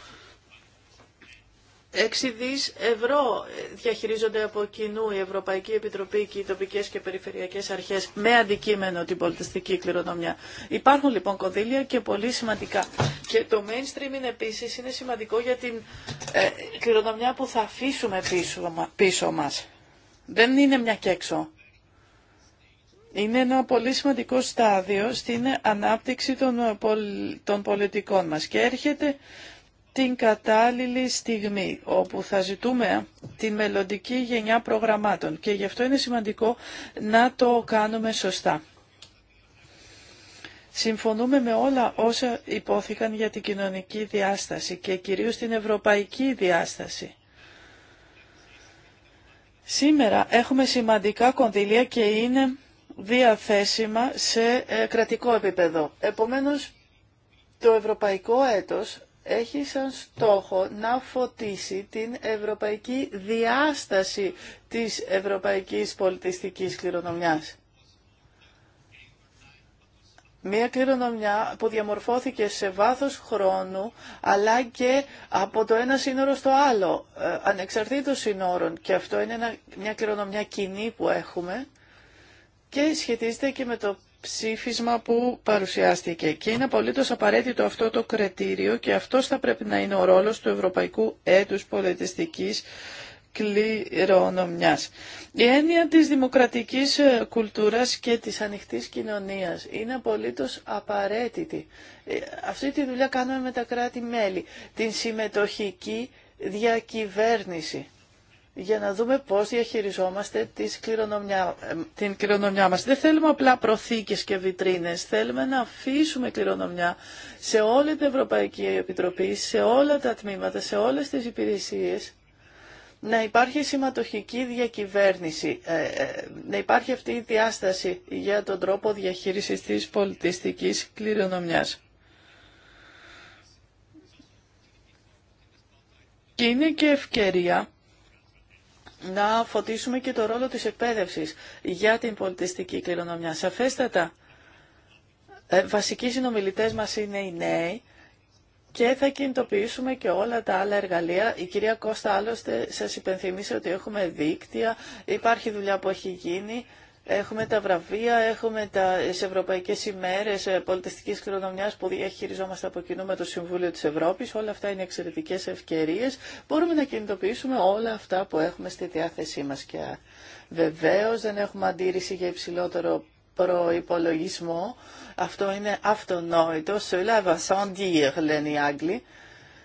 6 δις ευρώ διαχειρίζονται από κοινού η Ευρωπαϊκή Επιτροπή και οι τοπικές και περιφερειακές αρχές με αντικείμενο την πολιτιστική κληρονομιά. Υπάρχουν λοιπόν κονδύλια και πολύ σημαντικά. Και το mainstreaming επίσης είναι σημαντικό για την ε, κληρονομιά που θα αφήσουμε πίσω, πίσω μας. Δεν είναι μια και έξω. Είναι ένα πολύ σημαντικό στάδιο στην ανάπτυξη των, ε, των πολιτικών μας και έρχεται την κατάλληλη στιγμή όπου θα ζητούμε τη μελλοντική γενιά προγραμμάτων και γι' αυτό είναι σημαντικό να το κάνουμε σωστά. Συμφωνούμε με όλα όσα υπόθηκαν για την κοινωνική διάσταση και κυρίως την ευρωπαϊκή διάσταση. Σήμερα έχουμε σημαντικά κονδυλία και είναι διαθέσιμα σε ε, κρατικό επίπεδο. Επομένως, το ευρωπαϊκό έτος έχει σαν στόχο να φωτίσει την ευρωπαϊκή διάσταση της ευρωπαϊκής πολιτιστικής κληρονομιάς. Μία κληρονομιά που διαμορφώθηκε σε βάθος χρόνου, αλλά και από το ένα σύνορο στο άλλο, ε, ανεξαρτήτως σύνορων. Και αυτό είναι μια κληρονομιά κοινή που έχουμε και σχετίζεται και με το ψήφισμα που παρουσιάστηκε και είναι απολύτως απαραίτητο αυτό το κριτήριο και αυτός θα πρέπει να είναι ο ρόλος του Ευρωπαϊκού Έτους Πολιτιστικής κληρονομιάς. Η έννοια της δημοκρατικής ε, κουλτούρας και της ανοιχτής κοινωνίας είναι απολύτως απαραίτητη. Ε, αυτή τη δουλειά κάνουμε με τα κράτη-μέλη, την συμμετοχική διακυβέρνηση για να δούμε πώς διαχειριζόμαστε τις κληρονομιά, ε, την κληρονομιά μας. Δεν θέλουμε απλά προθήκες και βιτρίνες, θέλουμε να αφήσουμε κληρονομιά σε όλη την Ευρωπαϊκή Επιτροπή, σε όλα τα τμήματα, σε όλες τις υπηρεσίες, να υπάρχει συμματοχική διακυβέρνηση, ε, ε, να υπάρχει αυτή η διάσταση για τον τρόπο διαχείρισης της πολιτιστικής κληρονομιάς. Και είναι και ευκαιρία να φωτίσουμε και το ρόλο της εκπαίδευσης για την πολιτιστική κληρονομιά. Σαφέστατα, ε, βασικοί συνομιλητές μας είναι οι νέοι και θα κινητοποιήσουμε και όλα τα άλλα εργαλεία. Η κυρία Κώστα άλλωστε σας υπενθυμίσε ότι έχουμε δίκτυα, υπάρχει δουλειά που έχει γίνει. Έχουμε τα βραβεία, έχουμε τα ευρωπαϊκέ ημέρε πολιτιστική κληρονομιά που διαχειριζόμαστε από κοινού με το Συμβούλιο τη Ευρώπη. Όλα αυτά είναι εξαιρετικέ ευκαιρίε. Μπορούμε να κινητοποιήσουμε όλα αυτά που έχουμε στη διάθεσή μα. Και βεβαίω δεν έχουμε αντίρρηση για υψηλότερο προπολογισμό. Αυτό είναι αυτονόητο. Σε va sans λένε οι Άγγλοι.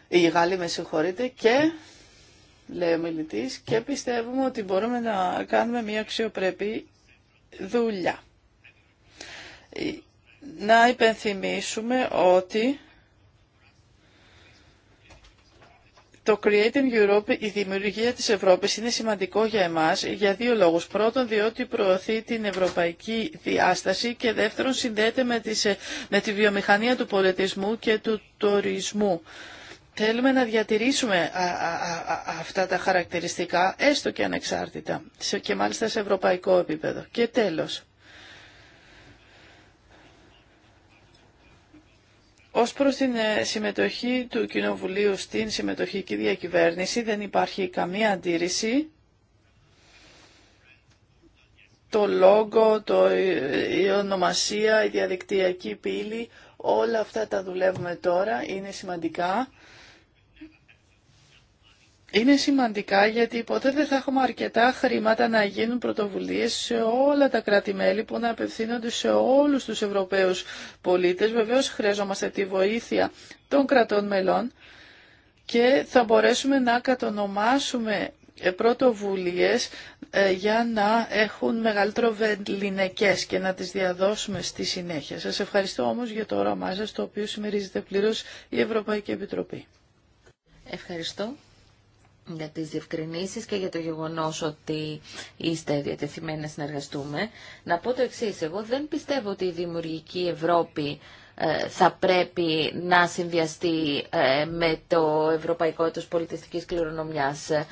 Οι Γάλλοι, με συγχωρείτε. Και λέει ο μιλητής, και πιστεύουμε ότι μπορούμε να κάνουμε μια αξιοπρεπή δουλειά. Ε, να υπενθυμίσουμε ότι Το Creating Europe, η δημιουργία της Ευρώπης, είναι σημαντικό για εμάς για δύο λόγους. Πρώτον, διότι προωθεί την ευρωπαϊκή διάσταση και δεύτερον, συνδέεται με, ε, με τη βιομηχανία του πολιτισμού και του τουρισμού. Θέλουμε να διατηρήσουμε αυτά τα χαρακτηριστικά, έστω και ανεξάρτητα, και μάλιστα σε ευρωπαϊκό επίπεδο. Και τέλος, Ως προς την ε, συμμετοχή του Κοινοβουλίου στην συμμετοχική διακυβέρνηση δεν υπάρχει καμία αντίρρηση. Το λόγο, το, ε, η ονομασία, η διαδικτυακή πύλη, όλα αυτά τα δουλεύουμε τώρα, είναι σημαντικά είναι σημαντικά γιατί ποτέ δεν θα έχουμε αρκετά χρήματα να γίνουν πρωτοβουλίες σε όλα τα κράτη-μέλη που να απευθύνονται σε όλους τους Ευρωπαίους πολίτες. Βεβαίως χρειαζόμαστε τη βοήθεια των κρατών μελών και θα μπορέσουμε να κατονομάσουμε ε, πρωτοβουλίες ε, για να έχουν μεγαλύτερο βελινεκές και να τις διαδώσουμε στη συνέχεια. Σας ευχαριστώ όμως για το όραμά σας, το οποίο συμμερίζεται πλήρως η Ευρωπαϊκή Επιτροπή. Ευχαριστώ για τις διευκρινήσεις και για το γεγονός ότι είστε διατεθειμένοι να συνεργαστούμε. Να πω το εξής, εγώ δεν πιστεύω ότι η δημιουργική Ευρώπη ε, θα πρέπει να συνδυαστεί ε, με το Ευρωπαϊκό Έτος Πολιτιστικής Κληρονομιάς. Ε,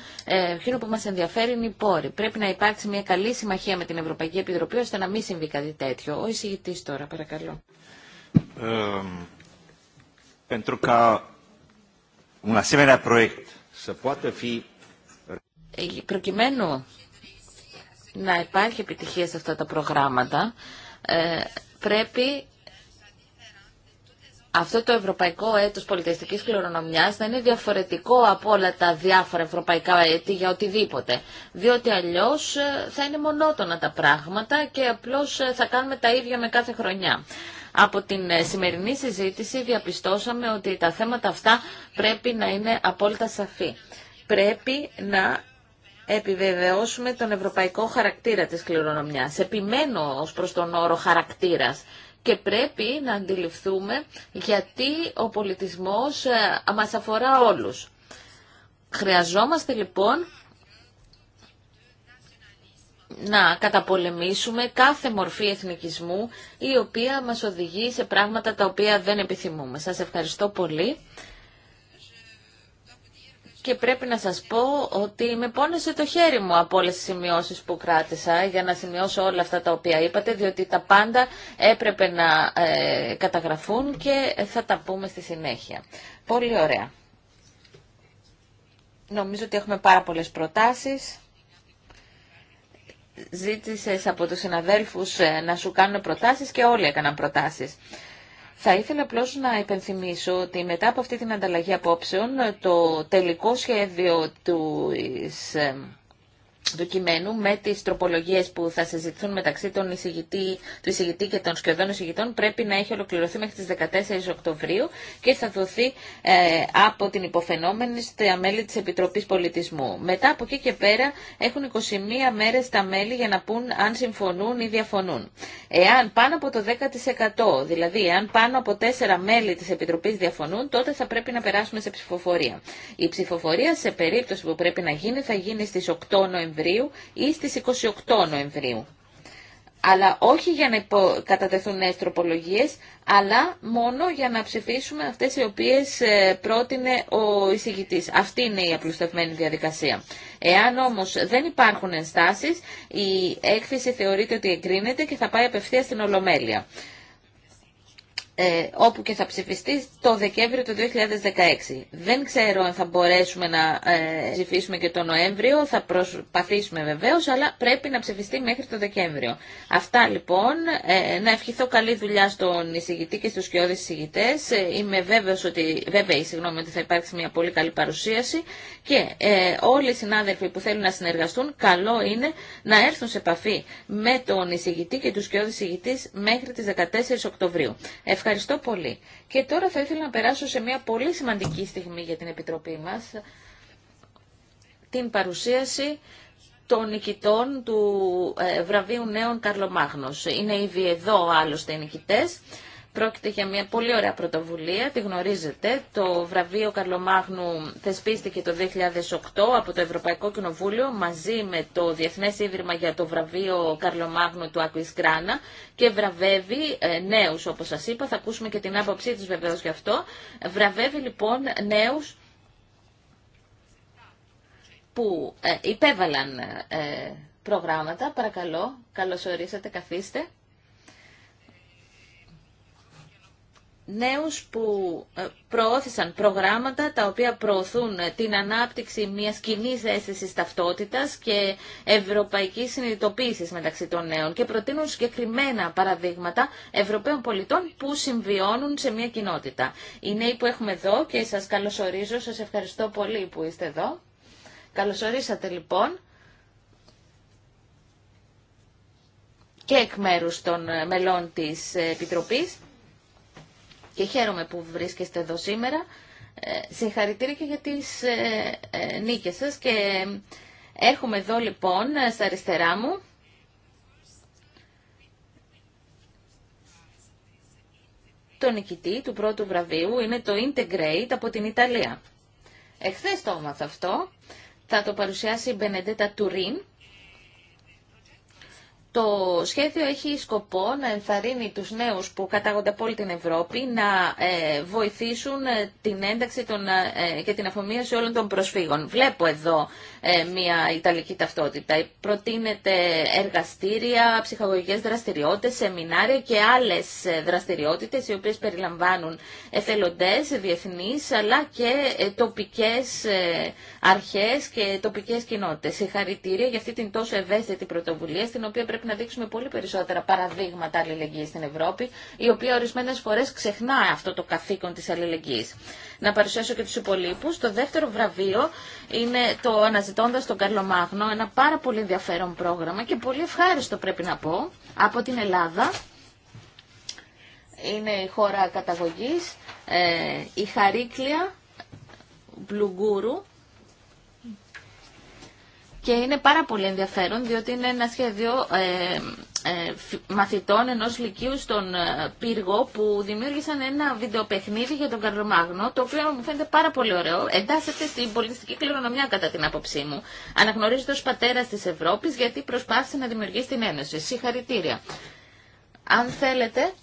εκείνο που μας ενδιαφέρει είναι οι πόροι. Πρέπει να υπάρξει μια καλή συμμαχία με την Ευρωπαϊκή Επιτροπή ώστε να μην συμβεί κάτι τέτοιο. Ο εισηγητής τώρα, παρακαλώ. Ε, ε, προκειμένου να υπάρχει επιτυχία σε αυτά τα προγράμματα, ε, πρέπει αυτό το Ευρωπαϊκό Έτος Πολιτιστικής Κληρονομιάς να είναι διαφορετικό από όλα τα διάφορα ευρωπαϊκά έτη για οτιδήποτε. Διότι αλλιώς ε, θα είναι μονότονα τα πράγματα και απλώς θα κάνουμε τα ίδια με κάθε χρονιά από την ε, σημερινή συζήτηση διαπιστώσαμε ότι τα θέματα αυτά πρέπει να είναι απόλυτα σαφή. Πρέπει να επιβεβαιώσουμε τον ευρωπαϊκό χαρακτήρα της κληρονομιάς. Επιμένω ως προς τον όρο χαρακτήρας και πρέπει να αντιληφθούμε γιατί ο πολιτισμός ε, μας αφορά όλους. Χρειαζόμαστε λοιπόν να καταπολεμήσουμε κάθε μορφή εθνικισμού η οποία μας οδηγεί σε πράγματα τα οποία δεν επιθυμούμε. Σας ευχαριστώ πολύ και πρέπει να σας πω ότι με πόνεσε το χέρι μου από όλες τις σημειώσεις που κράτησα για να σημειώσω όλα αυτά τα οποία είπατε διότι τα πάντα έπρεπε να ε, καταγραφούν και θα τα πούμε στη συνέχεια. Πολύ ωραία. Νομίζω ότι έχουμε πάρα πολλές προτάσεις ζήτησες από τους συναδέλφους ε, να σου κάνουν προτάσεις και όλοι έκαναν προτάσεις. Θα ήθελα απλώ να υπενθυμίσω ότι μετά από αυτή την ανταλλαγή απόψεων το τελικό σχέδιο του ε, του κειμένου με τι τροπολογίε που θα συζητηθούν μεταξύ των εισηγητή, του εισηγητή και των σχεδόν εισηγητών πρέπει να έχει ολοκληρωθεί μέχρι τι 14 Οκτωβρίου και θα δοθεί ε, από την υποφαινόμενη στα μέλη τη επιτροπή Πολιτισμού. Μετά από εκεί και πέρα έχουν 21 μέρε τα μέλη για να πούν αν συμφωνούν ή διαφωνούν. Εάν πάνω από το 10% δηλαδή εάν πάνω από 4 μέλη τη Επιτροπή διαφωνούν τότε θα πρέπει να περάσουμε σε ψηφοφορία. Η ψηφοφορία σε περίπτωση που πρέπει να γίνει θα γίνει στι 8 Νοεμβρίου Νοεμβρίου ή στις 28 Νοεμβρίου. Αλλά όχι για να κατατεθούν νέε τροπολογίε, αλλά μόνο για να ψηφίσουμε αυτές οι οποίες ε, πρότεινε ο εισηγητής. Αυτή είναι η απλουστευμένη διαδικασία. Εάν όμως δεν υπάρχουν ενστάσεις, η έκθεση θεωρείται ότι εγκρίνεται και θα πάει απευθεία στην Ολομέλεια. Ε, όπου και θα ψηφιστεί το Δεκέμβριο του 2016. Δεν ξέρω αν θα μπορέσουμε να ε, ψηφίσουμε και το Νοέμβριο, θα προσπαθήσουμε βεβαίως, αλλά πρέπει να ψηφιστεί μέχρι το Δεκέμβριο. Αυτά λοιπόν, ε, να ευχηθώ καλή δουλειά στον εισηγητή και στους κοιόδης εισηγητές. Είμαι βέβαιος ότι, βέβαιη συγγνώμη, ότι θα υπάρξει μια πολύ καλή παρουσίαση και ε, όλοι οι συνάδελφοι που θέλουν να συνεργαστούν, καλό είναι να έρθουν σε επαφή με τον εισηγητή και τους σκιώδεις εισηγητής μέχρι τις 14 Οκτωβρίου. Ευχαριστώ πολύ. Και τώρα θα ήθελα να περάσω σε μια πολύ σημαντική στιγμή για την Επιτροπή μας, την παρουσίαση των νικητών του ε, βραβείου νέων Καρλομάγνος. Είναι ήδη εδώ άλλωστε οι νικητές. Πρόκειται για μια πολύ ωραία πρωτοβουλία, τη γνωρίζετε. Το βραβείο Καρλομάγνου θεσπίστηκε το 2008 από το Ευρωπαϊκό Κοινοβούλιο μαζί με το Διεθνές Ίδρυμα για το βραβείο Καρλομάγνου του Ακουής και βραβεύει ε, νέους, όπως σας είπα, θα ακούσουμε και την άποψή τους βεβαίως γι' αυτό. Βραβεύει λοιπόν νέους που ε, υπέβαλαν ε, προγράμματα. Παρακαλώ, καλώς ορίσατε, καθίστε. νέους που ε, προώθησαν προγράμματα τα οποία προωθούν ε, την ανάπτυξη μιας κοινή αίσθηση ταυτότητας και ευρωπαϊκής συνειδητοποίησης μεταξύ των νέων και προτείνουν συγκεκριμένα παραδείγματα Ευρωπαίων πολιτών που συμβιώνουν σε μια κοινότητα. Οι νέοι που έχουμε εδώ και σας καλωσορίζω, σας ευχαριστώ πολύ που είστε εδώ. Καλωσορίσατε λοιπόν. και εκ μέρους των ε, μελών της Επιτροπής και χαίρομαι που βρίσκεστε εδώ σήμερα. Ε, συγχαρητήρια και για τις ε, ε, νίκες σας και έρχομαι εδώ λοιπόν στα αριστερά μου. Το νικητή του πρώτου βραβείου είναι το Integrate από την Ιταλία. Εχθές το έμαθα αυτό. Θα το παρουσιάσει η Μπενεντέτα Τουρίν το σχέδιο έχει σκοπό να ενθαρρύνει τους νέους που κατάγονται από όλη την Ευρώπη να ε, βοηθήσουν ε, την ένταξη των, ε, και την αφομοίωση όλων των προσφύγων. Βλέπω εδώ μια Ιταλική ταυτότητα. Προτείνεται εργαστήρια, ψυχαγωγικές δραστηριότητες, σεμινάρια και άλλες δραστηριότητες οι οποίες περιλαμβάνουν εθελοντές, διεθνείς αλλά και τοπικές αρχές και τοπικές κοινότητες. Συγχαρητήρια για αυτή την τόσο ευαίσθητη πρωτοβουλία στην οποία πρέπει να δείξουμε πολύ περισσότερα παραδείγματα αλληλεγγύη στην Ευρώπη, η οποία ορισμένε φορέ ξεχνά αυτό το καθήκον τη αλληλεγγύη. Να παρουσιάσω και του υπολείπου. Το δεύτερο βραβείο είναι το Αναζητώντα τον Καρλομάγνο, ένα πάρα πολύ ενδιαφέρον πρόγραμμα και πολύ ευχάριστο πρέπει να πω από την Ελλάδα. Είναι η χώρα καταγωγής, ε, η Χαρίκλια Μπλουγκούρου, και είναι πάρα πολύ ενδιαφέρον διότι είναι ένα σχέδιο ε, ε, μαθητών ενός λυκείου στον ε, πύργο που δημιούργησαν ένα βιντεοπαιχνίδι για τον Καρλομάγνο το οποίο μου φαίνεται πάρα πολύ ωραίο εντάσσεται στην πολιτιστική κληρονομιά κατά την άποψή μου αναγνωρίζεται ως πατέρας της Ευρώπης γιατί προσπάθησε να δημιουργήσει την Ένωση συγχαρητήρια αν θέλετε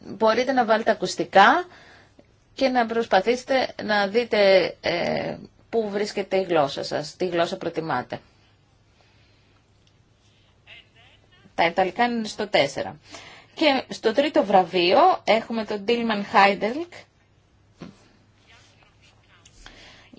μπορείτε να βάλετε ακουστικά και να προσπαθήσετε να δείτε ε, πού βρίσκεται η γλώσσα σας, τι γλώσσα προτιμάτε. Τα Ιταλικά είναι στο 4. Και στο τρίτο βραβείο έχουμε τον Τίλμαν Χάιντελκ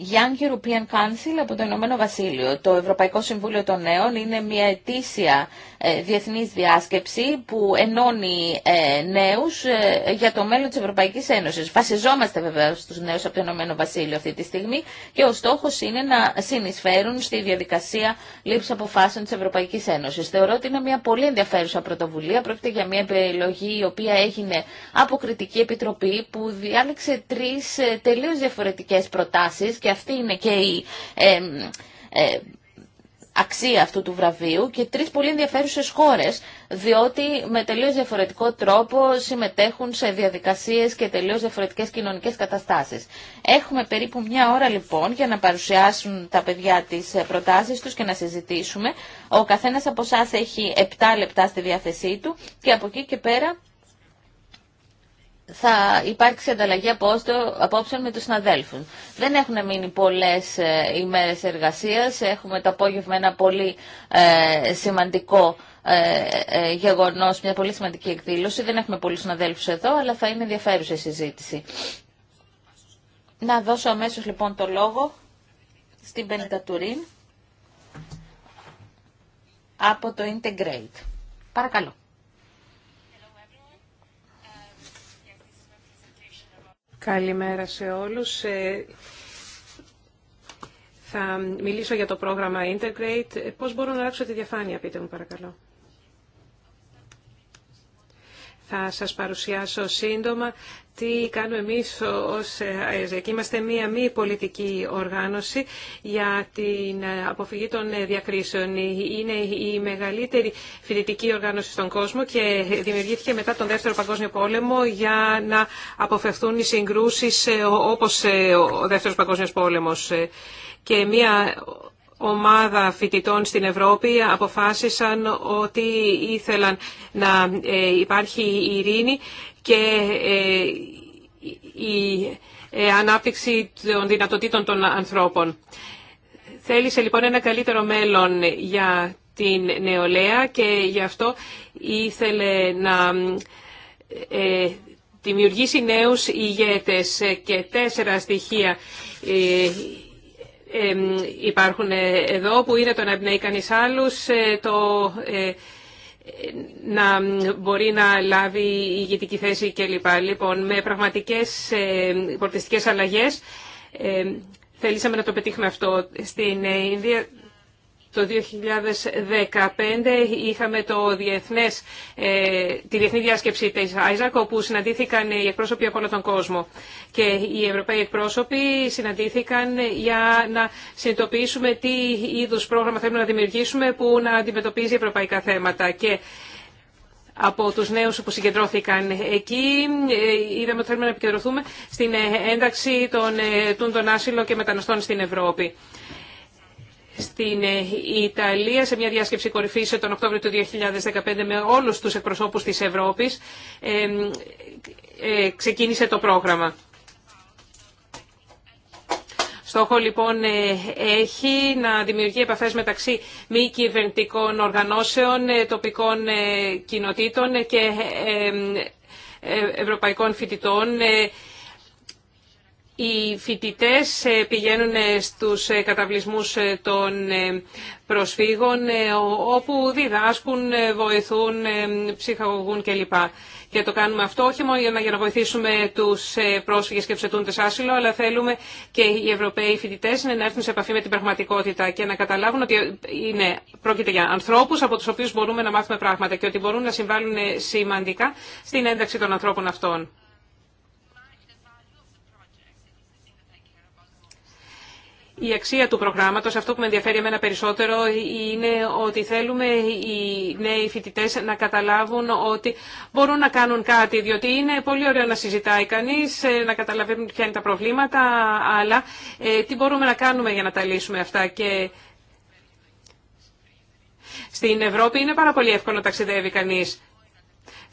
Young European Council από το Ηνωμένο Βασίλειο. Το Ευρωπαϊκό Συμβούλιο των Νέων είναι μια ετήσια ε, διεθνής διάσκεψη που ενώνει ε, νέους ε, για το μέλλον της Ευρωπαϊκής Ένωσης. Βασιζόμαστε βέβαια στους νέους από το Ηνωμένο Βασίλειο αυτή τη στιγμή και ο στόχος είναι να συνεισφέρουν στη διαδικασία λήψη αποφάσεων της Ευρωπαϊκής Ένωσης. Θεωρώ ότι είναι μια πολύ ενδιαφέρουσα πρωτοβουλία. Πρόκειται για μια επιλογή η οποία έγινε από κριτική επιτροπή που διάλεξε τρεις τελείως διαφορετικές προτάσεις αυτή είναι και η ε, αξία αυτού του βραβείου και τρεις πολύ ενδιαφέρουσες χώρες, διότι με τελείως διαφορετικό τρόπο συμμετέχουν σε διαδικασίες και τελείως διαφορετικές κοινωνικές καταστάσεις. Έχουμε περίπου μια ώρα λοιπόν για να παρουσιάσουν τα παιδιά τις ε, προτάσεις τους και να συζητήσουμε. Ο καθένας από εσά έχει 7 λεπτά στη διάθεσή του και από εκεί και πέρα θα υπάρξει ανταλλαγή απόψεων με τους συναδέλφους. Δεν έχουν μείνει πολλές ε, ημέρες εργασίας. Έχουμε το απόγευμα ένα πολύ ε, σημαντικό ε, ε, γεγονός, μια πολύ σημαντική εκδήλωση. Δεν έχουμε πολλούς συναδέλφους εδώ, αλλά θα είναι ενδιαφέρουσα η συζήτηση. Να δώσω αμέσως λοιπόν το λόγο στην Πεντατουρίν από το Integrate. Παρακαλώ. Καλημέρα σε όλους. Ε, θα μιλήσω για το πρόγραμμα Integrate. Ε, πώς μπορώ να αλλάξω τη διαφάνεια, πείτε μου παρακαλώ. Θα σας παρουσιάσω σύντομα τι κάνουμε εμείς ως ΑΕΖΕΚ. Είμαστε μία μη πολιτική οργάνωση για την αποφυγή των διακρίσεων. Είναι η μεγαλύτερη φοιτητική οργάνωση στον κόσμο και δημιουργήθηκε μετά τον Δεύτερο Παγκόσμιο Πόλεμο για να αποφευθούν οι συγκρούσεις όπως ο Δεύτερος Παγκόσμιος Πόλεμος. Και μία ομάδα φοιτητών στην Ευρώπη αποφάσισαν ότι ήθελαν να ε, υπάρχει η ειρήνη και ε, η ε, ανάπτυξη των δυνατοτήτων των ανθρώπων. Θέλησε λοιπόν ένα καλύτερο μέλλον για την νεολαία και γι' αυτό ήθελε να δημιουργήσει νέους ηγέτες και τέσσερα στοιχεία υπάρχουν ε, εδώ που είναι το να εμπνέει κανείς άλλους, ε, το ε, να μπορεί να λάβει ηγετική θέση κλπ. Λοιπόν, με πραγματικές πολιτιστικές αλλαγές θέλησαμε να το πετύχουμε αυτό. Στην Ινδία το 2015 είχαμε το διεθνές, ε, τη διεθνή διάσκεψη της ΆΙΖΑΚ όπου συναντήθηκαν οι εκπρόσωποι από όλο τον κόσμο. Και οι Ευρωπαίοι εκπρόσωποι συναντήθηκαν για να συνειδητοποιήσουμε τι είδους πρόγραμμα θέλουμε να δημιουργήσουμε που να αντιμετωπίζει ευρωπαϊκά θέματα. Και από τους νέους που συγκεντρώθηκαν εκεί. Ε, είδαμε ότι θέλουμε να επικεντρωθούμε στην ένταξη των ε, άσυλων και μεταναστών στην Ευρώπη στην ε, Ιταλία σε μια διάσκεψη κορυφής τον Οκτώβριο του 2015 με όλους τους εκπροσώπους της Ευρώπης ε, ε, ξεκίνησε το πρόγραμμα. Στόχο λοιπόν έχει να δημιουργεί επαφές μεταξύ μη κυβερνητικών οργανώσεων, τοπικών κοινοτήτων και ευρωπαϊκών φοιτητών οι φοιτητές ε, πηγαίνουν ε, στους ε, καταβλισμούς των προσφύγων όπου διδάσκουν, βοηθούν, ψυχαγωγούν κλπ. Και το κάνουμε αυτό όχι μόνο για να βοηθήσουμε τους πρόσφυγες και τους ετούντε άσυλο, αλλά θέλουμε και οι Ευρωπαίοι φοιτητές να έρθουν σε επαφή με την πραγματικότητα και να καταλάβουν ότι είναι, πρόκειται για ανθρώπους από τους οποίους μπορούμε να μάθουμε πράγματα και ότι μπορούν να συμβάλλουν σημαντικά στην ένταξη των ανθρώπων αυτών. Η αξία του προγράμματος, αυτό που με ενδιαφέρει εμένα περισσότερο, είναι ότι θέλουμε οι νέοι φοιτητέ να καταλάβουν ότι μπορούν να κάνουν κάτι, διότι είναι πολύ ωραίο να συζητάει κανείς, ε, να καταλαβαίνουν ποια είναι τα προβλήματα, αλλά ε, τι μπορούμε να κάνουμε για να τα λύσουμε αυτά. Και στην Ευρώπη είναι πάρα πολύ εύκολο να ταξιδεύει κανείς.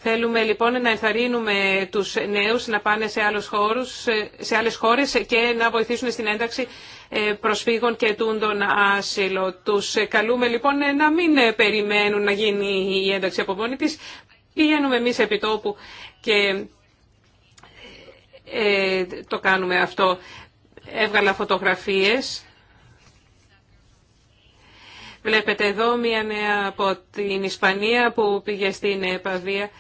Θέλουμε λοιπόν να ενθαρρύνουμε τους νέους να πάνε σε, άλλους χώρους, σε άλλες χώρες και να βοηθήσουν στην ένταξη ε, προσφύγων και τούντων άσυλο. Τους ε, καλούμε λοιπόν ε, να μην περιμένουν να γίνει η ένταξη από μόνη της. Πηγαίνουμε εμείς επί τόπου και το κάνουμε αυτό. Έβγαλα φωτογραφίες. Βλέπετε εδώ μία νέα από την Ισπανία που πήγε στην Επαβία.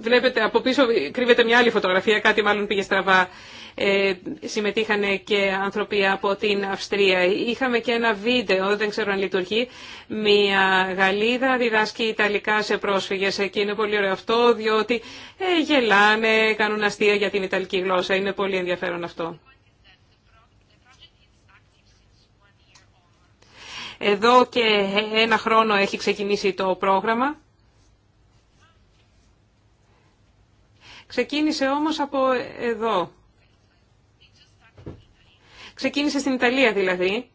Βλέπετε από πίσω κρύβεται μια άλλη φωτογραφία, κάτι μάλλον πήγε στραβά. Ε, συμμετείχαν και άνθρωποι από την Αυστρία. Είχαμε και ένα βίντεο, δεν ξέρω αν λειτουργεί, μια Γαλλίδα διδάσκει Ιταλικά σε πρόσφυγες και είναι πολύ ωραίο αυτό διότι ε, γελάνε, κάνουν αστεία για την Ιταλική γλώσσα. Είναι πολύ ενδιαφέρον αυτό. Εδώ και ένα χρόνο έχει ξεκινήσει το πρόγραμμα. Ξεκίνησε όμως από εδώ. Ξεκίνησε στην Ιταλία δηλαδή.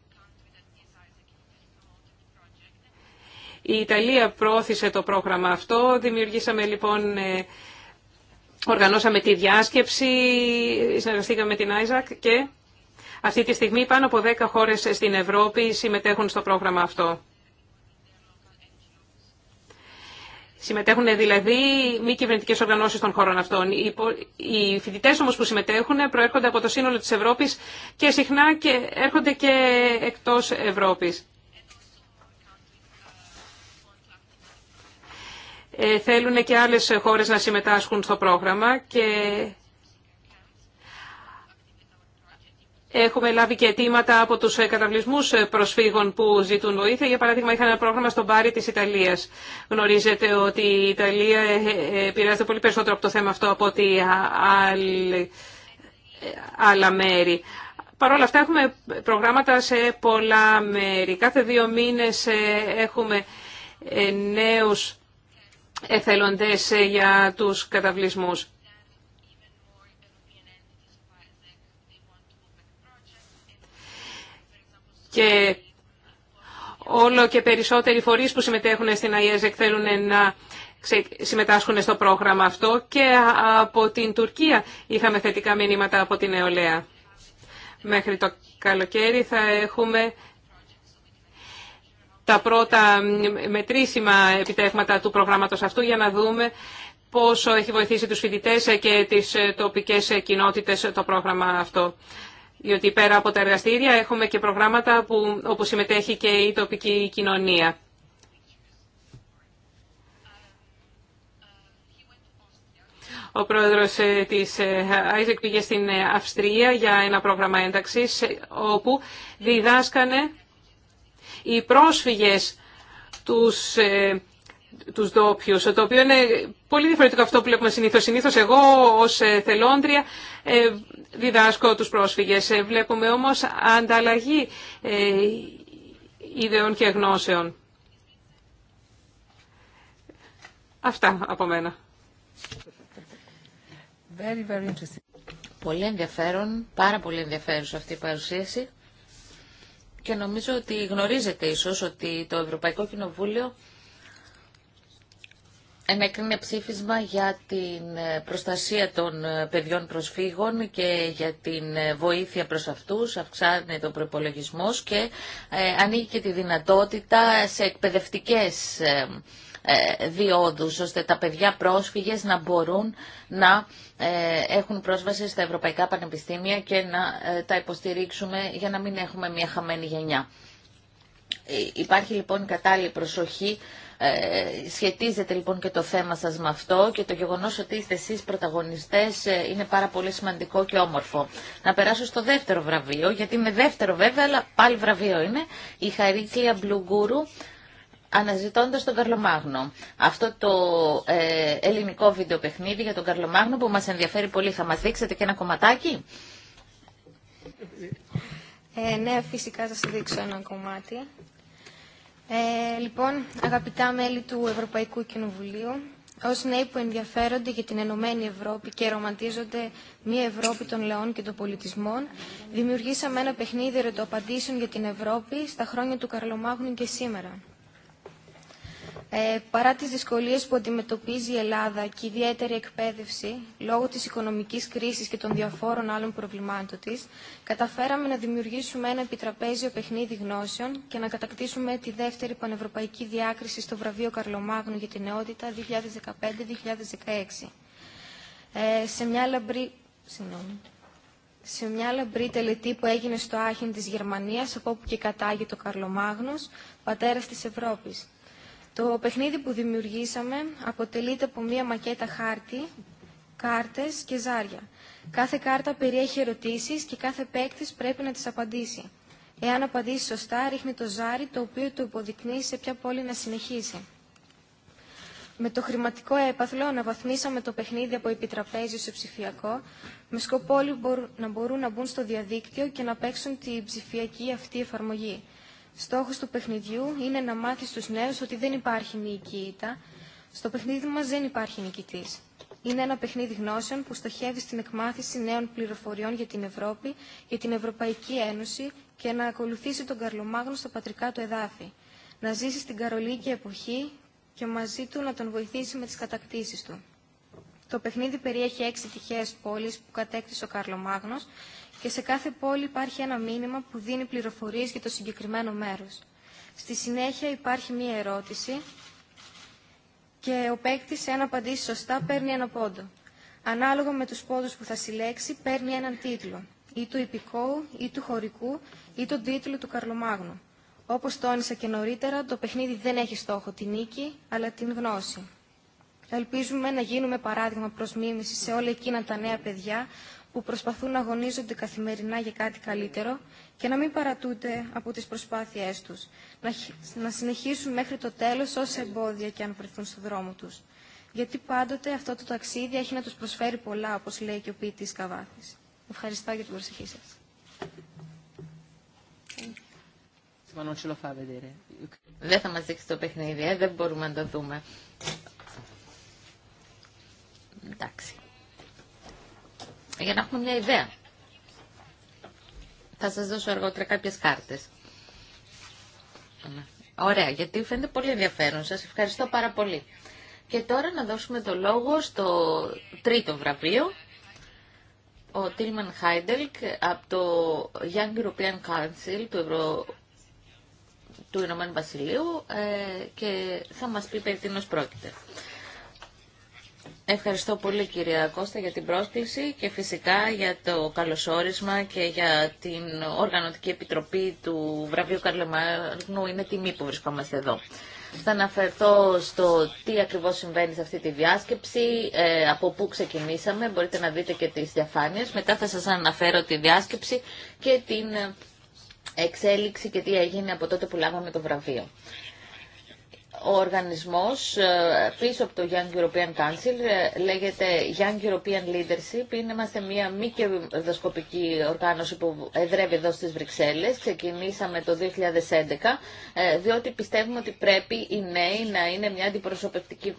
Η Ιταλία πρόθεσε το πρόγραμμα αυτό. Δημιουργήσαμε λοιπόν, ε, οργανώσαμε τη διάσκεψη, συνεργαστήκαμε με την Άιζακ και αυτή τη στιγμή πάνω από 10 χώρες στην Ευρώπη συμμετέχουν στο πρόγραμμα αυτό. Συμμετέχουν δηλαδή μη κυβερνητικέ οργανώσει των χωρών αυτών. Οι φοιτητέ όμω που συμμετέχουν προέρχονται από το σύνολο τη Ευρώπη και συχνά και έρχονται και εκτό Ευρώπη. Ε, θέλουν και άλλες χώρες να συμμετάσχουν στο πρόγραμμα και Έχουμε λάβει και αιτήματα από τους ε, καταβλισμούς ε, προσφύγων που ζητούν βοήθεια. Για παράδειγμα, είχαν ένα πρόγραμμα στο Μπάρι της Ιταλίας. Γνωρίζετε ότι η Ιταλία ε, επηρεάζεται πολύ περισσότερο από το θέμα αυτό από ότι άλλα μέρη. Παρ' όλα αυτά έχουμε προγράμματα σε πολλά μέρη. Κάθε δύο μήνες έχουμε νέους εθελοντές για τους καταβλισμούς. και όλο και περισσότεροι φορείς που συμμετέχουν στην ΑΙΕΖΕΚ θέλουν να συμμετάσχουν στο πρόγραμμα αυτό και από την Τουρκία είχαμε θετικά μηνύματα από την νεολαία. Μέχρι το καλοκαίρι θα έχουμε τα πρώτα μετρήσιμα επιτέχματα του προγράμματος αυτού για να δούμε πόσο έχει βοηθήσει τους φοιτητές και τις τοπικές κοινότητες το πρόγραμμα αυτό διότι πέρα από τα εργαστήρια έχουμε και προγράμματα που, όπου συμμετέχει και η τοπική κοινωνία. Ο πρόεδρος ε, της Άιζεκ πήγε στην ε, Αυστρία για ένα πρόγραμμα ένταξης ε, όπου διδάσκανε οι πρόσφυγες τους τους ντόπιου, το οποίο είναι πολύ διαφορετικό αυτό που βλέπουμε συνήθω. Συνήθω εγώ ως ε, θελόντρια ε, διδάσκω τους πρόσφυγες. Ε, βλέπουμε όμως ανταλλαγή ιδεών και γνώσεων. Αυτά από μένα. Very, very Πολύ ενδιαφέρον, πάρα πολύ ενδιαφέρουσα αυτή η παρουσίαση και νομίζω ότι γνωρίζετε ίσως ότι το Ευρωπαϊκό Κοινοβούλιο ενέκρινε ψήφισμα για την ε, προστασία των ε, παιδιών προσφύγων και για την ε, βοήθεια προς αυτούς, αυξάνεται ο προπολογισμό και ανοίγει και τη δυνατότητα σε εκπαιδευτικές διόδους, ώστε τα παιδιά πρόσφυγες να μπορούν να έχουν πρόσβαση στα ευρωπαϊκά πανεπιστήμια και να τα υποστηρίξουμε για να μην έχουμε μια χαμένη γενιά. Υπάρχει λοιπόν κατάλληλη προσοχή ε, σχετίζεται λοιπόν και το θέμα σας με αυτό και το γεγονός ότι είστε εσείς πρωταγωνιστές ε, είναι πάρα πολύ σημαντικό και όμορφο. Να περάσω στο δεύτερο βραβείο, γιατί είναι δεύτερο βέβαια, αλλά πάλι βραβείο είναι, η Χαρίκλια Μπλουγκούρου, αναζητώντας τον Καρλομάγνο. Αυτό το ε, ελληνικό βίντεο παιχνίδι για τον Καρλομάγνο που μας ενδιαφέρει πολύ. Θα μας δείξετε και ένα κομματάκι. Ε, ναι, φυσικά θα σας δείξω ένα κομμάτι. Ε, λοιπόν, αγαπητά μέλη του Ευρωπαϊκού Κοινοβουλίου, ως νέοι που ενδιαφέρονται για την Ενωμένη Ευρώπη και ρομαντίζονται μια Ευρώπη των λαών και των πολιτισμών, δημιουργήσαμε ένα παιχνίδι ρετοαπαντήσεων για την Ευρώπη στα χρόνια του Καρλομάγνου και σήμερα. Ε, παρά τις δυσκολίες που αντιμετωπίζει η Ελλάδα και η ιδιαίτερη εκπαίδευση, λόγω της οικονομικής κρίσης και των διαφόρων άλλων προβλημάτων της, καταφέραμε να δημιουργήσουμε ένα επιτραπέζιο παιχνίδι γνώσεων και να κατακτήσουμε τη δεύτερη πανευρωπαϊκή διάκριση στο βραβείο Καρλομάγνου για την νεότητα 2015-2016. Ε, σε μια λαμπρή... Συγγνώμη. Σε μια λαμπρή τελετή που έγινε στο Άχιν της Γερμανίας, από όπου και κατάγει το Καρλομάγνος, πατέρας της Ευρώπης. Το παιχνίδι που δημιουργήσαμε αποτελείται από μία μακέτα χάρτη, κάρτες και ζάρια. Κάθε κάρτα περιέχει ερωτήσεις και κάθε παίκτη πρέπει να τις απαντήσει. Εάν απαντήσει σωστά, ρίχνει το ζάρι το οποίο του υποδεικνύει σε ποια πόλη να συνεχίσει. Με το χρηματικό έπαθλο αναβαθμίσαμε το παιχνίδι από επιτραπέζιο σε ψηφιακό, με σκοπό όλοι να μπορούν να μπουν στο διαδίκτυο και να παίξουν την ψηφιακή αυτή εφαρμογή. Στόχος του παιχνιδιού είναι να μάθει στους νέους ότι δεν υπάρχει ήττα. Στο παιχνίδι μας δεν υπάρχει νικητής. Είναι ένα παιχνίδι γνώσεων που στοχεύει στην εκμάθηση νέων πληροφοριών για την Ευρώπη, για την Ευρωπαϊκή Ένωση και να ακολουθήσει τον Καρλομάγνο στα πατρικά του εδάφη. Να ζήσει στην καρολίκη εποχή και μαζί του να τον βοηθήσει με τις κατακτήσεις του. Το παιχνίδι περιέχει έξι τυχαίες πόλεις που κατέκτησε ο Καρλομάγνος και σε κάθε πόλη υπάρχει ένα μήνυμα που δίνει πληροφορίες για το συγκεκριμένο μέρος. Στη συνέχεια υπάρχει μία ερώτηση και ο παίκτη, ένα απαντήσει σωστά, παίρνει ένα πόντο. Ανάλογα με τους πόντους που θα συλλέξει, παίρνει έναν τίτλο, ή του υπηκόου, ή του χωρικού, ή τον τίτλο του Καρλομάγνου. Όπως τόνισα και νωρίτερα, το παιχνίδι δεν έχει στόχο τη νίκη, αλλά την γνώση. Ελπίζουμε να γίνουμε παράδειγμα προς μίμηση σε όλα εκείνα τα νέα παιδιά που προσπαθούν να αγωνίζονται καθημερινά για κάτι καλύτερο και να μην παρατούνται από τις προσπάθειές τους, να συνεχίσουν μέχρι το τέλος όσα εμπόδια και αν βρεθούν στο δρόμο τους. Γιατί πάντοτε αυτό το ταξίδι έχει να τους προσφέρει πολλά, όπως λέει και ο ποιητής Καβάθης. Ευχαριστώ για την προσοχή σας. Δεν θα μας δείξει το παιχνίδι, ε. δεν μπορούμε να το δούμε. Εντάξει για να έχουμε μια ιδέα. Θα σας δώσω αργότερα κάποιες κάρτες. Ωραία, γιατί φαίνεται πολύ ενδιαφέρον. Σας ευχαριστώ πάρα πολύ. Και τώρα να δώσουμε το λόγο στο τρίτο βραβείο, ο Τίλμαν Χάιντελκ από το Young European Council του, Ευρω... του Ηνωμένου Βασιλείου ε, και θα μας πει περί τίνος πρόκειται. Ευχαριστώ πολύ κυρία Κώστα για την πρόσκληση και φυσικά για το καλωσόρισμα και για την Οργανωτική Επιτροπή του Βραβείου Καρλεμάρνου. Είναι τιμή που βρισκόμαστε εδώ. Θα αναφερθώ στο τι ακριβώς συμβαίνει σε αυτή τη διάσκεψη, ε, από πού ξεκινήσαμε, μπορείτε να δείτε και τις διαφάνειες. Μετά θα σας αναφέρω τη διάσκεψη και την ε, εξέλιξη και τι έγινε από τότε που λάβαμε το βραβείο ο οργανισμός ε, πίσω από το Young European Council ε, λέγεται Young European Leadership. είμαστε μια μη κερδοσκοπική οργάνωση που εδρεύει εδώ στις Βρυξέλλες. Ξεκινήσαμε το 2011 ε, διότι πιστεύουμε ότι πρέπει οι νέοι να είναι μια αντιπροσωπευτική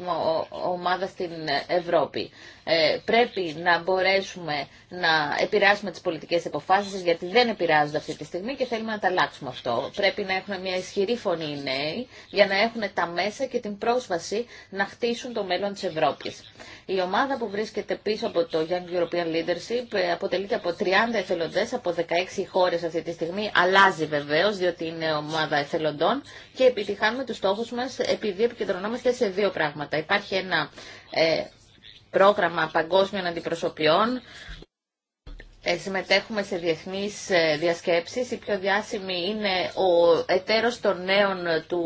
ομάδα στην Ευρώπη. Ε, πρέπει να μπορέσουμε να επηρεάσουμε τις πολιτικές αποφάσεις γιατί δεν επηρεάζονται αυτή τη στιγμή και θέλουμε να τα αλλάξουμε αυτό. Πρέπει να έχουμε μια ισχυρή φωνή οι νέοι για να έχουν τα μέσα και την πρόσβαση να χτίσουν το μέλλον της Ευρώπης. Η ομάδα που βρίσκεται πίσω από το Young European Leadership ε, αποτελείται από 30 εθελοντές από 16 χώρες αυτή τη στιγμή. Αλλάζει βεβαίως διότι είναι ομάδα εθελοντών και επιτυχάνουμε τους στόχους μας επειδή επικεντρωνόμαστε σε δύο πράγματα. Υπάρχει ένα ε, πρόγραμμα παγκόσμιων αντιπροσωπιών. Ε, συμμετέχουμε σε διεθνείς ε, διασκέψεις. Η πιο διάσημη είναι ο εταίρος των νέων του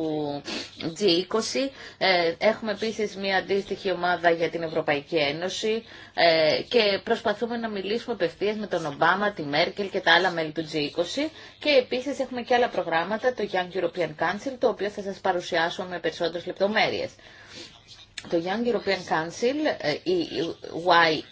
G20. Ε, έχουμε επίσης μια αντίστοιχη ομάδα για την Ευρωπαϊκή Ένωση ε, και προσπαθούμε να μιλήσουμε απευθεία με τον Ομπάμα, τη Μέρκελ και τα άλλα μέλη του G20 και επίσης έχουμε και άλλα προγράμματα, το Young European Council, το οποίο θα σας παρουσιάσω με περισσότερες λεπτομέρειες. Το Young European Council, ε, η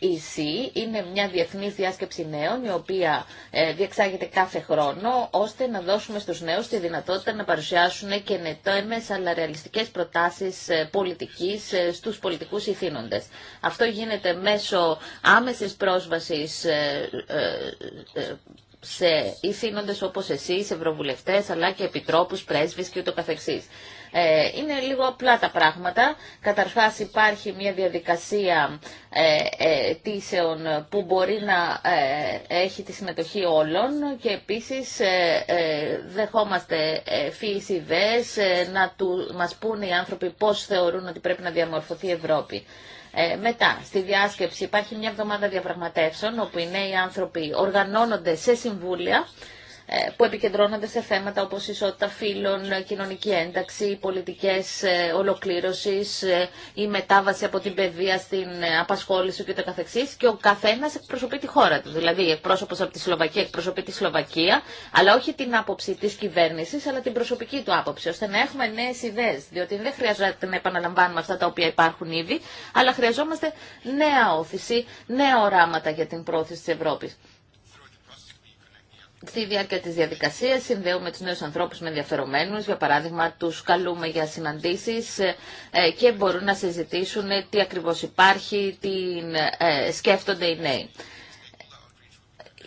YEC, είναι μια διεθνή διάσκεψη νέων, η οποία ε, διεξάγεται κάθε χρόνο, ώστε να δώσουμε στους νέους τη δυνατότητα να παρουσιάσουν και νετόεμες αλλά ρεαλιστικές προτάσεις ε, πολιτικής στους πολιτικούς ηθήνοντες. Αυτό γίνεται μέσω άμεσης πρόσβασης σε ηθήνοντες όπως εσείς, ευρωβουλευτές, αλλά και επιτρόπους, πρέσβεις και ε, είναι λίγο απλά τα πράγματα. Καταρχάς υπάρχει μια διαδικασία ε, ε, τήσεων που μπορεί να έχει τη συμμετοχή όλων και επίσης δεχόμαστε φύσεις ιδέες να του, μας πούνε οι άνθρωποι πώς θεωρούν ότι πρέπει να διαμορφωθεί η Ευρώπη. μετά, στη διάσκεψη υπάρχει μια εβδομάδα διαπραγματεύσεων όπου οι νέοι άνθρωποι οργανώνονται σε συμβούλια ε, που επικεντρώνονται σε θέματα όπως ισότητα φύλων, κοινωνική ένταξη, πολιτικές ε, ολοκλήρωσης, ε, η μετάβαση από την παιδεία στην απασχόληση και το καθεξής και ο καθένας εκπροσωπεί τη χώρα του. Δηλαδή εκπρόσωπος από τη Σλοβακία εκπροσωπεί τη Σλοβακία, αλλά όχι την άποψη της κυβέρνησης, αλλά την προσωπική του άποψη, ώστε να έχουμε νέες ιδέες, διότι δεν χρειάζεται να επαναλαμβάνουμε αυτά τα οποία υπάρχουν ήδη, αλλά χρειαζόμαστε νέα όθηση, νέα οράματα για την πρόθεση της Ευρώπης. Στη διάρκεια της διαδικασίας συνδέουμε τους νέους ανθρώπους με ενδιαφερομένους, για παράδειγμα τους καλούμε για συναντήσεις ε, ε, και μπορούν να συζητήσουν τι ακριβώς υπάρχει, τι ε, σκέφτονται οι νέοι.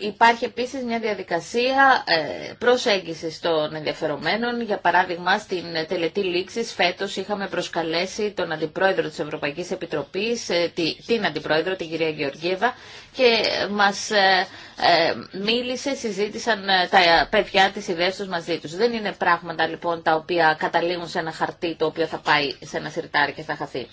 Υπάρχει επίσης μια διαδικασία ε, προσέγγισης των ενδιαφερομένων. Για παράδειγμα, στην τελετή λήξης φέτος είχαμε προσκαλέσει τον Αντιπρόεδρο της Ευρωπαϊκής Επιτροπής, ε, την Αντιπρόεδρο, την κυρία Γεωργίεβα, και μας ε, μίλησε, συζήτησαν τα παιδιά της ιδέες τους μαζί τους. Δεν είναι πράγματα λοιπόν τα οποία καταλήγουν σε ένα χαρτί το οποίο θα πάει σε ένα σιρτάρι και θα χαθεί.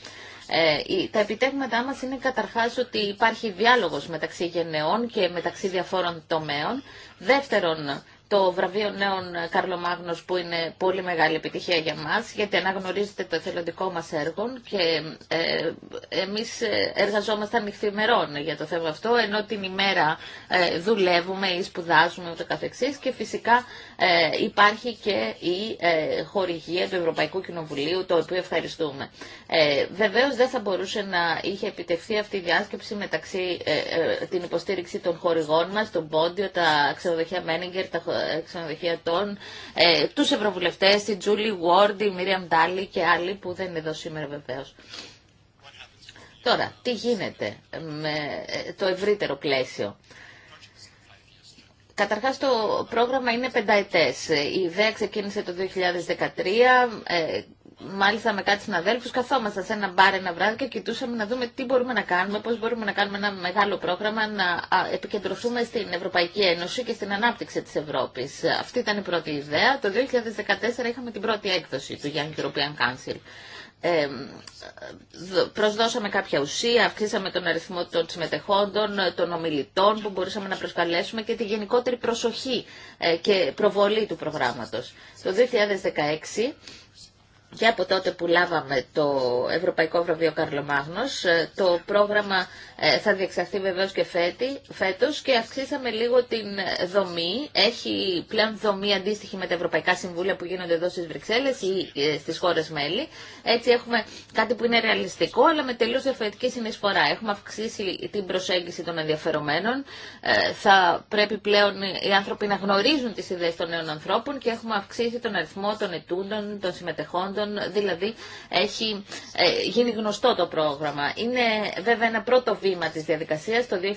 Ε, τα επιτεύγματά μας είναι καταρχάς ότι υπάρχει διάλογος μεταξύ γενεών και μεταξύ διαφόρων τομέων. Δεύτερον, το βραβείο νέων Κάρλο Μάγνος που είναι πολύ μεγάλη επιτυχία για μας γιατί αναγνωρίζετε το εθελοντικό μας έργο και ε, εμείς ε, εργαζόμαστε ανοιχθημερών για το θέμα αυτό ενώ την ημέρα ε, δουλεύουμε ή σπουδάζουμε ούτω καθεξής και φυσικά ε, υπάρχει και η ε, χορηγία του Ευρωπαϊκού Κοινοβουλίου το οποίο ευχαριστούμε. Ε, βεβαίως δεν θα μπορούσε να είχε επιτευχθεί αυτή η διάσκεψη μεταξύ την υποστήριξη των χορηγών μας, τον Πόντιο, τα ξενοδοχεία Μένιγκερ, τα ξενοδοχεία των, ε, τους ευρωβουλευτές, την Τζούλι Ward, η Μίριαμ Ντάλι και άλλοι που δεν είναι εδώ σήμερα βεβαίω. Τώρα, τι γίνεται με ε, το ευρύτερο πλαίσιο. Καταρχάς το πρόγραμμα είναι πενταετές. Η ιδέα ξεκίνησε το 2013, μάλιστα με κάτι συναδέλφου καθόμασταν σε ένα μπαρ ένα βράδυ και κοιτούσαμε να δούμε τι μπορούμε να κάνουμε, πώ μπορούμε να κάνουμε ένα μεγάλο πρόγραμμα να επικεντρωθούμε στην Ευρωπαϊκή Ένωση και στην ανάπτυξη τη Ευρώπη. Αυτή ήταν η πρώτη ιδέα. Το 2014 είχαμε την πρώτη έκδοση του Young European Council. Ε, προσδώσαμε κάποια ουσία, αυξήσαμε τον αριθμό των συμμετεχόντων, των ομιλητών που μπορούσαμε να προσκαλέσουμε και τη γενικότερη προσοχή ε, και προβολή του προγράμματος. Το 2016 και από τότε που λάβαμε το Ευρωπαϊκό Βραβείο Καρλομάγνος, ε, το πρόγραμμα ε, θα διεξαχθεί βεβαίως και φέτη, φέτος και αυξήσαμε λίγο την δομή. Έχει πλέον δομή αντίστοιχη με τα Ευρωπαϊκά Συμβούλια που γίνονται εδώ στις Βρυξέλλες ή ε, στις χώρες μέλη. Έτσι έχουμε κάτι που είναι ρεαλιστικό αλλά με τελείως διαφορετική συνεισφορά. Έχουμε αυξήσει την προσέγγιση των ενδιαφερομένων. Θα πρέπει πλέον οι άνθρωποι να γνωρίζουν τις ιδέες των νέων ανθρώπων και έχουμε αυξήσει τον αριθμό των ετούντων, των συμμετεχών δηλαδή έχει ε, γίνει γνωστό το πρόγραμμα. Είναι βέβαια ένα πρώτο βήμα της διαδικασίας, το 2017-2018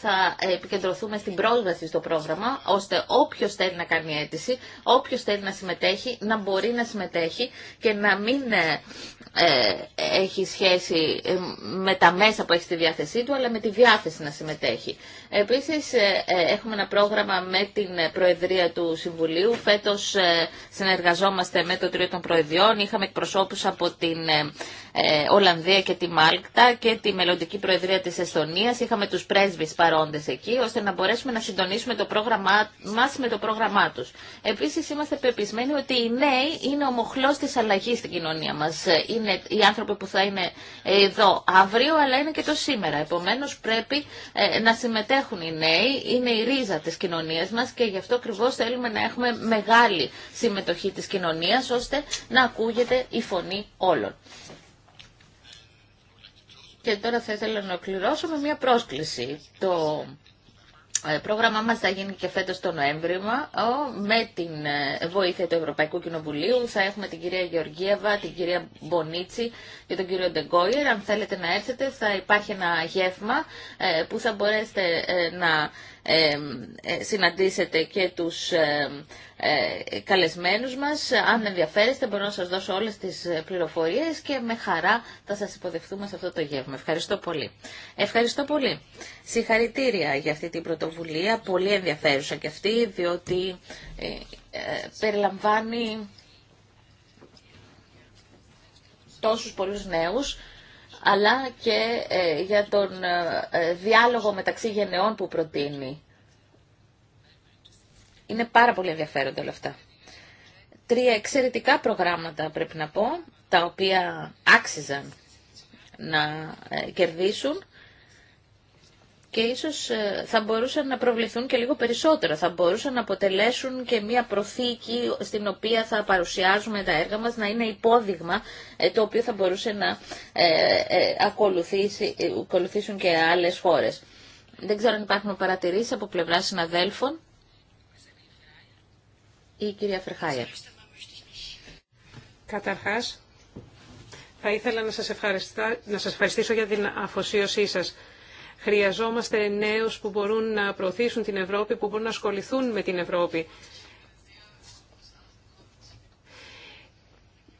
θα ε, επικεντρωθούμε στην πρόσβαση στο πρόγραμμα, ώστε όποιος θέλει να κάνει αίτηση, όποιος θέλει να συμμετέχει, να μπορεί να συμμετέχει και να μην ε, έχει σχέση με τα μέσα που έχει στη διάθεσή του, αλλά με τη διάθεση να συμμετέχει. Επίσης ε, ε, έχουμε ένα πρόγραμμα με την ε, Προεδρία του Συμβουλίου. Φέτος συνεργαζόμαστε με το Τρίο των Προεδιών. Είχαμε εκπροσώπους από την Ολλανδία και τη Μάλκτα και τη μελλοντική Προεδρία της Εστονίας. Είχαμε τους πρέσβεις παρόντες εκεί, ώστε να μπορέσουμε να συντονίσουμε το πρόγραμμά μας με το πρόγραμμά τους. Επίσης είμαστε πεπισμένοι ότι οι νέοι είναι ο μοχλός της αλλαγής στην κοινωνία μας. Είναι οι άνθρωποι που θα είναι εδώ αύριο, αλλά είναι και το σήμερα. Επομένως πρέπει να συμμετέχουμε έχουν οι νέοι, είναι η ρίζα της κοινωνίας μας και γι' αυτό ακριβώ θέλουμε να έχουμε μεγάλη συμμετοχή της κοινωνίας ώστε να ακούγεται η φωνή όλων. Και τώρα θα ήθελα να ολοκληρώσω με μια πρόσκληση. Το ε, πρόγραμμά μας θα γίνει και φέτος το Νοέμβριο με την ε, βοήθεια του Ευρωπαϊκού Κοινοβουλίου. Θα έχουμε την κυρία Γεωργίεβα, την κυρία Μπονίτσι και τον κύριο Ντεγκόιερ. Αν θέλετε να έρθετε θα υπάρχει ένα γεύμα ε, που θα μπορέσετε να ε, συναντήσετε και τους ε, καλεσμένους μας. Αν ενδιαφέρεστε μπορώ να σας δώσω όλες τις πληροφορίες και με χαρά θα σας υποδεχθούμε σε αυτό το γεύμα. Ευχαριστώ πολύ. Ευχαριστώ πολύ. Συγχαρητήρια για αυτή την πρωτοβουλία. Πολύ ενδιαφέρουσα και αυτή διότι ε, περιλαμβάνει τόσους πολλούς νέους αλλά και ε, για τον ε, ε, διάλογο μεταξύ γενεών που προτείνει. Είναι πάρα πολύ ενδιαφέροντα όλα αυτά. Τρία εξαιρετικά προγράμματα πρέπει να πω, τα οποία άξιζαν να κερδίσουν και ίσως ε, θα μπορούσαν να προβληθούν και λίγο περισσότερο. Θα μπορούσαν να αποτελέσουν και μια προθήκη στην οποία θα παρουσιάζουμε τα έργα μας, να είναι υπόδειγμα ε, το οποίο θα μπορούσε να ε, ακολουθήσουν και άλλες χώρες. Δεν ξέρω αν υπάρχουν παρατηρήσεις από πλευρά συναδέλφων ή η κυρια Φερχάιερ. Καταρχάς, θα ήθελα να σας, να σας ευχαριστήσω για την αφοσίωσή σας. Χρειαζόμαστε νέους που μπορούν να προωθήσουν την Ευρώπη, που μπορούν να ασχοληθούν με την Ευρώπη.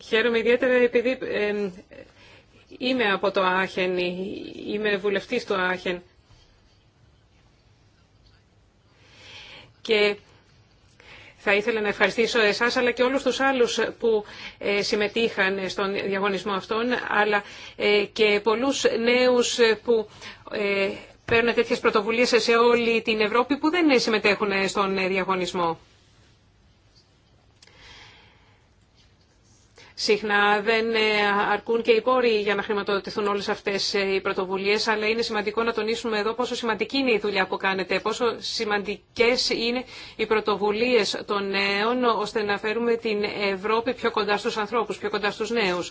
Χαίρομαι ιδιαίτερα επειδή είμαι από το Άχεν, είμαι βουλευτής του Άχεν. Και θα ήθελα να ευχαριστήσω εσάς αλλά και όλους τους άλλους που ε, συμμετείχαν στον διαγωνισμό αυτόν, αλλά ε, και πολλούς νέους που ε, παίρνουν τέτοιες πρωτοβουλίες σε όλη την Ευρώπη που δεν συμμετέχουν στον διαγωνισμό. Συχνά δεν ε, αρκούν και οι πόροι για να χρηματοδοτηθούν όλες αυτές ε, οι πρωτοβουλίες, αλλά είναι σημαντικό να τονίσουμε εδώ πόσο σημαντική είναι η δουλειά που κάνετε, πόσο σημαντικές είναι οι πρωτοβουλίες των νέων, ώστε να φέρουμε την Ευρώπη πιο κοντά στους ανθρώπους, πιο κοντά στους νέου.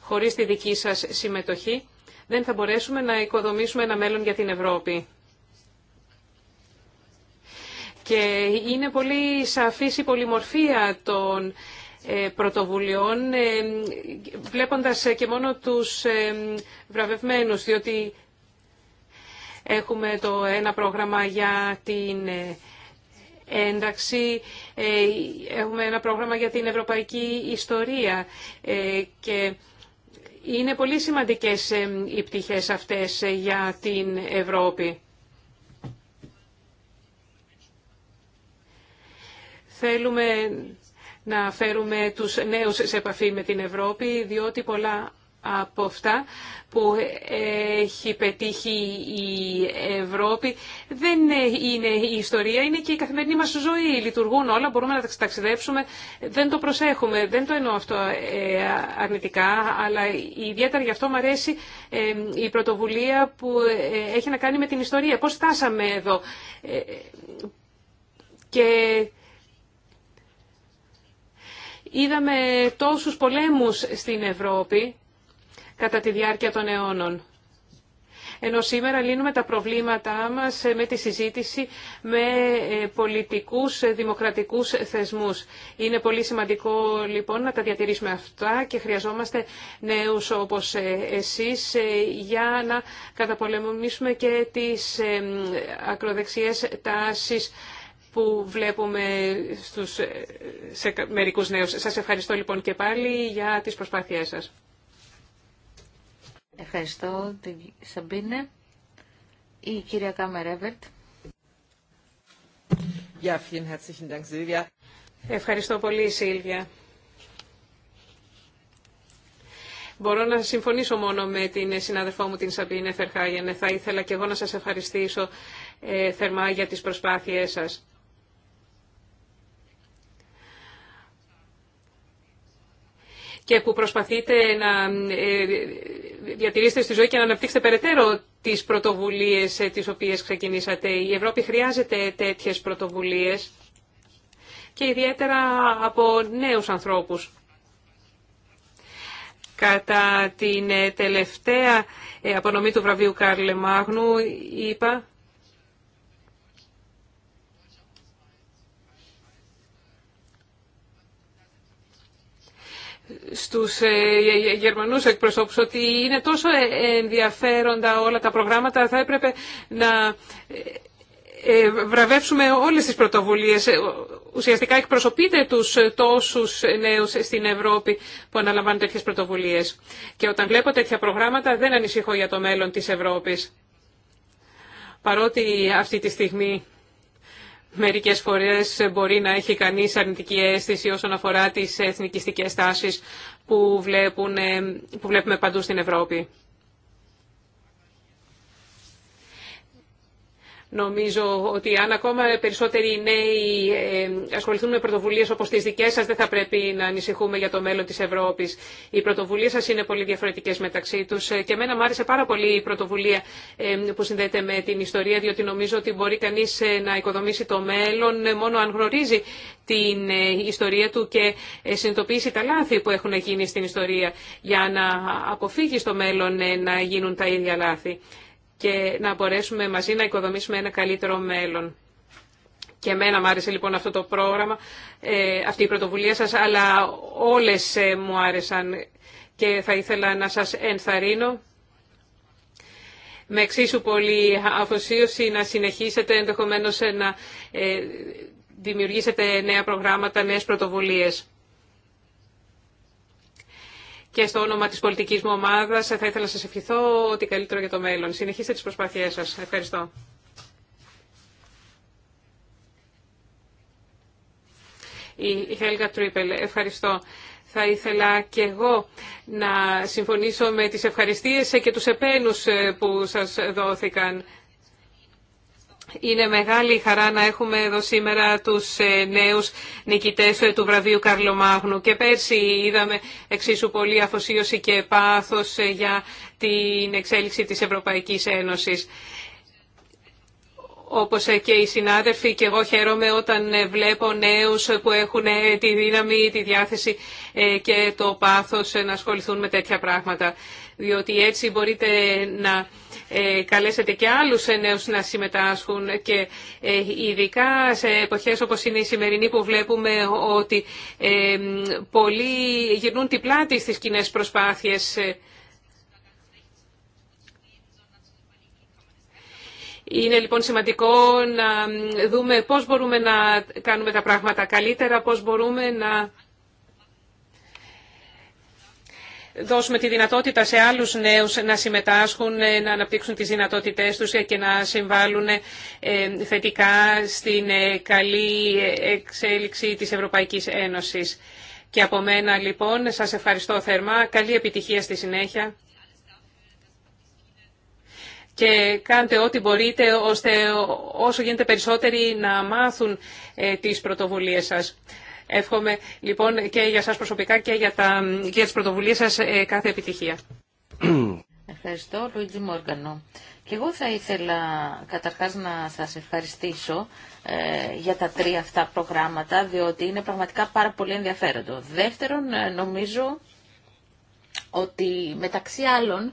Χωρίς τη δική σας συμμετοχή δεν θα μπορέσουμε να οικοδομήσουμε ένα μέλλον για την Ευρώπη. Και είναι πολύ σαφής η πολυμορφία των ε, πρωτοβουλειών, ε, βλέποντας ε, και μόνο τους βραβευμένους, διότι έχουμε το ένα πρόγραμμα για την ένταξη, έχουμε ένα πρόγραμμα για την ευρωπαϊκή ιστορία και είναι πολύ σημαντικές οι πτυχές αυτές για την Ευρώπη. Θέλουμε να φέρουμε τους νέους σε επαφή με την Ευρώπη, διότι πολλά από αυτά που έχει πετύχει η Ευρώπη δεν είναι η ιστορία, είναι και η καθημερινή μας ζωή. Λειτουργούν όλα, μπορούμε να τα ταξιδέψουμε, δεν το προσέχουμε, δεν το εννοώ αυτό ε, αρνητικά, αλλά ιδιαίτερα γι' αυτό μου αρέσει ε, η πρωτοβουλία που ε, έχει να κάνει με την ιστορία. Πώς φτάσαμε εδώ και Είδαμε τόσους πολέμους στην Ευρώπη κατά τη διάρκεια των αιώνων. Ενώ σήμερα λύνουμε τα προβλήματά μας με τη συζήτηση με ε, πολιτικούς ε, δημοκρατικούς θεσμούς. Είναι πολύ σημαντικό λοιπόν να τα διατηρήσουμε αυτά και χρειαζόμαστε νέους όπως ε, εσείς για να καταπολεμήσουμε και τις ακροδεξιές τάσεις που βλέπουμε στους, ε, σε μερικούς νέους. Σας ευχαριστώ λοιπόν και πάλι για τις προσπάθειές σας. Ευχαριστώ την Σαμπίνε. Η κυρία Κάμερεβερτ. Ja, vielen herzlichen Dank, Silvia. Ευχαριστώ πολύ, Σίλβια. Μπορώ να συμφωνήσω μόνο με την συνάδελφό μου την Σαμπίνε Φερχάγενε. Θα ήθελα και εγώ να σας ευχαριστήσω ε, θερμά για τις προσπάθειές σας. και που προσπαθείτε να ε, διατηρήσετε στη ζωή και να αναπτύξετε περαιτέρω τις πρωτοβουλίες ε, τις οποίες ξεκινήσατε. Η Ευρώπη χρειάζεται τέτοιες πρωτοβουλίες και ιδιαίτερα από νέους ανθρώπους. Κατά την ε, τελευταία απονομή του βραβείου Κάρλε Μάγνου είπα στους ε, Γερμανούς εκπροσώπους ότι είναι τόσο ε, ενδιαφέροντα όλα τα προγράμματα, θα έπρεπε να ε, βραβεύσουμε όλες τις πρωτοβουλίες. Ουσιαστικά εκπροσωπείτε τους τόσους νέους στην Ευρώπη που αναλαμβάνουν τέτοιες πρωτοβουλίες. Και όταν βλέπω τέτοια προγράμματα δεν ανησυχώ για το μέλλον της Ευρώπης. Παρότι αυτή τη στιγμή Μερικέ φορές μπορεί να έχει κανείς αρνητική αίσθηση όσον αφορά τις εθνικιστικές τάσει που, ε, που βλέπουμε παντού στην Ευρώπη. Νομίζω ότι αν ακόμα περισσότεροι νέοι ε, ασχοληθούν με πρωτοβουλίε όπω τι δικέ σα, δεν θα πρέπει να ανησυχούμε για το μέλλον τη Ευρώπη. Οι πρωτοβουλίε σα είναι πολύ διαφορετικέ μεταξύ του ε, και εμένα μου άρεσε πάρα πολύ η πρωτοβουλία ε, που συνδέεται με την ιστορία, διότι νομίζω ότι μπορεί κανεί να οικοδομήσει το μέλλον μόνο αν γνωρίζει την ιστορία του και συνειδητοποιήσει τα λάθη που έχουν γίνει στην ιστορία για να αποφύγει στο μέλλον να γίνουν τα ίδια λάθη και να μπορέσουμε μαζί να οικοδομήσουμε ένα καλύτερο μέλλον. Και εμένα μου άρεσε λοιπόν αυτό το πρόγραμμα, ε, αυτή η πρωτοβουλία σας, αλλά όλες ε, μου άρεσαν και θα ήθελα να σας ενθαρρύνω με εξίσου πολύ αφοσίωση να συνεχίσετε ενδεχομένως ε, να δημιουργήσετε νέα προγράμματα, νέες πρωτοβουλίες και στο όνομα της πολιτικής μου ομάδας θα ήθελα να σας ευχηθώ ότι καλύτερο για το μέλλον. Συνεχίστε τις προσπάθειές σας. Ευχαριστώ. Η Χέλγα Τρίπελ, ευχαριστώ. Θα ήθελα και εγώ να συμφωνήσω με τις ευχαριστίες και τους επένους ε, που σας δόθηκαν. Είναι μεγάλη χαρά να έχουμε εδώ σήμερα τους ε, νέους νικητές ε, του βραβείου Καρλομάγνου. Και πέρσι είδαμε εξίσου πολύ αφοσίωση και πάθος ε, για την εξέλιξη της Ευρωπαϊκής Ένωσης. Όπως και οι συνάδελφοι και εγώ χαίρομαι όταν βλέπω νέους που έχουν τη δύναμη, τη διάθεση και το πάθος να ασχοληθούν με τέτοια πράγματα διότι έτσι μπορείτε να ε, καλέσετε και άλλους νέους να συμμετάσχουν και ε, ειδικά σε εποχές όπως είναι η σημερινή που βλέπουμε ότι ε, πολλοί γυρνούν την πλάτη στις κοινέ προσπάθειες Είναι λοιπόν σημαντικό να δούμε πώς μπορούμε να κάνουμε τα πράγματα καλύτερα, πώς μπορούμε να δώσουμε τη δυνατότητα σε άλλους νέους να συμμετάσχουν, ε, να αναπτύξουν τις δυνατότητές τους και να συμβάλλουν ε, θετικά στην ε, καλή εξέλιξη της Ευρωπαϊκής Ένωσης. Και από μένα λοιπόν σας ευχαριστώ θερμά. Καλή επιτυχία στη συνέχεια. Και κάντε ό,τι μπορείτε ώστε όσο γίνεται περισσότεροι να μάθουν τις πρωτοβουλίες σας. Εύχομαι λοιπόν και για σας προσωπικά και για, τα, και για τις πρωτοβουλίες σας ε, κάθε επιτυχία. Ευχαριστώ, Λουίτζι Μόργανο. Και εγώ θα ήθελα καταρχάς να σας ευχαριστήσω ε, για τα τρία αυτά προγράμματα, διότι είναι πραγματικά πάρα πολύ ενδιαφέροντο. Δεύτερον, ε, νομίζω ότι μεταξύ άλλων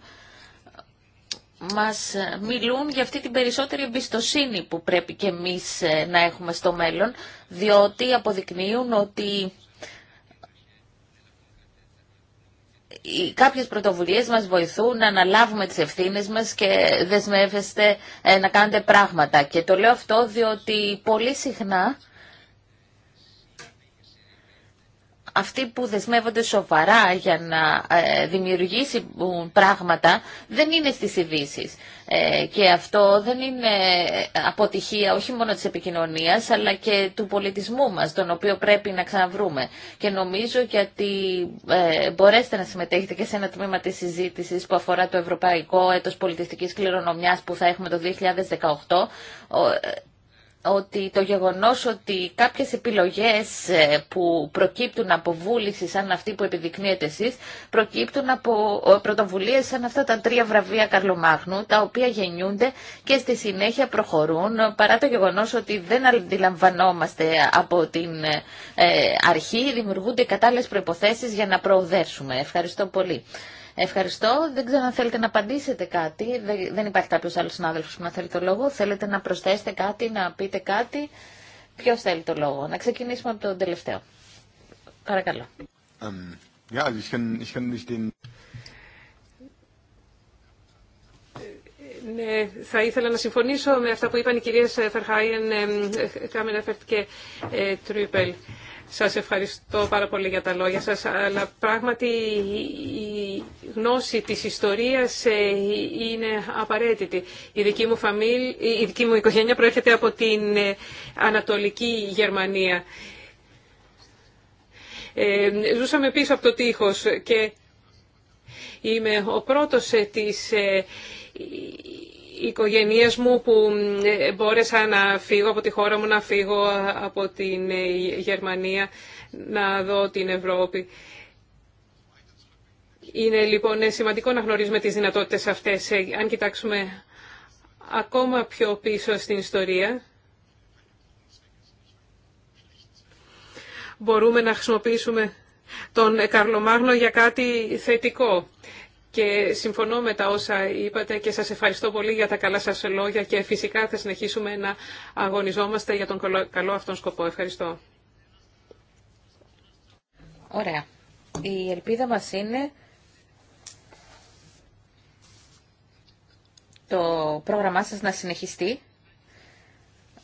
μας ε, μιλούν για αυτή την περισσότερη εμπιστοσύνη που πρέπει και εμείς ε, να έχουμε στο μέλλον, διότι αποδεικνύουν ότι κάποιες πρωτοβουλίες μας βοηθούν να αναλάβουμε τις ευθύνες μας και δεσμεύεστε ε, να κάνετε πράγματα. Και το λέω αυτό διότι πολύ συχνά αυτοί που δεσμεύονται σοβαρά για να ε, δημιουργήσουν πράγματα δεν είναι στις ειδήσει. Ε, και αυτό δεν είναι αποτυχία όχι μόνο της επικοινωνίας αλλά και του πολιτισμού μας, τον οποίο πρέπει να ξαναβρούμε. Και νομίζω γιατί ε, μπορέσετε να συμμετέχετε και σε ένα τμήμα της συζήτησης που αφορά το Ευρωπαϊκό Έτος Πολιτιστικής Κληρονομιάς που θα έχουμε το 2018 ότι το γεγονός ότι κάποιες επιλογές ε, που προκύπτουν από βούληση σαν αυτή που επιδεικνύετε εσείς προκύπτουν από ε, πρωτοβουλίες σαν αυτά τα τρία βραβεία Καρλομάγνου τα οποία γεννιούνται και στη συνέχεια προχωρούν παρά το γεγονός ότι δεν αντιλαμβανόμαστε από την ε, αρχή δημιουργούνται κατάλληλες προϋποθέσεις για να προοδεύσουμε. Ευχαριστώ πολύ. Ευχαριστώ. Δεν ξέρω αν θέλετε να απαντήσετε κάτι. Δεν υπάρχει κάποιο άλλο συνάδελφο που να θέλει το λόγο. Θέλετε να προσθέσετε κάτι, να πείτε κάτι. ποιο θέλει το λόγο. Να ξεκινήσουμε από τον τελευταίο. Παρακαλώ. Ναι, θα ήθελα να συμφωνήσω με αυτά που είπαν οι κυρίες Φερχάιεν, ε, Κάμερα και ε, Τρούιπελ. Σας ευχαριστώ πάρα πολύ για τα λόγια σας, αλλά πράγματι η γνώση της ιστορίας ε, είναι απαραίτητη. Η δική μου, φαμίλ, η δική μου οικογένεια προέρχεται από την ε, Ανατολική Γερμανία. Ε, ζούσαμε πίσω από το τείχος και είμαι ο πρώτος της οι οικογένειές μου που ε, μπόρεσα να φύγω από τη χώρα μου, να φύγω από την ε, Γερμανία, να δω την Ευρώπη. Είναι λοιπόν σημαντικό να γνωρίζουμε τις δυνατότητες αυτές. Ε, αν κοιτάξουμε ακόμα πιο πίσω στην ιστορία, μπορούμε να χρησιμοποιήσουμε τον Καρλομάγνο για κάτι θετικό και συμφωνώ με τα όσα είπατε και σας ευχαριστώ πολύ για τα καλά σας λόγια και φυσικά θα συνεχίσουμε να αγωνιζόμαστε για τον καλό αυτόν σκοπό. Ευχαριστώ. Ωραία. Η ελπίδα μας είναι το πρόγραμμά σας να συνεχιστεί.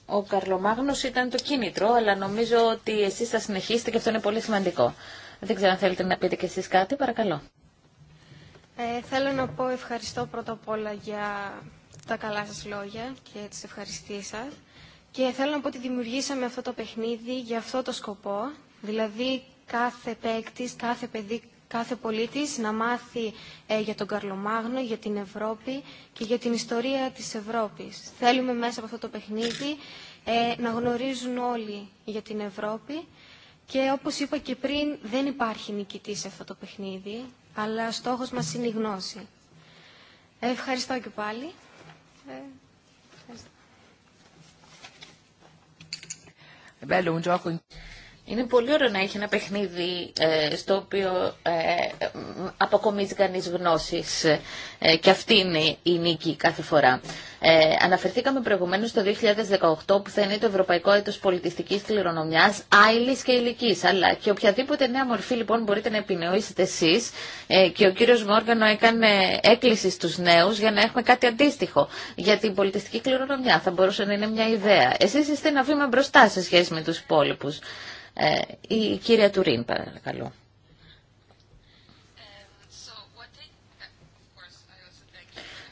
Ο Καρλομάγνος ήταν το κίνητρο, αλλά νομίζω ότι εσείς θα συνεχίσετε και αυτό είναι πολύ σημαντικό. Δεν ξέρω αν θέλετε να πείτε κι εσείς κάτι, παρακαλώ. Ε, θέλω να πω ευχαριστώ πρώτα απ' όλα για τα καλά σας λόγια και τις ευχαριστίες σας. Και θέλω να πω ότι δημιουργήσαμε αυτό το παιχνίδι για αυτό το σκοπό. Δηλαδή κάθε παίκτη, κάθε παιδί, κάθε πολίτης να μάθει ε, για τον Καρλομάγνο, για την Ευρώπη και για την ιστορία της Ευρώπης. Θέλουμε μέσα από αυτό το παιχνίδι ε, να γνωρίζουν όλοι για την Ευρώπη και όπως είπα και πριν δεν υπάρχει νικητή σε αυτό το παιχνίδι αλλά στόχος μας είναι η γνώση. Ευχαριστώ και πάλι. Ε, είναι πολύ ωραίο να έχει ένα παιχνίδι ε, στο οποίο ε, αποκομίζει κανείς γνώσεις ε, και αυτή είναι η νίκη κάθε φορά. Αναφερθήκαμε προηγουμένως στο 2018 που θα είναι το Ευρωπαϊκό Έτος Πολιτιστικής Κληρονομιάς, άειλης και ηλικής, αλλά και οποιαδήποτε νέα μορφή λοιπόν μπορείτε να επινοήσετε εσείς και ο κύριος Μόργανο έκανε έκκληση στους νέους για να έχουμε κάτι αντίστοιχο για την πολιτιστική κληρονομιά. Θα μπορούσε να είναι μια ιδέα. Εσεί είστε ένα βήμα μπροστά σε σχέση με του υπόλοιπους. Ε, η κυρία Τουρίν, παρακαλώ.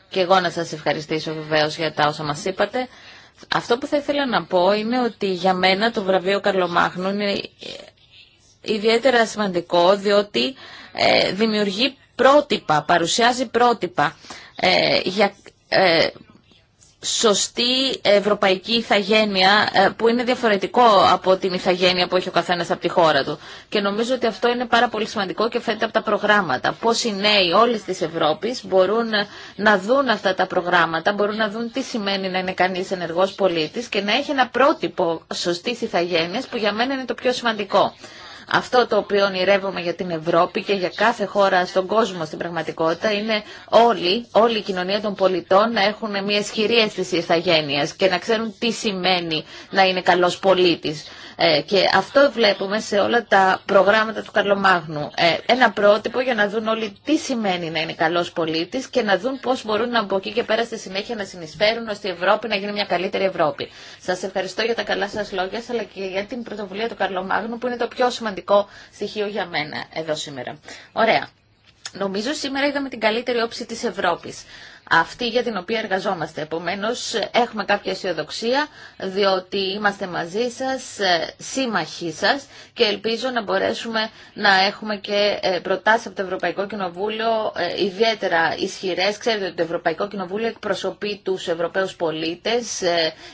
Και εγώ να σας ευχαριστήσω βεβαίως για τα όσα μας είπατε. Αυτό που θα ήθελα να πω είναι ότι για μένα το βραβείο Καρλομάχνου είναι ιδιαίτερα σημαντικό διότι ε, δημιουργεί πρότυπα, παρουσιάζει πρότυπα ε, για σωστή ευρωπαϊκή ηθαγένεια ε, που είναι διαφορετικό από την ηθαγένεια που έχει ο καθένας από τη χώρα του. Και νομίζω ότι αυτό είναι πάρα πολύ σημαντικό και φαίνεται από τα προγράμματα. Πώς οι νέοι όλης της Ευρώπης μπορούν να δουν αυτά τα προγράμματα, μπορούν να δουν τι σημαίνει να είναι κανείς ενεργός πολίτης και να έχει ένα πρότυπο σωστής ηθαγένειας που για μένα είναι το πιο σημαντικό. Αυτό το οποίο ονειρεύομαι για την Ευρώπη και για κάθε χώρα στον κόσμο στην πραγματικότητα είναι όλοι, όλη η κοινωνία των πολιτών να έχουν μια ισχυρή αίσθηση ηθαγένειας και να ξέρουν τι σημαίνει να είναι καλός πολίτης. Ε, και αυτό βλέπουμε σε όλα τα προγράμματα του Καρλομάγνου. Ε, ένα πρότυπο για να δουν όλοι τι σημαίνει να είναι καλός πολίτης και να δουν πώς μπορούν από εκεί και πέρα στη συνέχεια να συνεισφέρουν ώστε η Ευρώπη να γίνει μια καλύτερη Ευρώπη. Σας ευχαριστώ για τα καλά σας λόγια αλλά και για την πρωτοβουλία του Καρλομάγνου που είναι το πιο σημαντικό στοιχείο για μένα εδώ σήμερα. Ωραία. Νομίζω σήμερα είδαμε την καλύτερη όψη της Ευρώπης αυτή για την οποία εργαζόμαστε. Επομένως, έχουμε κάποια αισιοδοξία, διότι είμαστε μαζί σας, ε, σύμμαχοί σας και ελπίζω να μπορέσουμε να έχουμε και ε, προτάσεις από το Ευρωπαϊκό Κοινοβούλιο ε, ιδιαίτερα ισχυρές. Ξέρετε ότι το Ευρωπαϊκό Κοινοβούλιο εκπροσωπεί τους Ευρωπαίους πολίτες,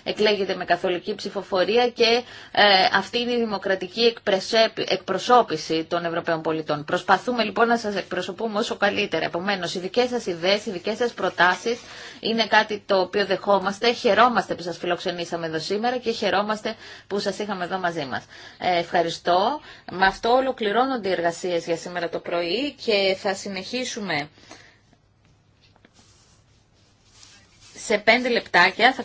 εκλέγεται με καθολική ψηφοφορία και αυτή είναι η δημοκρατική εκπροσώπηση των Ευρωπαίων πολιτών. Προσπαθούμε λοιπόν να σας εκπροσωπούμε όσο καλύτερα. Επομένως, οι δικές σας ιδέες, οι δικές σας προτάσεις είναι κάτι το οποίο δεχόμαστε. Χαιρόμαστε που σας φιλοξενήσαμε εδώ σήμερα και χαιρόμαστε που σας είχαμε εδώ μαζί μας. Ε, ευχαριστώ. Με αυτό ολοκληρώνονται οι εργασίες για σήμερα το πρωί και θα συνεχίσουμε σε πέντε λεπτάκια.